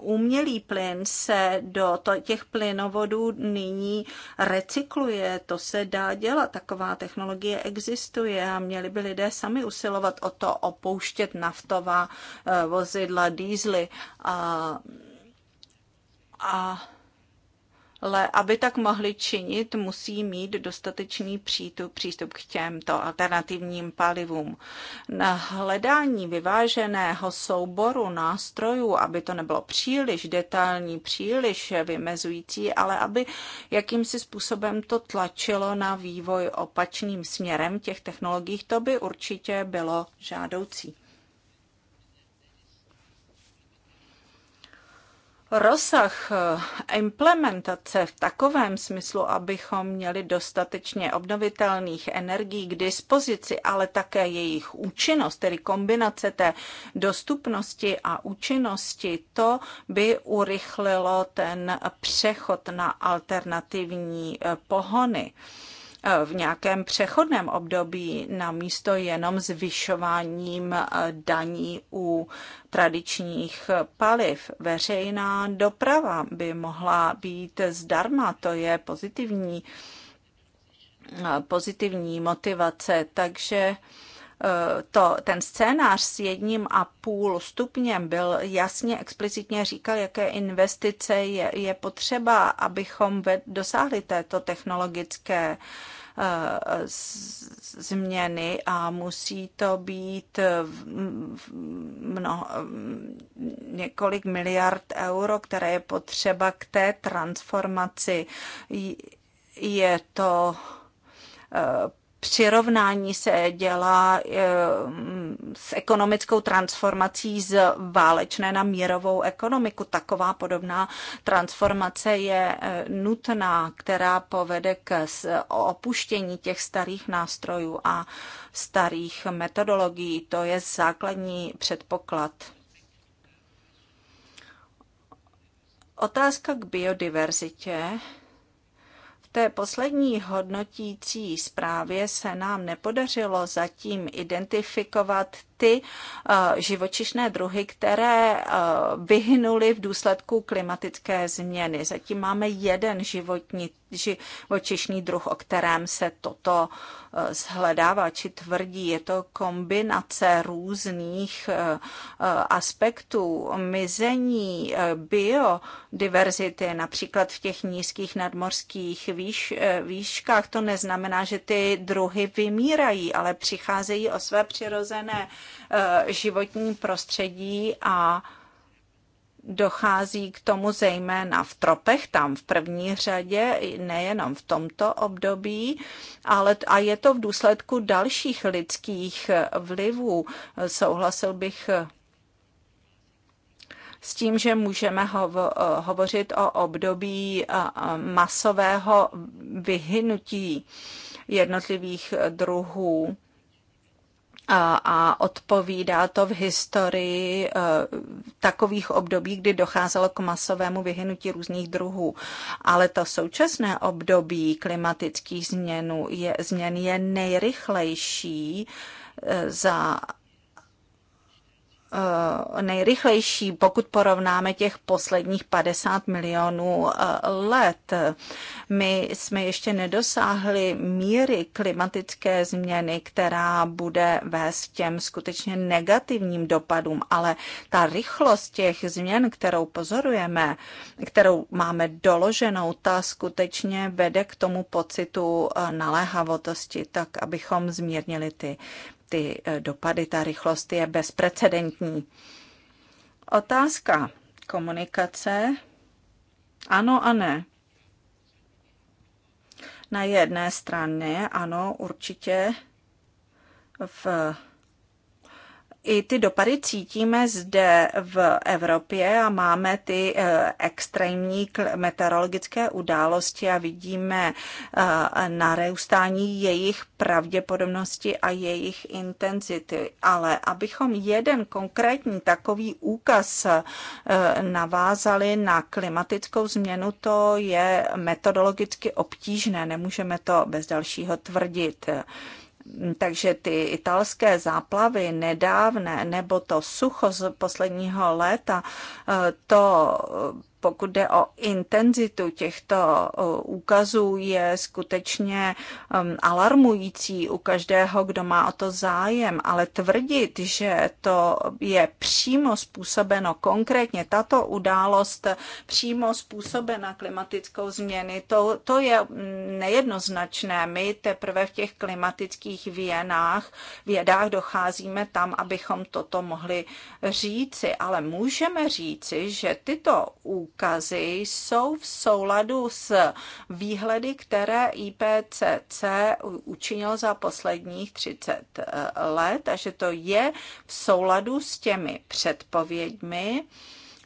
umělý plyn se do těch plynovodů nyní recykluje, to se dá dělat, taková technologie existuje a měli by lidé sami usilovat o to opouštět naftová e, vozidla, dýzly a, a ale aby tak mohli činit, musí mít dostatečný přístup, přístup k těmto alternativním palivům. Na hledání vyváženého souboru nástrojů, aby to nebylo příliš detailní, příliš vymezující, ale aby jakýmsi způsobem to tlačilo na vývoj opačným směrem těch technologií, to by určitě bylo žádoucí. rozsah eh, implementace v takovém smyslu, abychom měli dostatečně obnovitelných energií k dispozici, ale také jejich účinnost, tedy kombinace té dostupnosti a účinnosti, to by urychlilo ten přechod na alternativní eh, pohony. Eh, v nějakém přechodném období na místo jenom zvyšováním eh, daní u tradičních paliv. Veřejná doprava by mohla být zdarma, to je pozitivní, eh, pozitivní motivace, takže to, ten scénář s jedním a půl stupněm byl jasně explicitně říkal, jaké investice je, je potřeba, abychom ve, dosáhli této technologické eh, změny a musí to být mnoho, několik miliard euro, které je potřeba k té transformaci. Je to eh, přirovnání se dělá eh, s ekonomickou transformací z válečné na mírovou ekonomiku. Taková podobná transformace je eh, nutná, která povede k opuštění těch starých nástrojů a starých metodologií. To je základní předpoklad. Otázka k biodiverzitě té poslední hodnotící zprávě se nám nepodařilo zatím identifikovat ty eh, živočišné druhy, které eh, vyhynuly v důsledku klimatické změny. Zatím máme jeden životní, živočišný druh, o kterém se toto eh, zhledává či tvrdí. Je to kombinace různých aspektů mizení biodiverzity, například v těch nízkých nadmorských výš, výškách. To neznamená, že ty druhy vymírají, ale přicházejí o své přirozené Eh, životní prostředí a dochází k tomu zejména v tropech, tam v první řadě, nejenom v tomto období, ale a je to v důsledku dalších lidských eh, vlivů. Souhlasil bych eh, s tím, že můžeme hovořit o období masového vyhynutí jednotlivých druhů a, a odpovídá to v historii eh, takových období, kdy docházelo k masovému vyhynutí různých druhů. Ale to současné období klimatických změn je, změn je nejrychlejší eh, za Eh, nejrychlejší, pokud porovnáme těch posledních 50 milionů eh, let. My jsme ještě nedosáhli míry klimatické změny, která bude vést těm skutečně negativním dopadům, ale ta rychlost těch změn, kterou pozorujeme, kterou máme doloženou, ta skutečně vede k tomu pocitu eh, naléhavotosti, tak abychom zmírnili ty ty eh, dopady, ta rychlost je bezprecedentní. Otázka komunikace. Ano a ne. Na jedné straně, ano, určitě v i ty dopady cítíme zde v Evropě a máme ty eh, extrémní meteorologické události a vidíme eh, narůstání jejich pravděpodobnosti a jejich intenzity. Ale abychom jeden konkrétní takový úkaz eh, navázali na klimatickou změnu, to je metodologicky obtížné, nemůžeme to bez dalšího tvrdit. Hm, takže ty italské záplavy nedávné nebo to sucho z posledního léta, eh, to pokud jde o intenzitu těchto úkazů, je skutečně um, alarmující u každého, kdo má o to zájem, ale tvrdit, že to je přímo způsobeno, konkrétně tato událost přímo způsobena klimatickou změny, to, to je mm, nejednoznačné. My teprve v těch klimatických věnách, vědách docházíme tam, abychom toto mohli říci, ale můžeme říci, že tyto úkazy průkazy jsou v souladu s výhledy, které IPCC učinil za posledních 30 eh, let a že to je v souladu s těmi předpověďmi,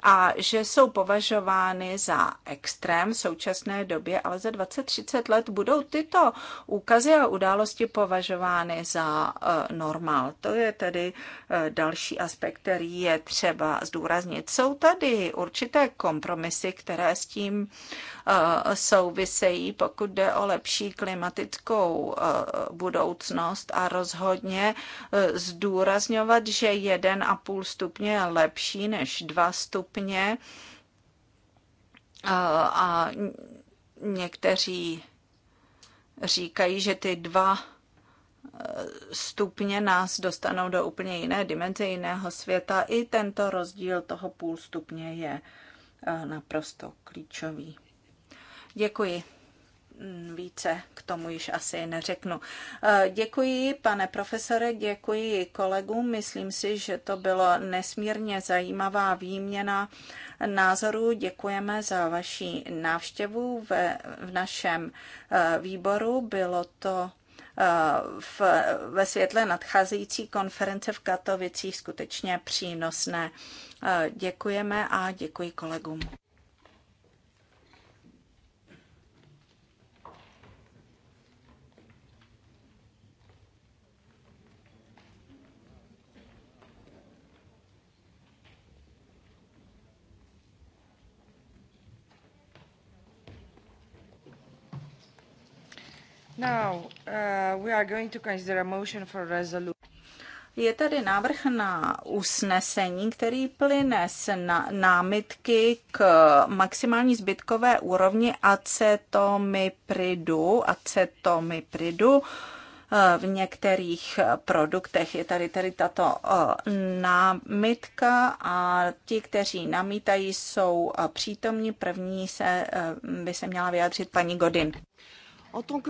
a že jsou považovány za extrém v současné době, ale za 20-30 let budou tyto úkazy a události považovány za eh, normál. To je tedy eh, další aspekt, který je třeba zdůraznit. Jsou tady určité kompromisy, které s tím Eh, souvisejí, pokud jde o lepší klimatickou eh, budoucnost a rozhodně eh, zdůrazňovat, že 1,5 stupně je lepší než 2 stupně a někteří říkají, že ty dva stupně nás dostanou do úplně jiné dimenze, jiného světa. I tento rozdíl toho půl stupně je naprosto klíčový. Děkuji mm, více k tomu již asi neřeknu. Eh, děkuji, pane profesore, děkuji kolegům. Myslím si, že to bylo nesmírně zajímavá výměna názorů. Děkujeme za vaši návštěvu ve, v našem eh, výboru. Bylo to eh, v, ve světle nadcházející konference v Katovicích skutečně přínosné. Děkujeme a děkuji kolegům. Uh, Je tady návrh na usnesení, který plyne z námitky k maximální zbytkové úrovni acetomipridu, acetomipridu uh, v některých produktech. Je tady tady tato uh, námitka a ti, kteří namítají, jsou přítomní. První se, by se měla vyjádřit paní Godin.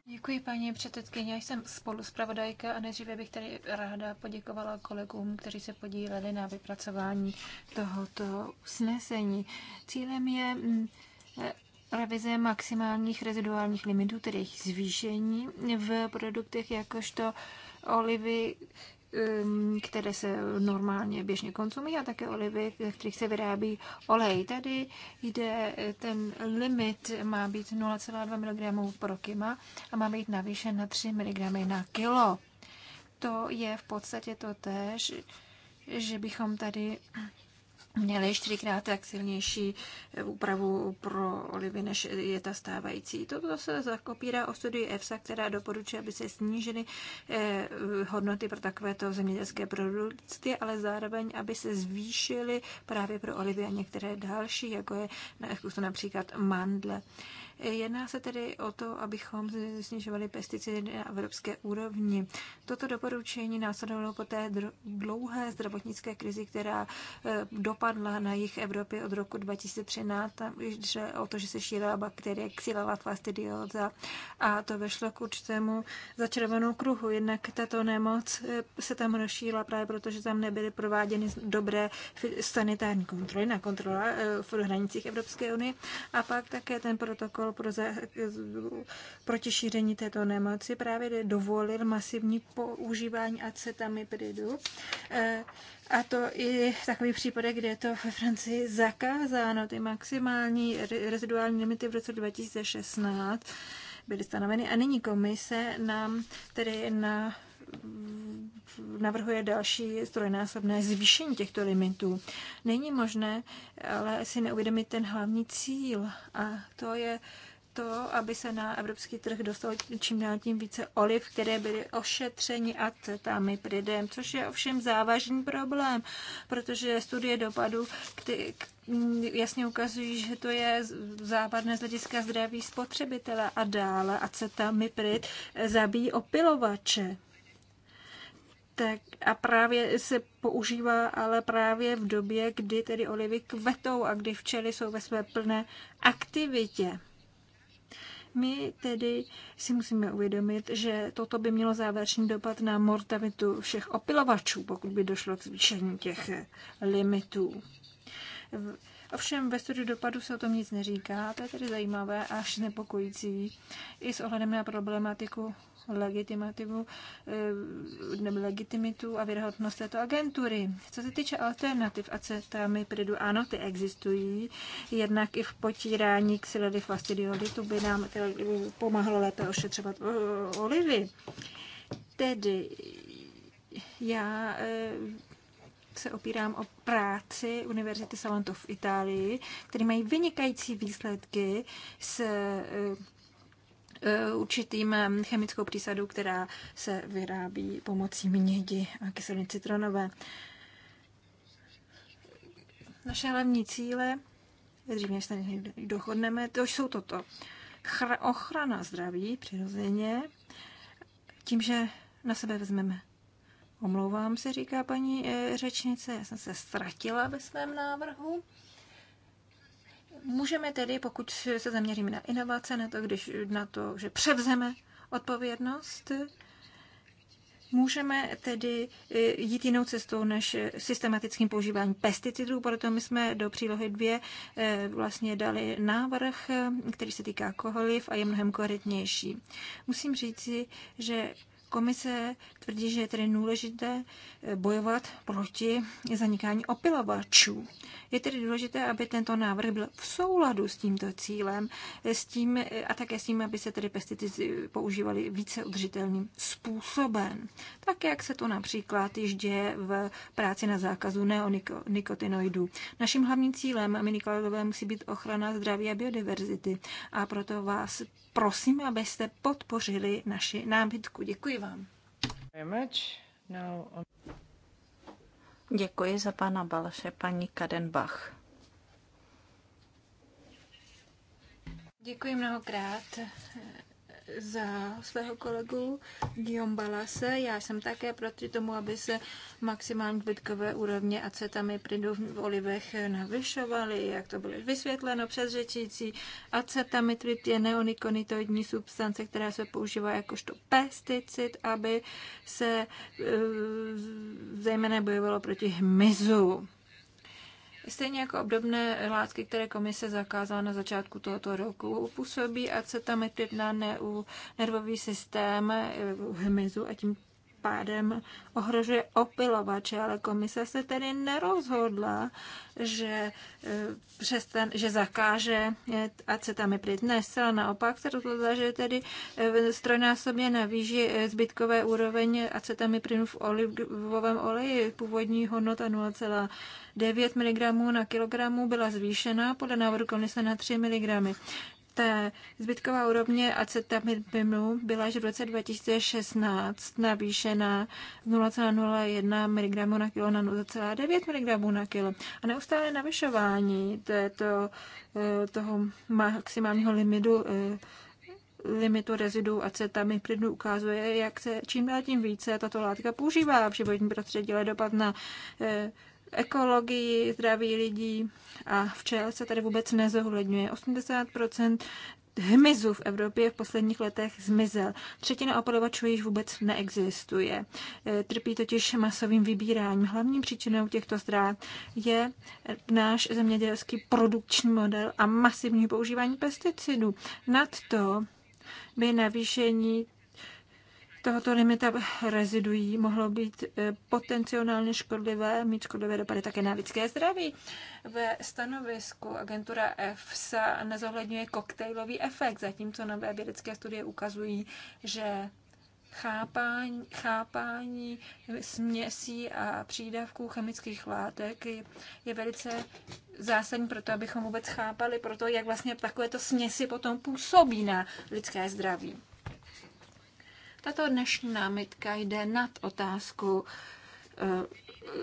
Děkuji, paní předsedkyně. Já jsem zpravodajka a nejdříve bych tady ráda poděkovala kolegům, kteří se podíleli na vypracování tohoto usnesení. Cílem je mm, eh, revize maximálních reziduálních limitů, tedy jejich zvýšení v produktech jakožto olivy, Um, které se normálně běžně konzumují, a také olivy, ze kterých se vyrábí olej. Tady jde, ten limit má být 0,2 mg pro kima a má být navýšen na 3 mg na kilo. To je v podstatě to tež, že bychom tady měli čtyřikrát tak silnější eh, úpravu pro olivy, než je ta stávající. Toto se zakopírá o studii EFSA, která doporučuje, aby se snížily eh, hodnoty pro takovéto zemědělské produkty, ale zároveň, aby se zvýšily právě pro olivy a některé další, jako je například mandle. Jedná se tedy o to, abychom snižovali pesticidy na evropské úrovni. Toto doporučení následovalo po té dlouhé zdravotnické krizi, která eh, dopadla na jich Evropě od roku 2013, tam o to, že se šířila bakterie Xylella fastidiosa a to vešlo k určitému začervenou kruhu. Jednak tato nemoc eh, se tam rozšířila právě proto, že tam nebyly prováděny dobré sanitární kontroly na kontrola eh, v hranicích Evropské unie a pak také ten protokol protokol pro za, proti šíření této nemoci právě dovolil masivní používání acetamipridu. Eh, a to i v takových případech, kde je to ve Francii zakázáno. Ty maximální reziduální limity v roce 2016 byly stanoveny. A nyní komise nám tedy na navrhuje další strojnásobné zvýšení těchto limitů. Není možné ale si neuvědomit ten hlavní cíl a to je to, aby se na evropský trh dostalo čím dál tím více oliv, které byly ošetřeny pridem, což je ovšem závažný problém, protože studie dopadu mm, jasně ukazují, že to je západné z hlediska zdraví spotřebitele a dále pryd zabíjí opilovače tak a právě se používá ale právě v době, kdy tedy olivy kvetou a kdy včely jsou ve své plné aktivitě. My tedy si musíme uvědomit, že toto by mělo závěrečný dopad na mortalitu všech opilovačů, pokud by došlo k zvýšení těch limitů. Ovšem ve studiu dopadu se o tom nic neříká, to je tedy zajímavé až znepokojící i s ohledem na problematiku legitimativu, eh, nebo legitimitu a věrohodnost této agentury. Co se týče alternativ a prydu, ano, ty existují, jednak i v potírání xylely To by nám pomáhalo lépe ošetřovat olivy. Tedy já eh, se opírám o práci Univerzity Salanto v Itálii, které mají vynikající výsledky s eh, Eh, určitým eh, chemickou přísadou, která se vyrábí pomocí mědi a kyseliny citronové. Naše hlavní cíle, dřív než se dochodneme, to jsou toto. Ochrana zdraví přirozeně, tím, že na sebe vezmeme Omlouvám se, říká paní eh, řečnice, já jsem se ztratila ve svém návrhu. Můžeme tedy, pokud se zaměříme na inovace, na to, když, na to, že převzeme odpovědnost, Můžeme tedy e, jít jinou cestou než systematickým používáním pesticidů, proto my jsme do přílohy dvě e, vlastně dali návrh, e, který se týká koholiv a je mnohem korektnější. Musím říci, že Komise tvrdí, že je tedy důležité eh, bojovat proti zanikání opilovačů. Je tedy důležité, aby tento návrh byl v souladu s tímto cílem eh, s tím, eh, a také s tím, aby se tedy pesticidy používaly více udržitelným způsobem. Tak, jak se to například již děje v práci na zákazu neonikotinoidů. Naším hlavním cílem, minikladové musí být ochrana zdraví a biodiverzity. A proto vás prosím, abyste podpořili naši námitku. Děkuji vám. Děkuji za pana Balaše, paní Kadenbach. Děkuji mnohokrát za svého kolegu Guillaume Balase. Já jsem také proti tomu, aby se maximální zbytkové úrovně acetamipridu v olivech navyšovaly, jak to bylo vysvětleno přes řečící. tam je neonikonitoidní substance, která se používá jakožto pesticid, aby se eh, zejména bojovalo proti hmyzu. Stejně jako obdobné látky, které komise zakázala na začátku tohoto roku, působí acetamitid na neu, nervový systém eh, hmyzu a tím pádem ohrožuje opilovače, ale komise se tedy nerozhodla, že, eh, přestan, že zakáže eh, acetamiprid. Ne, zcela naopak se rozhodla, že tedy eh, strojnásobně navýší zbytkové úroveň acetamiprinu v olivovém oleji. Původní hodnota 0,9 mg na kilogramu byla zvýšena podle návrhu komise na 3 mg té zbytková úrovně acetaminu byla že v roce 2016 navýšena z 0,01 mg na kilo na 0,9 mg na kilo. A neustále navyšování této, eh, toho maximálního limitu eh, limitu rezidu acetamipridu ukazuje, jak se čím dál tím více tato látka používá v životním prostředí, ale dopad na eh, ekologii, zdraví lidí a včel se tady vůbec nezohledňuje. 80 hmyzu v Evropě v posledních letech zmizel. Třetina opadovačů již vůbec neexistuje. Eh, trpí totiž masovým vybíráním. Hlavní příčinou těchto ztrát je náš zemědělský produkční model a masivní používání pesticidů. Nad to by navýšení tohoto limita rezidují mohlo být eh, potenciálně škodlivé, mít škodlivé dopady také na lidské zdraví. Ve stanovisku agentura EFSA nezohledňuje koktejlový efekt, zatímco nové vědecké studie ukazují, že chápání, chápání směsí a přídavků chemických látek je velice zásadní pro to, abychom vůbec chápali pro to, jak vlastně takovéto směsi potom působí na lidské zdraví. Tato dnešní námitka jde nad otázku eh,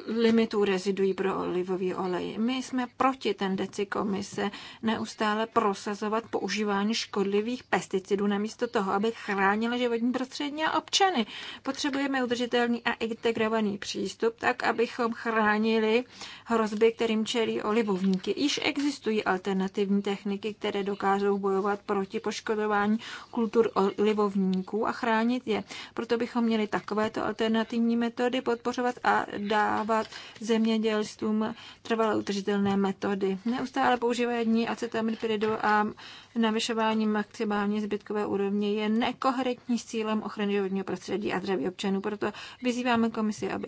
limitů rezidují pro olivový olej. My jsme proti tendenci komise neustále prosazovat používání škodlivých pesticidů namísto toho, aby chránila životní prostředí a občany. Potřebujeme udržitelný a integrovaný přístup, tak abychom chránili hrozby, kterým čelí olivovníky. Již existují alternativní techniky, které dokážou bojovat proti poškodování kultur olivovníků a chránit je. Proto bychom měli takovéto alternativní metody podpořovat a dát dávat zemědělstvům trvalé udržitelné metody. Neustále používání acetamipiridu a navyšování maximální zbytkové úrovně je nekoherentní s cílem ochrany životního prostředí a zdraví občanů. Proto vyzýváme komisi, aby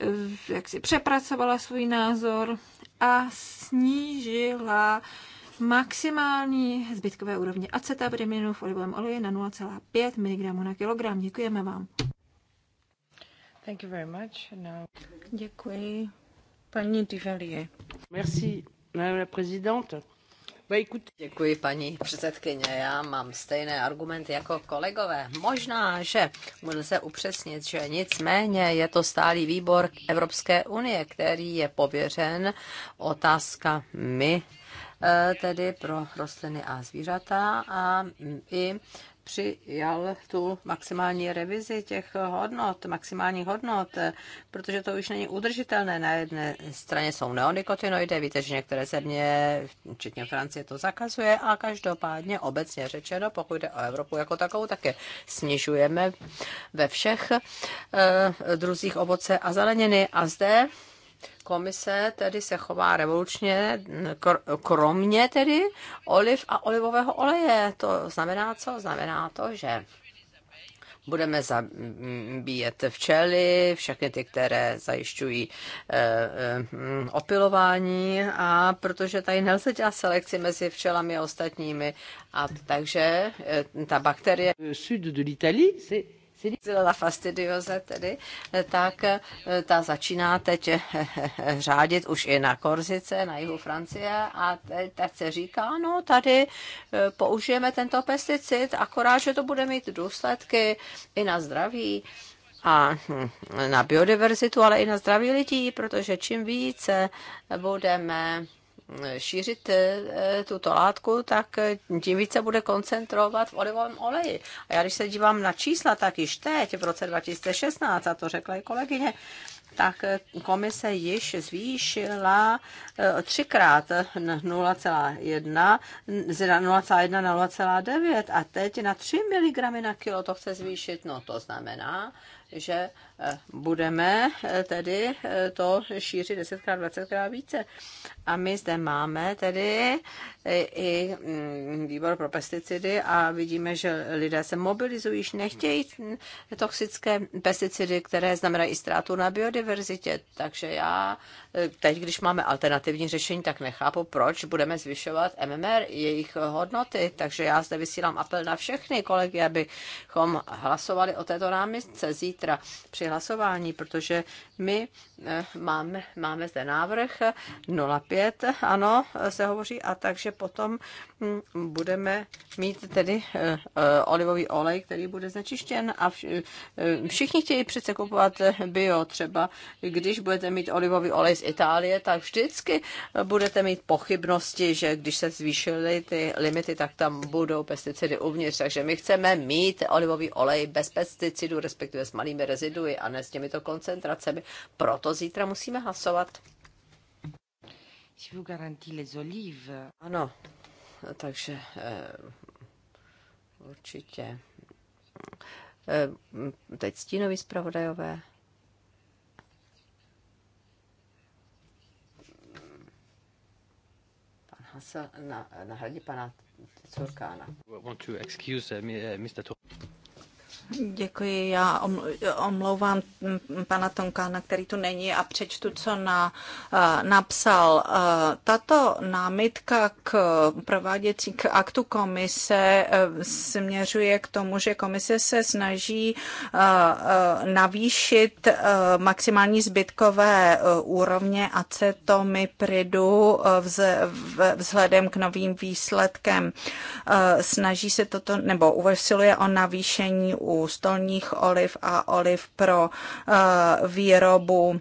eh, jak si přepracovala svůj názor a snížila maximální zbytkové úrovně acetabriminu v olivovém oleji na 0,5 mg na kilogram. Děkujeme vám. Děkuji. Paní Divalier. Merci, madame la présidente. Děkuji, paní předsedkyně. Já mám stejné argumenty jako kolegové. Možná, že můžu se upřesnit, že nicméně je to stálý výbor Evropské unie, který je pověřen otázkami eh, tedy pro rostliny a zvířata a i přijal tu maximální revizi těch hodnot, maximálních hodnot, protože to už není udržitelné. Na jedné straně jsou neonikotinoidy, víte, že některé země, včetně Francie, to zakazuje a každopádně obecně řečeno, pokud jde o Evropu jako takovou, tak je snižujeme ve všech eh, druzích ovoce a zeleniny. A zde Komise tedy se chová revolučně, kromě tedy oliv a olivového oleje. To znamená co? Znamená to, že budeme zabíjet včely, všechny ty, které zajišťují eh, eh, opilování, a protože tady nelze dělat selekci mezi včelami a ostatními, a takže eh, ta bakterie... Sud de l'Italie, c'est La fastidioze tedy, eh, tak eh, ta začíná teď eh, řádit už i na Korzice, na jihu Francie a teď, teď se říká, no tady použijeme tento pesticid, akorát, že to bude mít důsledky i na zdraví a hm, na biodiverzitu, ale i na zdraví lidí, protože čím více budeme šířit eh, tuto látku, tak tím více bude koncentrovat v olivovém oleji. A já když se dívám na čísla, tak již teď, v roce 2016, a to řekla i kolegyně, tak eh, komise již zvýšila eh, třikrát 0,1 z 0,1 na 0,9 a teď na 3 mg na kilo to chce zvýšit. No to znamená, že budeme eh, tedy eh, to šířit 10x, 20x více. A my zde máme tedy eh, i mm, výbor pro pesticidy a vidíme, že lidé se mobilizují, nechtějí toxické pesticidy, které znamenají i ztrátu na biodiverzitě. Takže já teď, když máme alternativní řešení, tak nechápu, proč budeme zvyšovat MMR, jejich hodnoty. Takže já zde vysílám apel na všechny kolegy, abychom hlasovali o této námitce zítra při hlasování, protože my eh, máme, máme zde návrh 05, ano, se hovoří, a takže potom hm, budeme mít tedy eh, eh, olivový olej, který bude znečištěn a všichni chtějí přece kupovat bio třeba, když budete mít olivový olej z Itálie, tak vždycky budete mít pochybnosti, že když se zvýšily ty limity, tak tam budou pesticidy uvnitř, takže my chceme mít olivový olej bez pesticidů, respektive s malými reziduji a ne s těmito koncentracemi. Proto zítra musíme hlasovat. Ano, takže eh, určitě. Eh, teď stínový zpravodajové. Pan Hasa na, na hradě pana Curkána. Eh, Děkuji, já omlouvám pana na který tu není a přečtu, co na, eh, napsal. Eh, tato námitka k prováděcí k aktu komise eh, směřuje k tomu, že komise se snaží navýšit maximální zbytkové úrovně acetomipridu vzhledem k novým výsledkem. Snaží se toto, nebo usiluje o navýšení u stolních oliv a oliv pro eh, výrobu eh,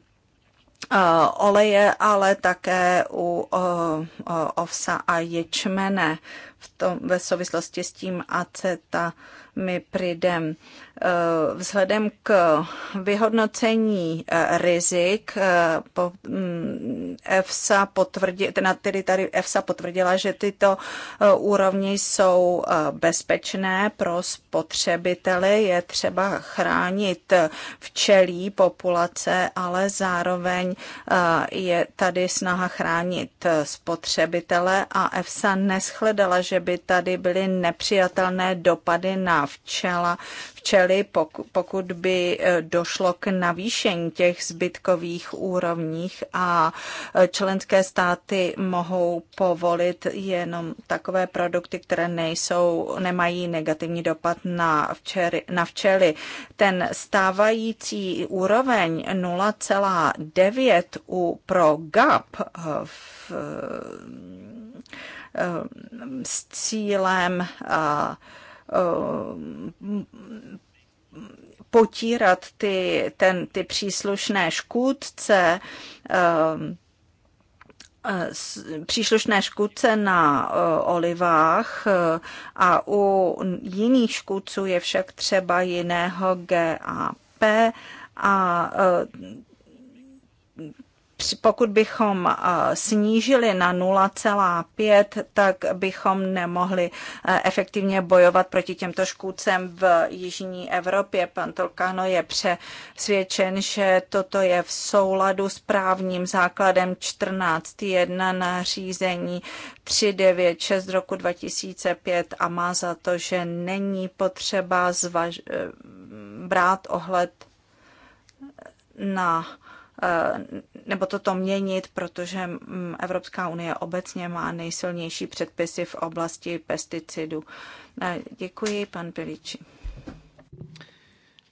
oleje, ale také u eh, ovsa a ječmene v tom, ve souvislosti s tím acetamipridem. Eh, vzhledem k vyhodnocení eh, rizik eh, mm, EFSA potvrdila, tedy tady EFSA potvrdila, že tyto úrovně jsou bezpečné pro spotřebitele. Je třeba chránit včelí populace, ale zároveň je tady snaha chránit spotřebitele a EFSA neschledala, že by tady byly nepřijatelné dopady na včela, včely, pokud by eh, došlo k navýšení těch zbytkových úrovních a eh, členské státy mohou povolit jenom takové produkty, které nejsou, nemají negativní dopad na, včery, na včely. Ten stávající úroveň 0,9 u pro GAP eh, v, s cílem uh, Eh, potírat ty, ten, ty příslušné škůdce, eh, eh, příslušné škůdce na olivách a u jiných škůdců je však třeba jiného GAP a pokud bychom snížili na 0,5, tak bychom nemohli e, efektivně bojovat proti těmto škůdcem v Jižní Evropě. Pan Tolkano je přesvědčen, že toto je v souladu s právním základem 14.1 nařízení 396 roku 2005 a má za to, že není potřeba zvaž- e, brát ohled na Eh, nebo toto měnit, protože mm, Evropská unie obecně má nejsilnější předpisy v oblasti pesticidů. Eh, děkuji, pan Piliči.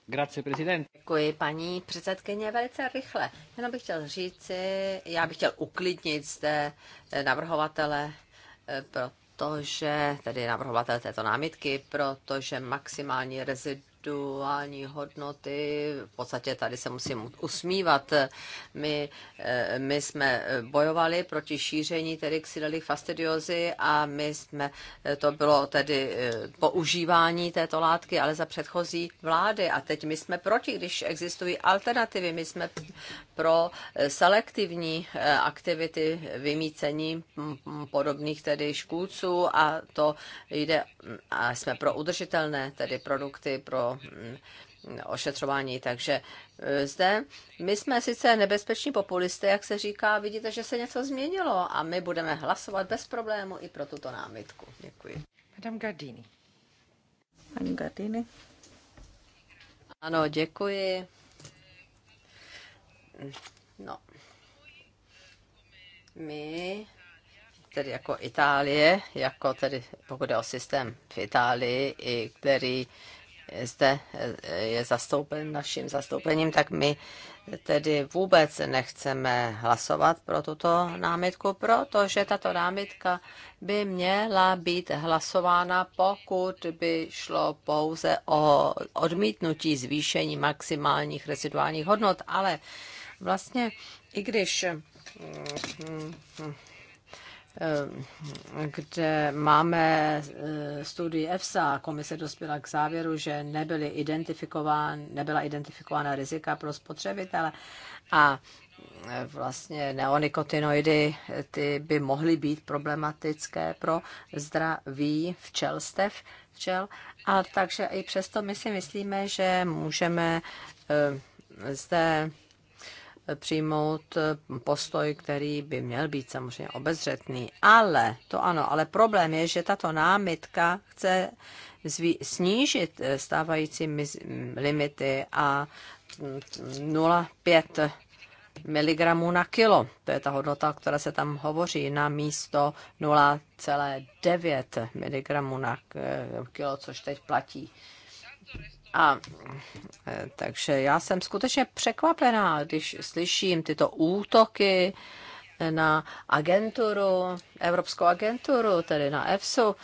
Grazie, prezident. Děkuji, paní předsedkyně, velice rychle. Jenom bych chtěl říci, já bych chtěl uklidnit zde eh, navrhovatele, protože, tedy navrhovatele této námitky, protože maximální rezidu duální hodnoty. V podstatě tady se musím usmívat. My, eh, my jsme bojovali proti šíření tedy xylely fastidiozy a my jsme, eh, to bylo tedy eh, používání této látky, ale za předchozí vlády. A teď my jsme proti, když existují alternativy. My jsme pro selektivní aktivity vymícení podobných tedy škůdců a to jde, a jsme pro udržitelné tedy produkty, pro Mm, ošetřování. Takže e, zde my jsme sice nebezpeční populisty, jak se říká, vidíte, že se něco změnilo a my budeme hlasovat bez problému i pro tuto námitku. Děkuji. Madame Gardini. Pani Gardini. Ano, děkuji. No. My, tedy jako Itálie, jako tedy pokud je o systém v Itálii, i který zde eh, je zastoupen naším zastoupením, tak my tedy vůbec nechceme hlasovat pro tuto námitku, protože tato námitka by měla být hlasována, pokud by šlo pouze o odmítnutí zvýšení maximálních residuálních hodnot, ale vlastně i když mm, mm, Eh, kde máme eh, studii EFSA, komise dospěla k závěru, že nebyly identifikován, nebyla identifikována rizika pro spotřebitele a eh, vlastně neonikotinoidy ty by mohly být problematické pro zdraví včelstev včel. A takže i přesto my si myslíme, že můžeme zde přijmout eh, postoj, který by měl být samozřejmě obezřetný. Ale, to ano, ale problém je, že tato námitka chce snížit eh, stávající limity a 0,5 mm, mg na kilo. To je ta hodnota, která se tam hovoří, na místo 0,9 mg na eh, kilo, což teď platí. A e, takže já jsem skutečně překvapená, když slyším tyto útoky na agenturu, Evropskou agenturu, tedy na EFSU.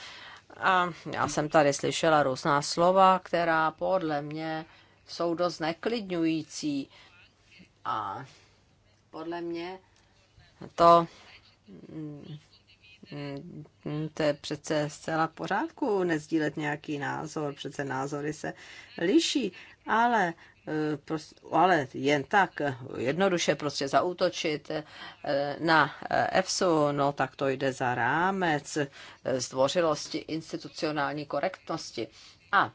A já jsem tady slyšela různá slova, která podle mě jsou dost neklidňující. A podle mě to mm, Mm, to je přece zcela v pořádku nezdílet nějaký názor, přece názory se liší, ale Prostě, ale jen tak jednoduše prostě zautočit eh, na eh, EFSU, no tak to jde za rámec zdvořilosti, institucionální korektnosti. A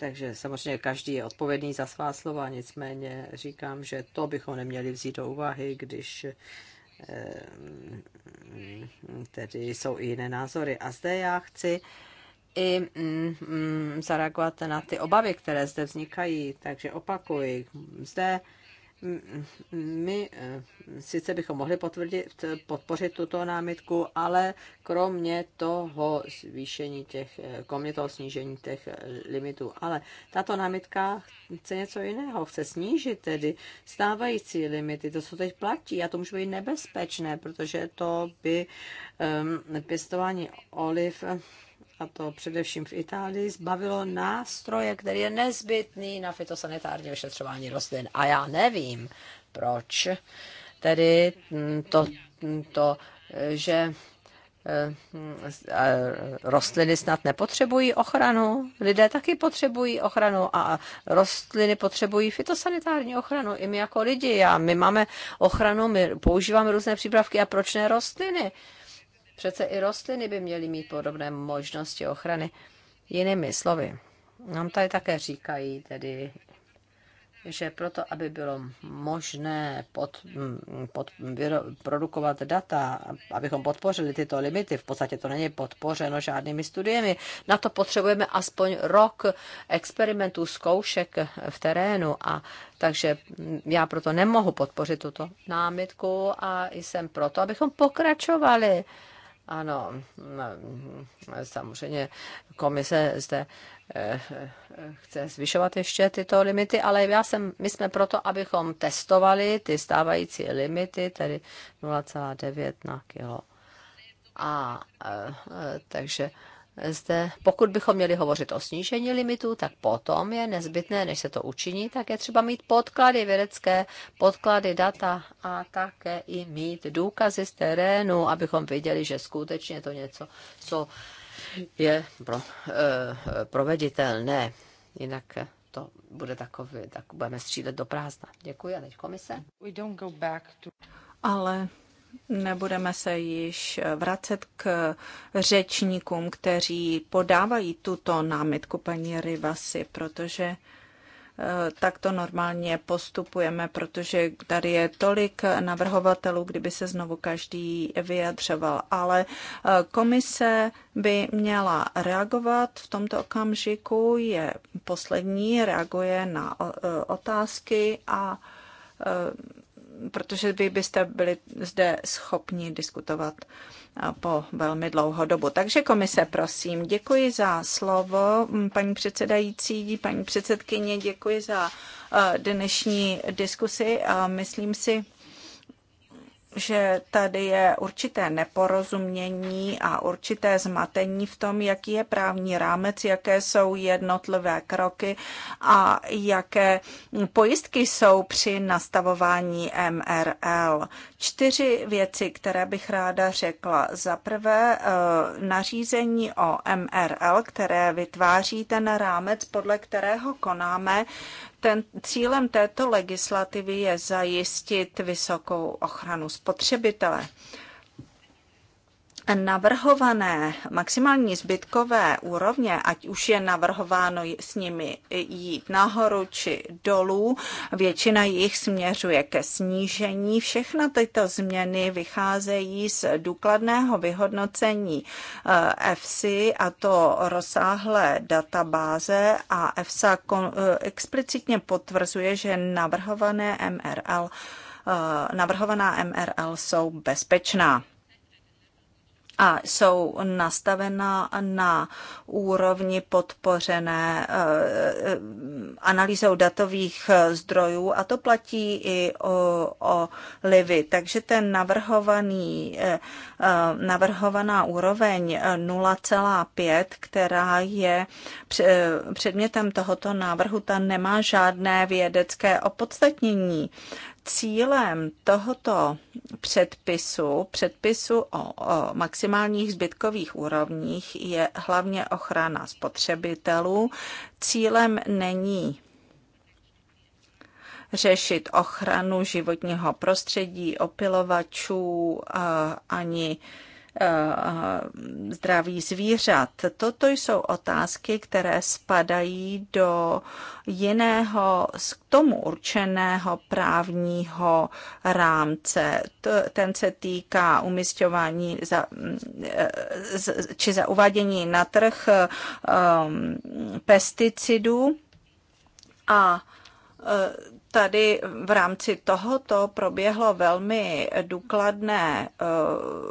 Takže samozřejmě každý je odpovědný za svá slova, nicméně říkám, že to bychom neměli vzít do úvahy, když eh, tedy jsou i jiné názory. A zde já chci i mm, mm, zareagovat na ty obavy, které zde vznikají. Takže opakuji, zde my eh, sice bychom mohli potvrdit, podpořit tuto námitku, ale kromě toho zvýšení těch, eh, kromě toho snížení těch eh, limitů, ale tato námitka chce něco jiného, chce snížit tedy stávající limity, to, co teď platí a to může být nebezpečné, protože to by um, pěstování oliv a to především v Itálii, zbavilo nástroje, který je nezbytný na fitosanitární vyšetřování rostlin. A já nevím, proč tedy to, to že eh, eh, rostliny snad nepotřebují ochranu, lidé taky potřebují ochranu a rostliny potřebují fitosanitární ochranu, i my jako lidi. A my máme ochranu, my používáme různé přípravky a proč ne rostliny? Přece i rostliny by měly mít podobné možnosti ochrany. Jinými slovy, nám tady také říkají tedy, že proto, aby bylo možné pod, mm, pod, vyro, produkovat data, abychom podpořili tyto limity, v podstatě to není podpořeno žádnými studiemi, na to potřebujeme aspoň rok experimentů, zkoušek v terénu a takže já proto nemohu podpořit tuto námitku a jsem proto, abychom pokračovali ano, mm, samozřejmě komise zde eh, eh, chce zvyšovat ještě tyto limity, ale já jsem, my jsme proto, abychom testovali ty stávající limity, tedy 0,9 na kilo. A eh, takže zde, pokud bychom měli hovořit o snížení limitu, tak potom je nezbytné, než se to učiní, tak je třeba mít podklady, vědecké podklady, data a také i mít důkazy z terénu, abychom viděli, že skutečně je to něco, co je pro, e, proveditelné. Jinak to bude takový, tak budeme střílet do prázdna. Děkuji a teď komise. We don't go back to... Ale Nebudeme se již vracet k řečníkům, kteří podávají tuto námitku paní Rivasi, protože eh, tak to normálně postupujeme, protože tady je tolik navrhovatelů, kdyby se znovu každý vyjadřoval. Ale eh, komise by měla reagovat v tomto okamžiku, je poslední, reaguje na eh, otázky a protože vy byste byli zde schopni diskutovat po velmi dlouhou dobu. Takže komise, prosím, děkuji za slovo, paní předsedající, paní předsedkyně, děkuji za dnešní diskusi. Myslím si, že tady je určité neporozumění a určité zmatení v tom, jaký je právní rámec, jaké jsou jednotlivé kroky a jaké pojistky jsou při nastavování MRL čtyři věci, které bych ráda řekla. Za prvé eh, nařízení o MRL, které vytváří ten rámec, podle kterého konáme. Ten, cílem této legislativy je zajistit vysokou ochranu spotřebitele navrhované maximální zbytkové úrovně, ať už je navrhováno s nimi jít nahoru či dolů, většina jich směřuje ke snížení. Všechna tyto změny vycházejí z důkladného vyhodnocení EFSI eh, a to rozsáhlé databáze a EFSA eh, explicitně potvrzuje, že navrhované MRL eh, navrhovaná MRL jsou bezpečná a jsou nastavena na úrovni podpořené eh, analýzou datových eh, zdrojů a to platí i o, o livy. Takže ten navrhovaný, eh, navrhovaná úroveň 0,5, která je předmětem tohoto návrhu, ta nemá žádné vědecké opodstatnění cílem tohoto předpisu, předpisu o, o maximálních zbytkových úrovních, je hlavně ochrana spotřebitelů. Cílem není řešit ochranu životního prostředí, opilovačů ani Eh, zdraví zvířat. Toto jsou otázky, které spadají do jiného, k tomu určeného právního rámce. Ten se týká umistování za, eh, či za uvádění na trh eh, pesticidů a Tady v rámci tohoto proběhlo velmi důkladné eh,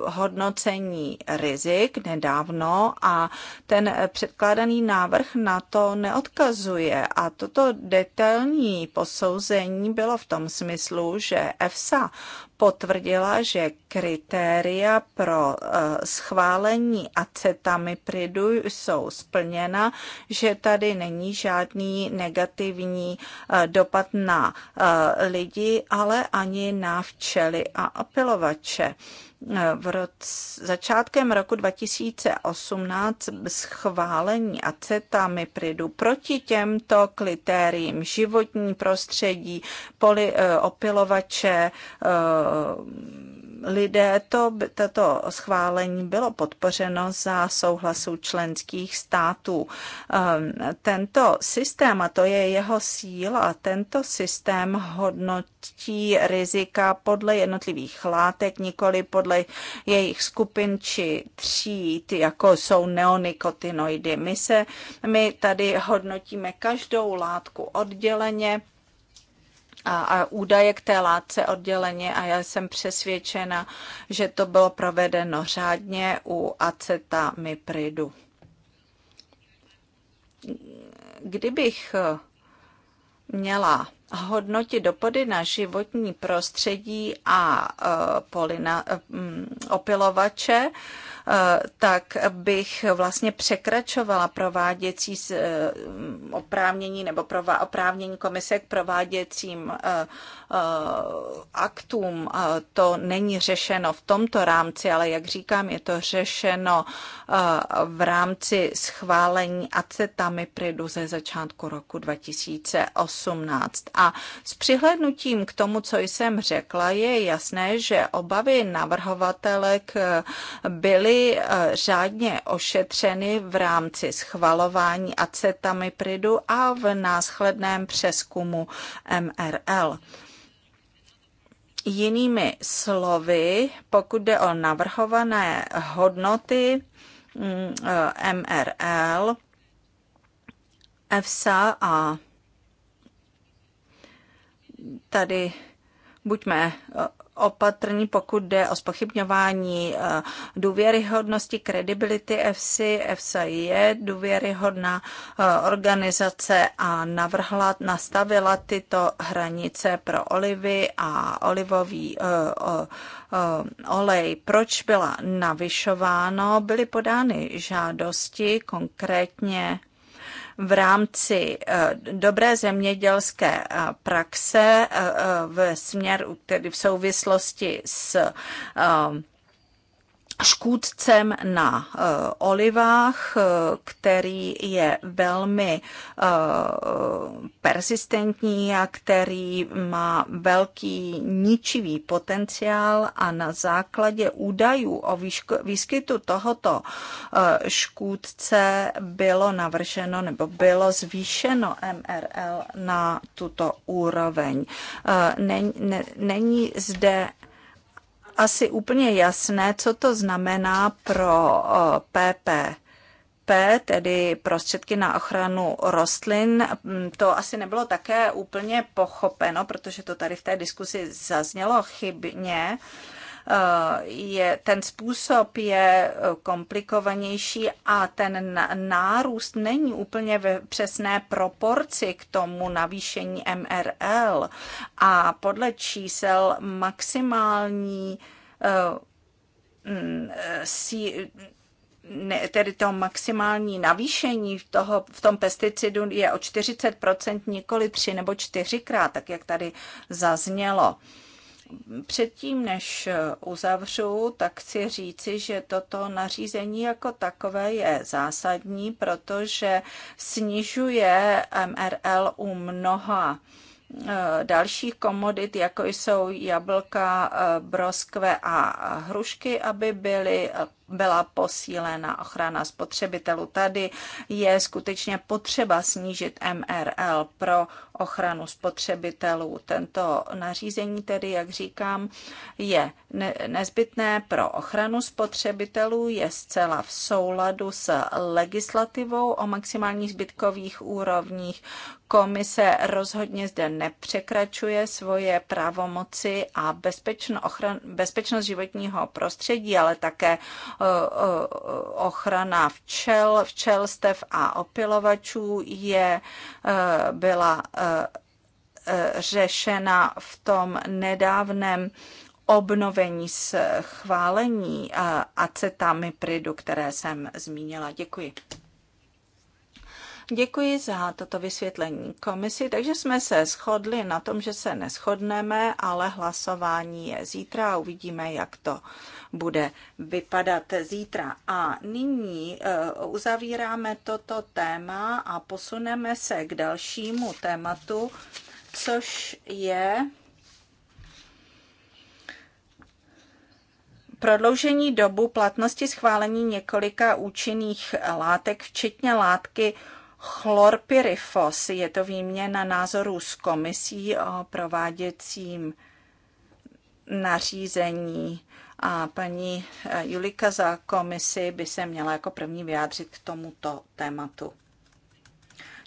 hodnocení rizik nedávno a ten předkládaný návrh na to neodkazuje. A toto detailní posouzení bylo v tom smyslu, že EFSA potvrdila, že kritéria pro eh, schválení acetamipridu jsou splněna, že tady není žádný negativní eh, dopad na eh, lidi, ale ani na včely a apilovače v roce, začátkem roku 2018 schválení acetamipridu proti těmto kritériím životní prostředí, poli, eh, opilovače, eh, lidé, to, tato schválení bylo podpořeno za souhlasu členských států. Ehm, tento systém, a to je jeho síla, tento systém hodnotí rizika podle jednotlivých látek, nikoli podle jejich skupin či tříd, jako jsou neonikotinoidy. My, se, my tady hodnotíme každou látku odděleně, a, a údaje k té látce odděleně a já jsem přesvědčena, že to bylo provedeno řádně u acetamipridu. Kdybych eh, měla hodnotit dopady na životní prostředí a eh, polina, eh, mm, opilovače, Eh, tak bych vlastně překračovala prováděcí eh, oprávnění nebo oprávnění komise k prováděcím eh, aktům. To není řešeno v tomto rámci, ale jak říkám, je to řešeno v rámci schválení acetamipridu ze začátku roku 2018. A s přihlednutím k tomu, co jsem řekla, je jasné, že obavy navrhovatelek byly Eh, řádně ošetřeny v rámci schvalování acetamipridu a v následném přeskumu MRL. Jinými slovy, pokud jde o navrhované hodnoty MRL, mm, eh, EFSA a tady buďme eh, opatrní, pokud jde o spochybňování eh, důvěryhodnosti, kredibility EFSI. EFSA je důvěryhodná eh, organizace a navrhla, nastavila tyto hranice pro olivy a olivový eh, olej. Proč byla navyšováno? Byly podány žádosti konkrétně v rámci eh, dobré zemědělské eh, praxe eh, v směru, tedy v souvislosti s škůdcem na eh, olivách, eh, který je velmi eh, persistentní a který má velký ničivý potenciál a na základě údajů o výskytu tohoto škůdce bylo navrženo nebo bylo zvýšeno MRL na tuto úroveň. Není zde asi úplně jasné, co to znamená pro PP eh, tedy prostředky na ochranu rostlin. Mm, to asi nebylo také úplně pochopeno, protože to tady v té diskusi zaznělo chybně. Uh, Eh, je, ten způsob je eh, komplikovanější a ten nárůst není úplně ve přesné proporci k tomu navýšení MRL a podle čísel maximální eh, si, ne, tedy to maximální navýšení v, toho, v tom pesticidu je o 40%, nikoli 3 nebo 4krát, tak jak tady zaznělo. Uh, Předtím, než uzavřu, tak chci říci, že toto nařízení jako takové je zásadní, protože snižuje MRL u mnoha eh, dalších komodit, jako jsou jablka, eh, broskve a hrušky, aby byly byla posílena ochrana spotřebitelů. Tady je skutečně potřeba snížit MRL pro ochranu spotřebitelů. Tento nařízení tedy, jak říkám, je nezbytné pro ochranu spotřebitelů, je zcela v souladu s legislativou o maximálních zbytkových úrovních. Komise rozhodně zde nepřekračuje svoje právomoci a bezpečno, ochran, bezpečnost životního prostředí, ale také Eh, ochrana včel, včelstev a opilovačů je, eh, byla eh, řešena v tom nedávném obnovení schválení acetamipridu, které jsem zmínila. Děkuji. Děkuji za toto vysvětlení komisi, takže jsme se shodli na tom, že se neschodneme, ale hlasování je zítra a uvidíme, jak to bude vypadat zítra. A nyní eh, uzavíráme toto téma a posuneme se k dalšímu tématu, což je prodloužení dobu platnosti schválení několika účinných látek, včetně látky chlorpyrifos. Je to výměna názorů s komisí o prováděcím nařízení a paní Julika za komisi by se měla jako první vyjádřit k tomuto tématu.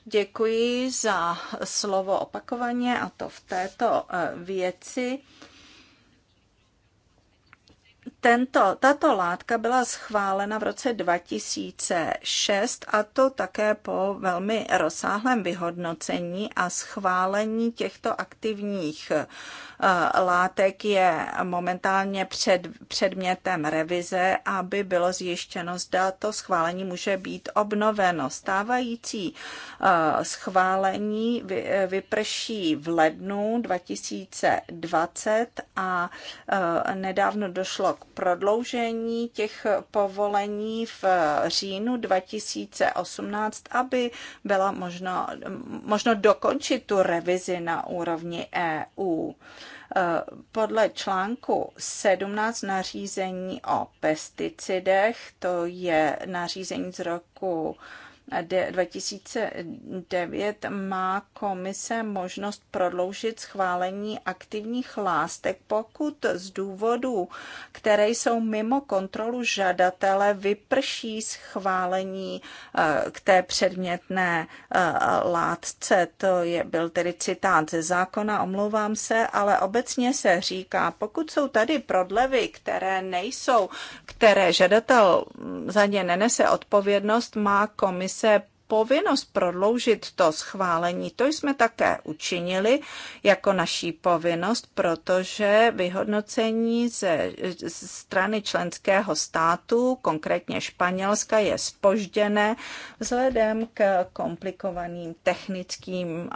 Děkuji za slovo opakovaně a to v této eh, věci. Tento, tato látka byla schválena v roce 2006 a to také po velmi rozsáhlém vyhodnocení a schválení těchto aktivních eh, látek je momentálně před, předmětem revize, aby bylo zjištěno, zda to schválení může být obnoveno. Stávající eh, schválení eh, vyprší v lednu 2020 a nedávno došlo k prodloužení těch povolení v říjnu 2018, aby byla možno, možno dokončit tu revizi na úrovni EU podle článku 17 nařízení o pesticidech, to je nařízení z roku 2009 má komise možnost prodloužit schválení aktivních lástek, pokud z důvodů, které jsou mimo kontrolu žadatele, vyprší schválení eh, k té předmětné eh, látce. To je, byl tedy citát ze zákona, omlouvám se, ale obecně se říká, pokud jsou tady prodlevy, které nejsou, které žadatel hm, za ně nenese odpovědnost, má komise se povinnost prodloužit to schválení. To jsme také učinili jako naší povinnost, protože vyhodnocení ze strany členského státu, konkrétně Španělska, je spožděné vzhledem k komplikovaným technickým,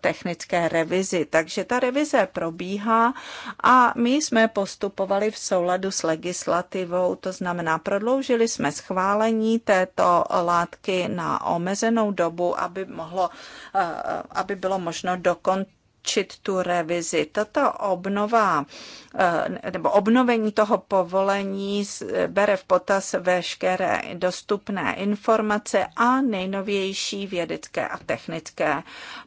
technické revizi. Takže ta revize probíhá a my jsme postupovali v souladu s legislativou, to znamená prodloužili jsme schválení této látky na omezenou dobu, aby, mohlo, eh, eh, aby bylo možno dokončit tu revizi. Tato obnova eh, nebo obnovení toho povolení bere v potaz veškeré dostupné informace a nejnovější vědecké a technické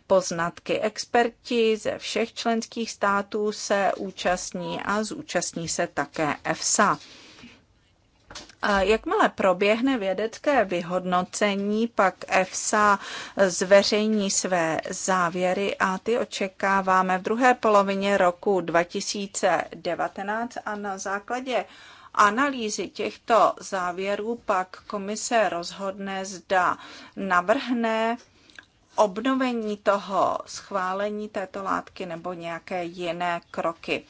poznatky. Experti ze všech členských států se účastní a zúčastní se také EFSA. Jakmile proběhne vědecké vyhodnocení, pak EFSA zveřejní své závěry a ty očekáváme v druhé polovině roku 2019 a na základě analýzy těchto závěrů pak komise rozhodne, zda navrhne obnovení toho schválení této látky nebo nějaké jiné kroky.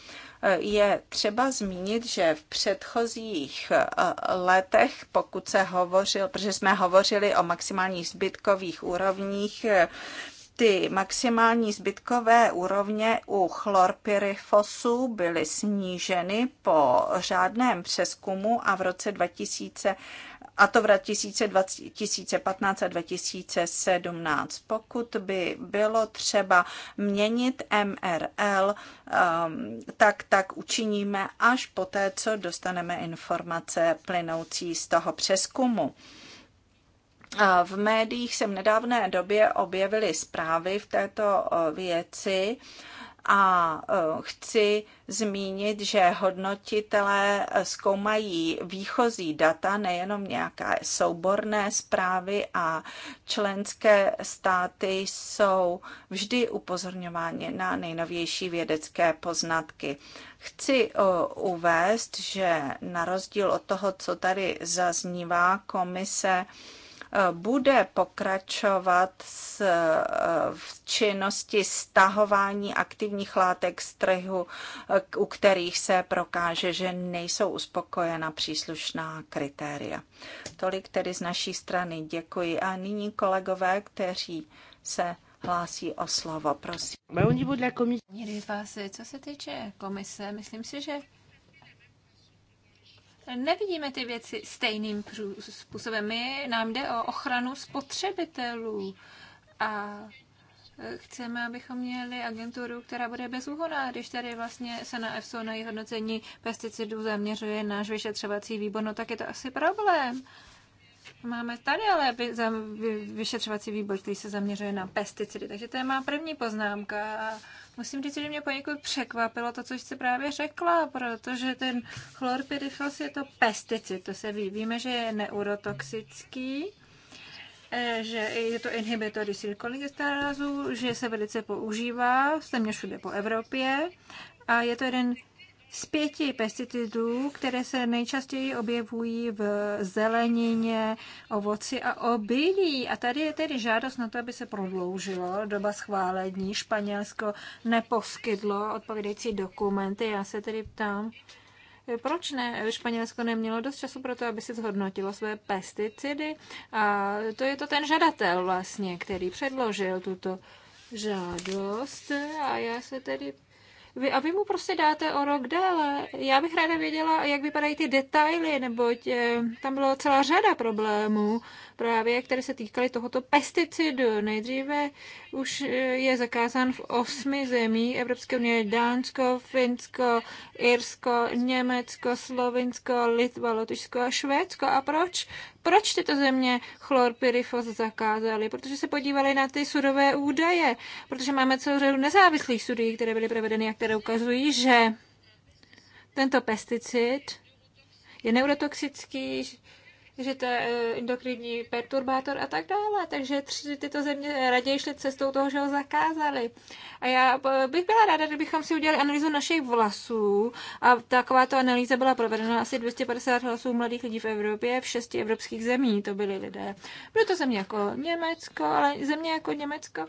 Je třeba zmínit, že v předchozích eh, letech, pokud se hovořil, protože jsme hovořili o maximálních zbytkových úrovních eh, ty maximální zbytkové úrovně u chlorpyrifosu byly sníženy po řádném přeskumu a v roce 2000 a to v roce 2015 a 2017. Pokud by bylo třeba měnit MRL, um, tak tak učiníme až poté, co dostaneme informace plynoucí z toho přeskumu. V médiích se v nedávné době objevily zprávy v této věci a chci zmínit, že hodnotitelé e, zkoumají výchozí data, nejenom nějaké souborné zprávy a členské státy jsou vždy upozorňováni na nejnovější vědecké poznatky. Chci uvést, že na rozdíl od toho, co tady zaznívá, komise bude pokračovat s, eh, v činnosti stahování aktivních látek z trhu, eh, u kterých se prokáže, že nejsou uspokojena příslušná kritéria. Tolik tedy z naší strany. Děkuji. A nyní kolegové, kteří se hlásí o slovo, prosím. Co se týče komise, myslím si, že nevidíme ty věci stejným způsobem. My, nám jde o ochranu spotřebitelů a e, chceme, abychom měli agenturu, která bude bezúhoná, když tady vlastně se na EFSO na její hodnocení pesticidů zaměřuje náš vyšetřovací výbor, no tak je to asi problém. Máme tady ale vyšetřovací výbor, který se zaměřuje na pesticidy, takže to je má první poznámka. Musím říct, že mě poněkud překvapilo to, co jste právě řekla, protože ten chlorpyrifos je to pesticid, to se ví. Víme, že je neurotoxický, eh, že je to inhibitor disilkoligestarázu, že se velice používá téměř všude po Evropě a je to jeden z pěti pesticidů, které se nejčastěji objevují v zelenině, ovoci a obilí. A tady je tedy žádost na to, aby se prodloužilo doba schválení. Španělsko neposkytlo odpovědající dokumenty. Já se tedy ptám, proč ne? Španělsko nemělo dost času pro to, aby si zhodnotilo své pesticidy. A to je to ten žadatel vlastně, který předložil tuto žádost. A já se tedy vy, a vy mu prostě dáte o rok déle. Já bych ráda věděla, jak vypadají ty detaily, neboť je, eh, tam byla celá řada problémů, právě, které se týkaly tohoto pesticidu. Nejdříve už eh, je zakázán v osmi zemí Evropské unie. Dánsko, Finsko, Irsko, Německo, Slovinsko, Litva, Lotyšsko a Švédsko. A proč? Proč tyto země chlorpyrifos zakázaly? Protože se podívali na ty surové údaje, protože máme celou řadu nezávislých studií, které byly provedeny, jak které ukazují, že tento pesticid je neurotoxický, že to je e, endokrinní perturbátor a tak dále. Takže tři, tyto země raději šly cestou toho, že ho zakázali. A já e, bych byla ráda, kdybychom si udělali analýzu našich vlasů. A takováto analýza byla provedena asi 250 hlasů mladých lidí v Evropě, v šesti evropských zemí to byli lidé. to země jako Německo, ale země jako Německo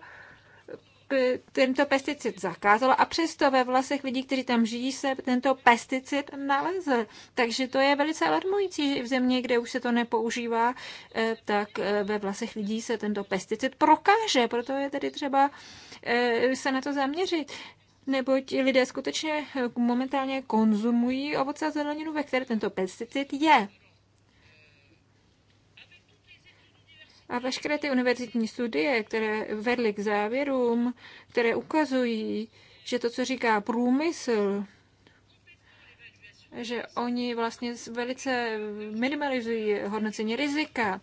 tento pesticid zakázalo a přesto ve vlasech lidí, kteří tam žijí, se tento pesticid naleze. Takže to je velice alarmující, že v země, kde už se to nepoužívá, eh, tak eh, ve vlasech lidí se tento pesticid prokáže. Proto je tedy třeba eh, se na to zaměřit neboť lidé skutečně momentálně konzumují ovoce a zeleninu, ve které tento pesticid je. A veškeré ty univerzitní studie, které vedly k závěrům, které ukazují, že to, co říká průmysl, že oni vlastně velice minimalizují hodnocení rizika.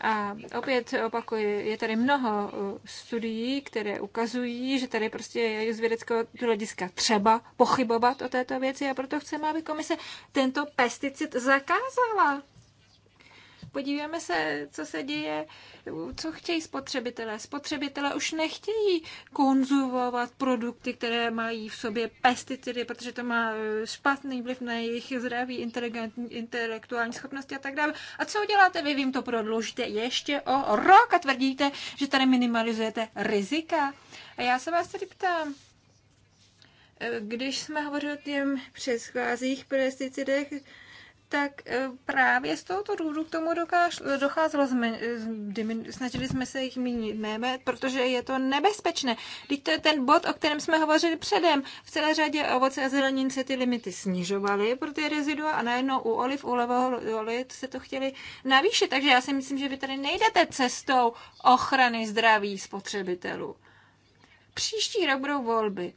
A opět opakuji, je tady mnoho uh, studií, které ukazují, že tady prostě je z vědeckého hlediska třeba pochybovat o této věci a proto chceme, aby komise tento pesticid zakázala. Podívejme se, co se děje, co chtějí spotřebitelé. Spotřebitelé už nechtějí konzumovat produkty, které mají v sobě pesticidy, protože to má eh, špatný vliv na jejich zdraví, inteligentní, intelektuální schopnosti a tak dále. A co uděláte? Vy vím, to prodloužíte ještě o rok a tvrdíte, že tady minimalizujete rizika. A já se vás tedy ptám, eh, když jsme hovořili o těm předcházích pesticidech, tak e, právě z tohoto důvodu k tomu docházelo. snažili jsme se jich mínit, ne, protože je to nebezpečné. Teď to je ten bod, o kterém jsme hovořili předem. V celé řadě ovoce a zelenin se ty limity snižovaly pro ty rezidua a najednou u oliv, u levého oli se to chtěli navýšit. Takže já si myslím, že vy tady nejdete cestou ochrany zdraví spotřebitelů. Příští rok budou volby.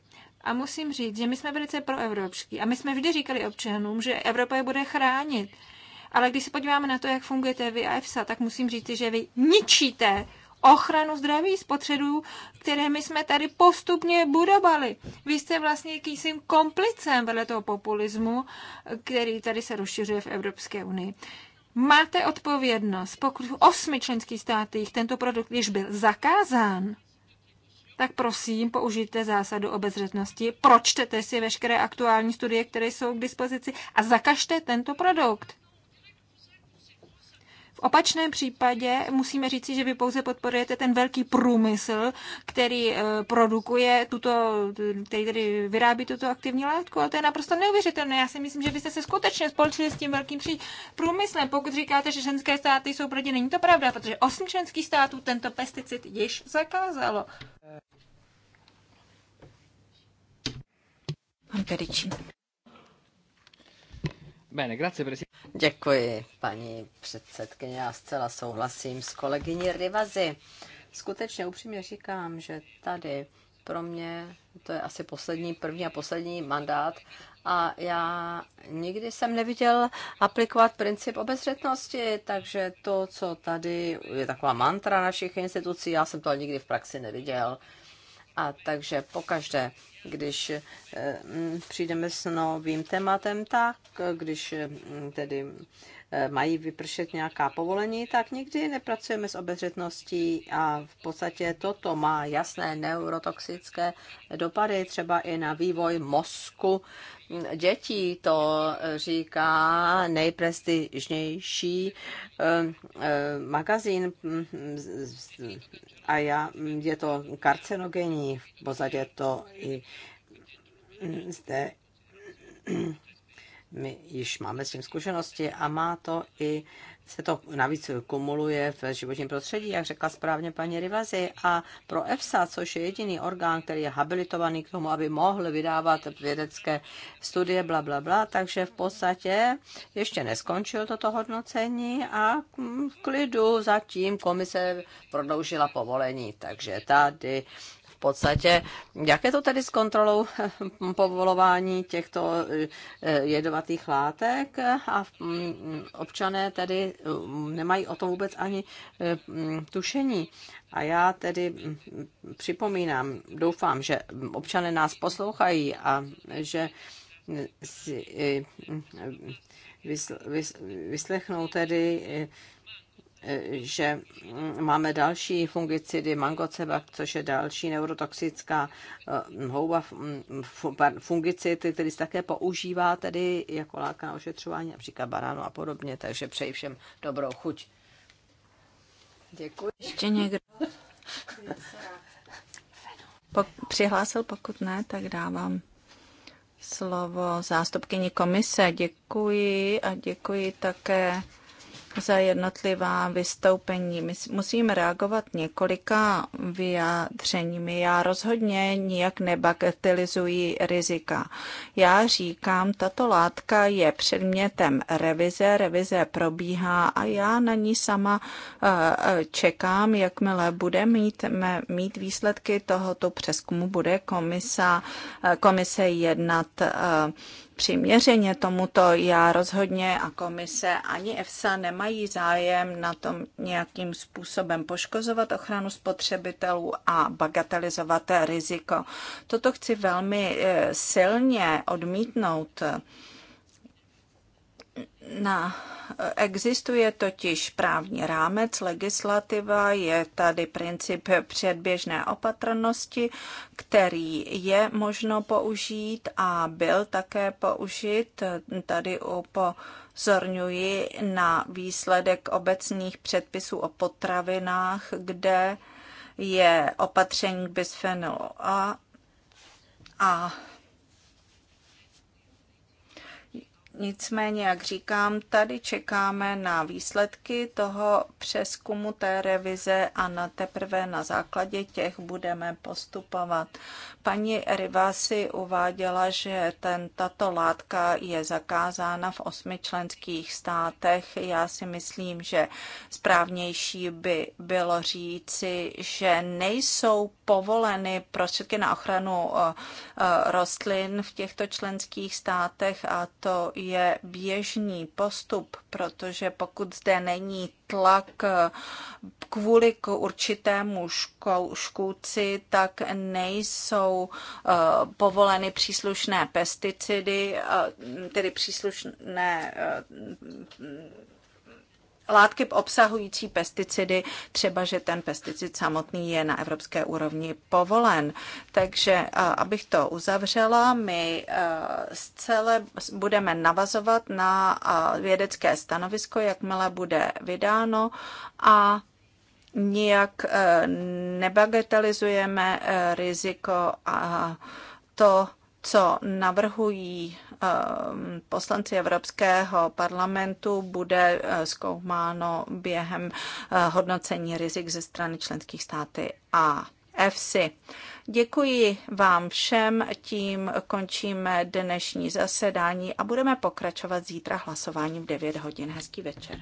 A musím říct, že my jsme velice proevropští a my jsme vždy říkali občanům, že Evropa je bude chránit. Ale když se podíváme na to, jak fungujete vy a EFSA, tak musím říct, že vy ničíte ochranu zdraví spotřebů, které my jsme tady postupně budovali. Vy jste vlastně jakýsi komplicem vedle toho populismu, který tady se rozšiřuje v Evropské unii. Máte odpovědnost, pokud v osmi členských státech tento produkt již byl zakázán, tak prosím použijte zásadu obezřetnosti, pročtete si veškeré aktuální studie, které jsou k dispozici a zakažte tento produkt. V opačném případě musíme říci, že vy pouze podporujete ten velký průmysl, který eh, produkuje tuto, který tedy vyrábí tuto aktivní látku. ale to je naprosto neuvěřitelné. Já si myslím, že byste se skutečně spolčili s tím velkým průmyslem. Pokud říkáte, že ženské státy jsou proti, není to pravda, protože osm členských států tento pesticid již zakázalo. Pan Peričín. Bene, grazie, Děkuji, paní předsedkyně. Já zcela souhlasím s kolegyní Rivazy. Skutečně upřímně říkám, že tady pro mě to je asi poslední, první a poslední mandát a já nikdy jsem neviděl aplikovat princip obezřetnosti, takže to, co tady je taková mantra našich institucí, já jsem to nikdy v praxi neviděl. A takže pokaždé, když eh, přijdeme s novým tématem, tak eh, když tedy Eh, mají vypršet nějaká povolení, tak nikdy nepracujeme s obezřetností a v podstatě toto má jasné neurotoxické dopady třeba i na vývoj mozku dětí. To říká nejprestižnější eh, magazín a já, je to karcinogenní, v podstatě to i zde my již máme s tím zkušenosti a má to i, se to navíc kumuluje v životním prostředí, jak řekla správně paní Rivazi, a pro EFSA, což je jediný orgán, který je habilitovaný k tomu, aby mohl vydávat vědecké studie, bla, bla, bla, takže v podstatě ještě neskončil toto hodnocení a v klidu zatím komise prodloužila povolení, takže tady podstatě, jak je to tedy s kontrolou povolování těchto eh, eh, jedovatých látek a mm, občané tedy mm, nemají o tom vůbec ani eh, mm, tušení. A já tedy připomínám, doufám, že občané nás poslouchají a že vyslechnou tedy že máme další fungicidy, mangoceba, což je další neurotoxická eh, houba, mm, fungicid, který se také používá tedy jako láka na ošetřování, například baránu a podobně, takže přeji všem dobrou chuť. Děkuji. Ještě někdo? Pok- přihlásil, pokud ne, tak dávám slovo zástupkyni komise. Děkuji a děkuji také za jednotlivá vystoupení. My musím reagovat několika vyjádřeními. Já rozhodně nijak nebagatelizuji rizika. Já říkám, tato látka je předmětem revize, revize probíhá a já na ní sama eh, eh, čekám, jakmile bude mít, mít výsledky tohoto přeskumu, bude komisa, eh, komise jednat přiměřeně tomuto. Já rozhodně a komise ani EFSA nemají zájem na tom nějakým způsobem poškozovat ochranu spotřebitelů a bagatelizovat riziko. Toto chci velmi eh, silně odmítnout na Existuje totiž právní rámec, legislativa, je tady princip předběžné opatrnosti, který je možno použít a byl také použit. Tady upozorňuji na výsledek obecných předpisů o potravinách, kde je opatření k bisfenolu A a Nicméně, jak říkám, tady čekáme na výsledky toho přeskumu té revize a na teprve na základě těch budeme postupovat. Paní Rivasi uváděla, že ten, tato látka je zakázána v osmi členských státech. Já si myslím, že správnější by bylo říci, že nejsou povoleny prostředky na ochranu eh, eh, rostlin v těchto členských státech a to je běžný postup, protože pokud zde není tlak eh, kvůli k určitému škou, škůci, tak nejsou uh, povoleny příslušné pesticidy, uh, tedy příslušné uh, látky obsahující pesticidy, třeba že ten pesticid samotný je na evropské úrovni povolen. Takže abych to uzavřela, my zcela budeme navazovat na vědecké stanovisko, jakmile bude vydáno a nijak e, nebagatelizujeme e, riziko a to, co navrhují ehm, poslanci Evropského parlamentu, bude eh, zkoumáno během eh, hodnocení rizik ze strany členských státy a EFSI. Děkuji vám všem, tím končíme dnešní zasedání a budeme pokračovat zítra hlasováním v 9 hodin. Hezký večer.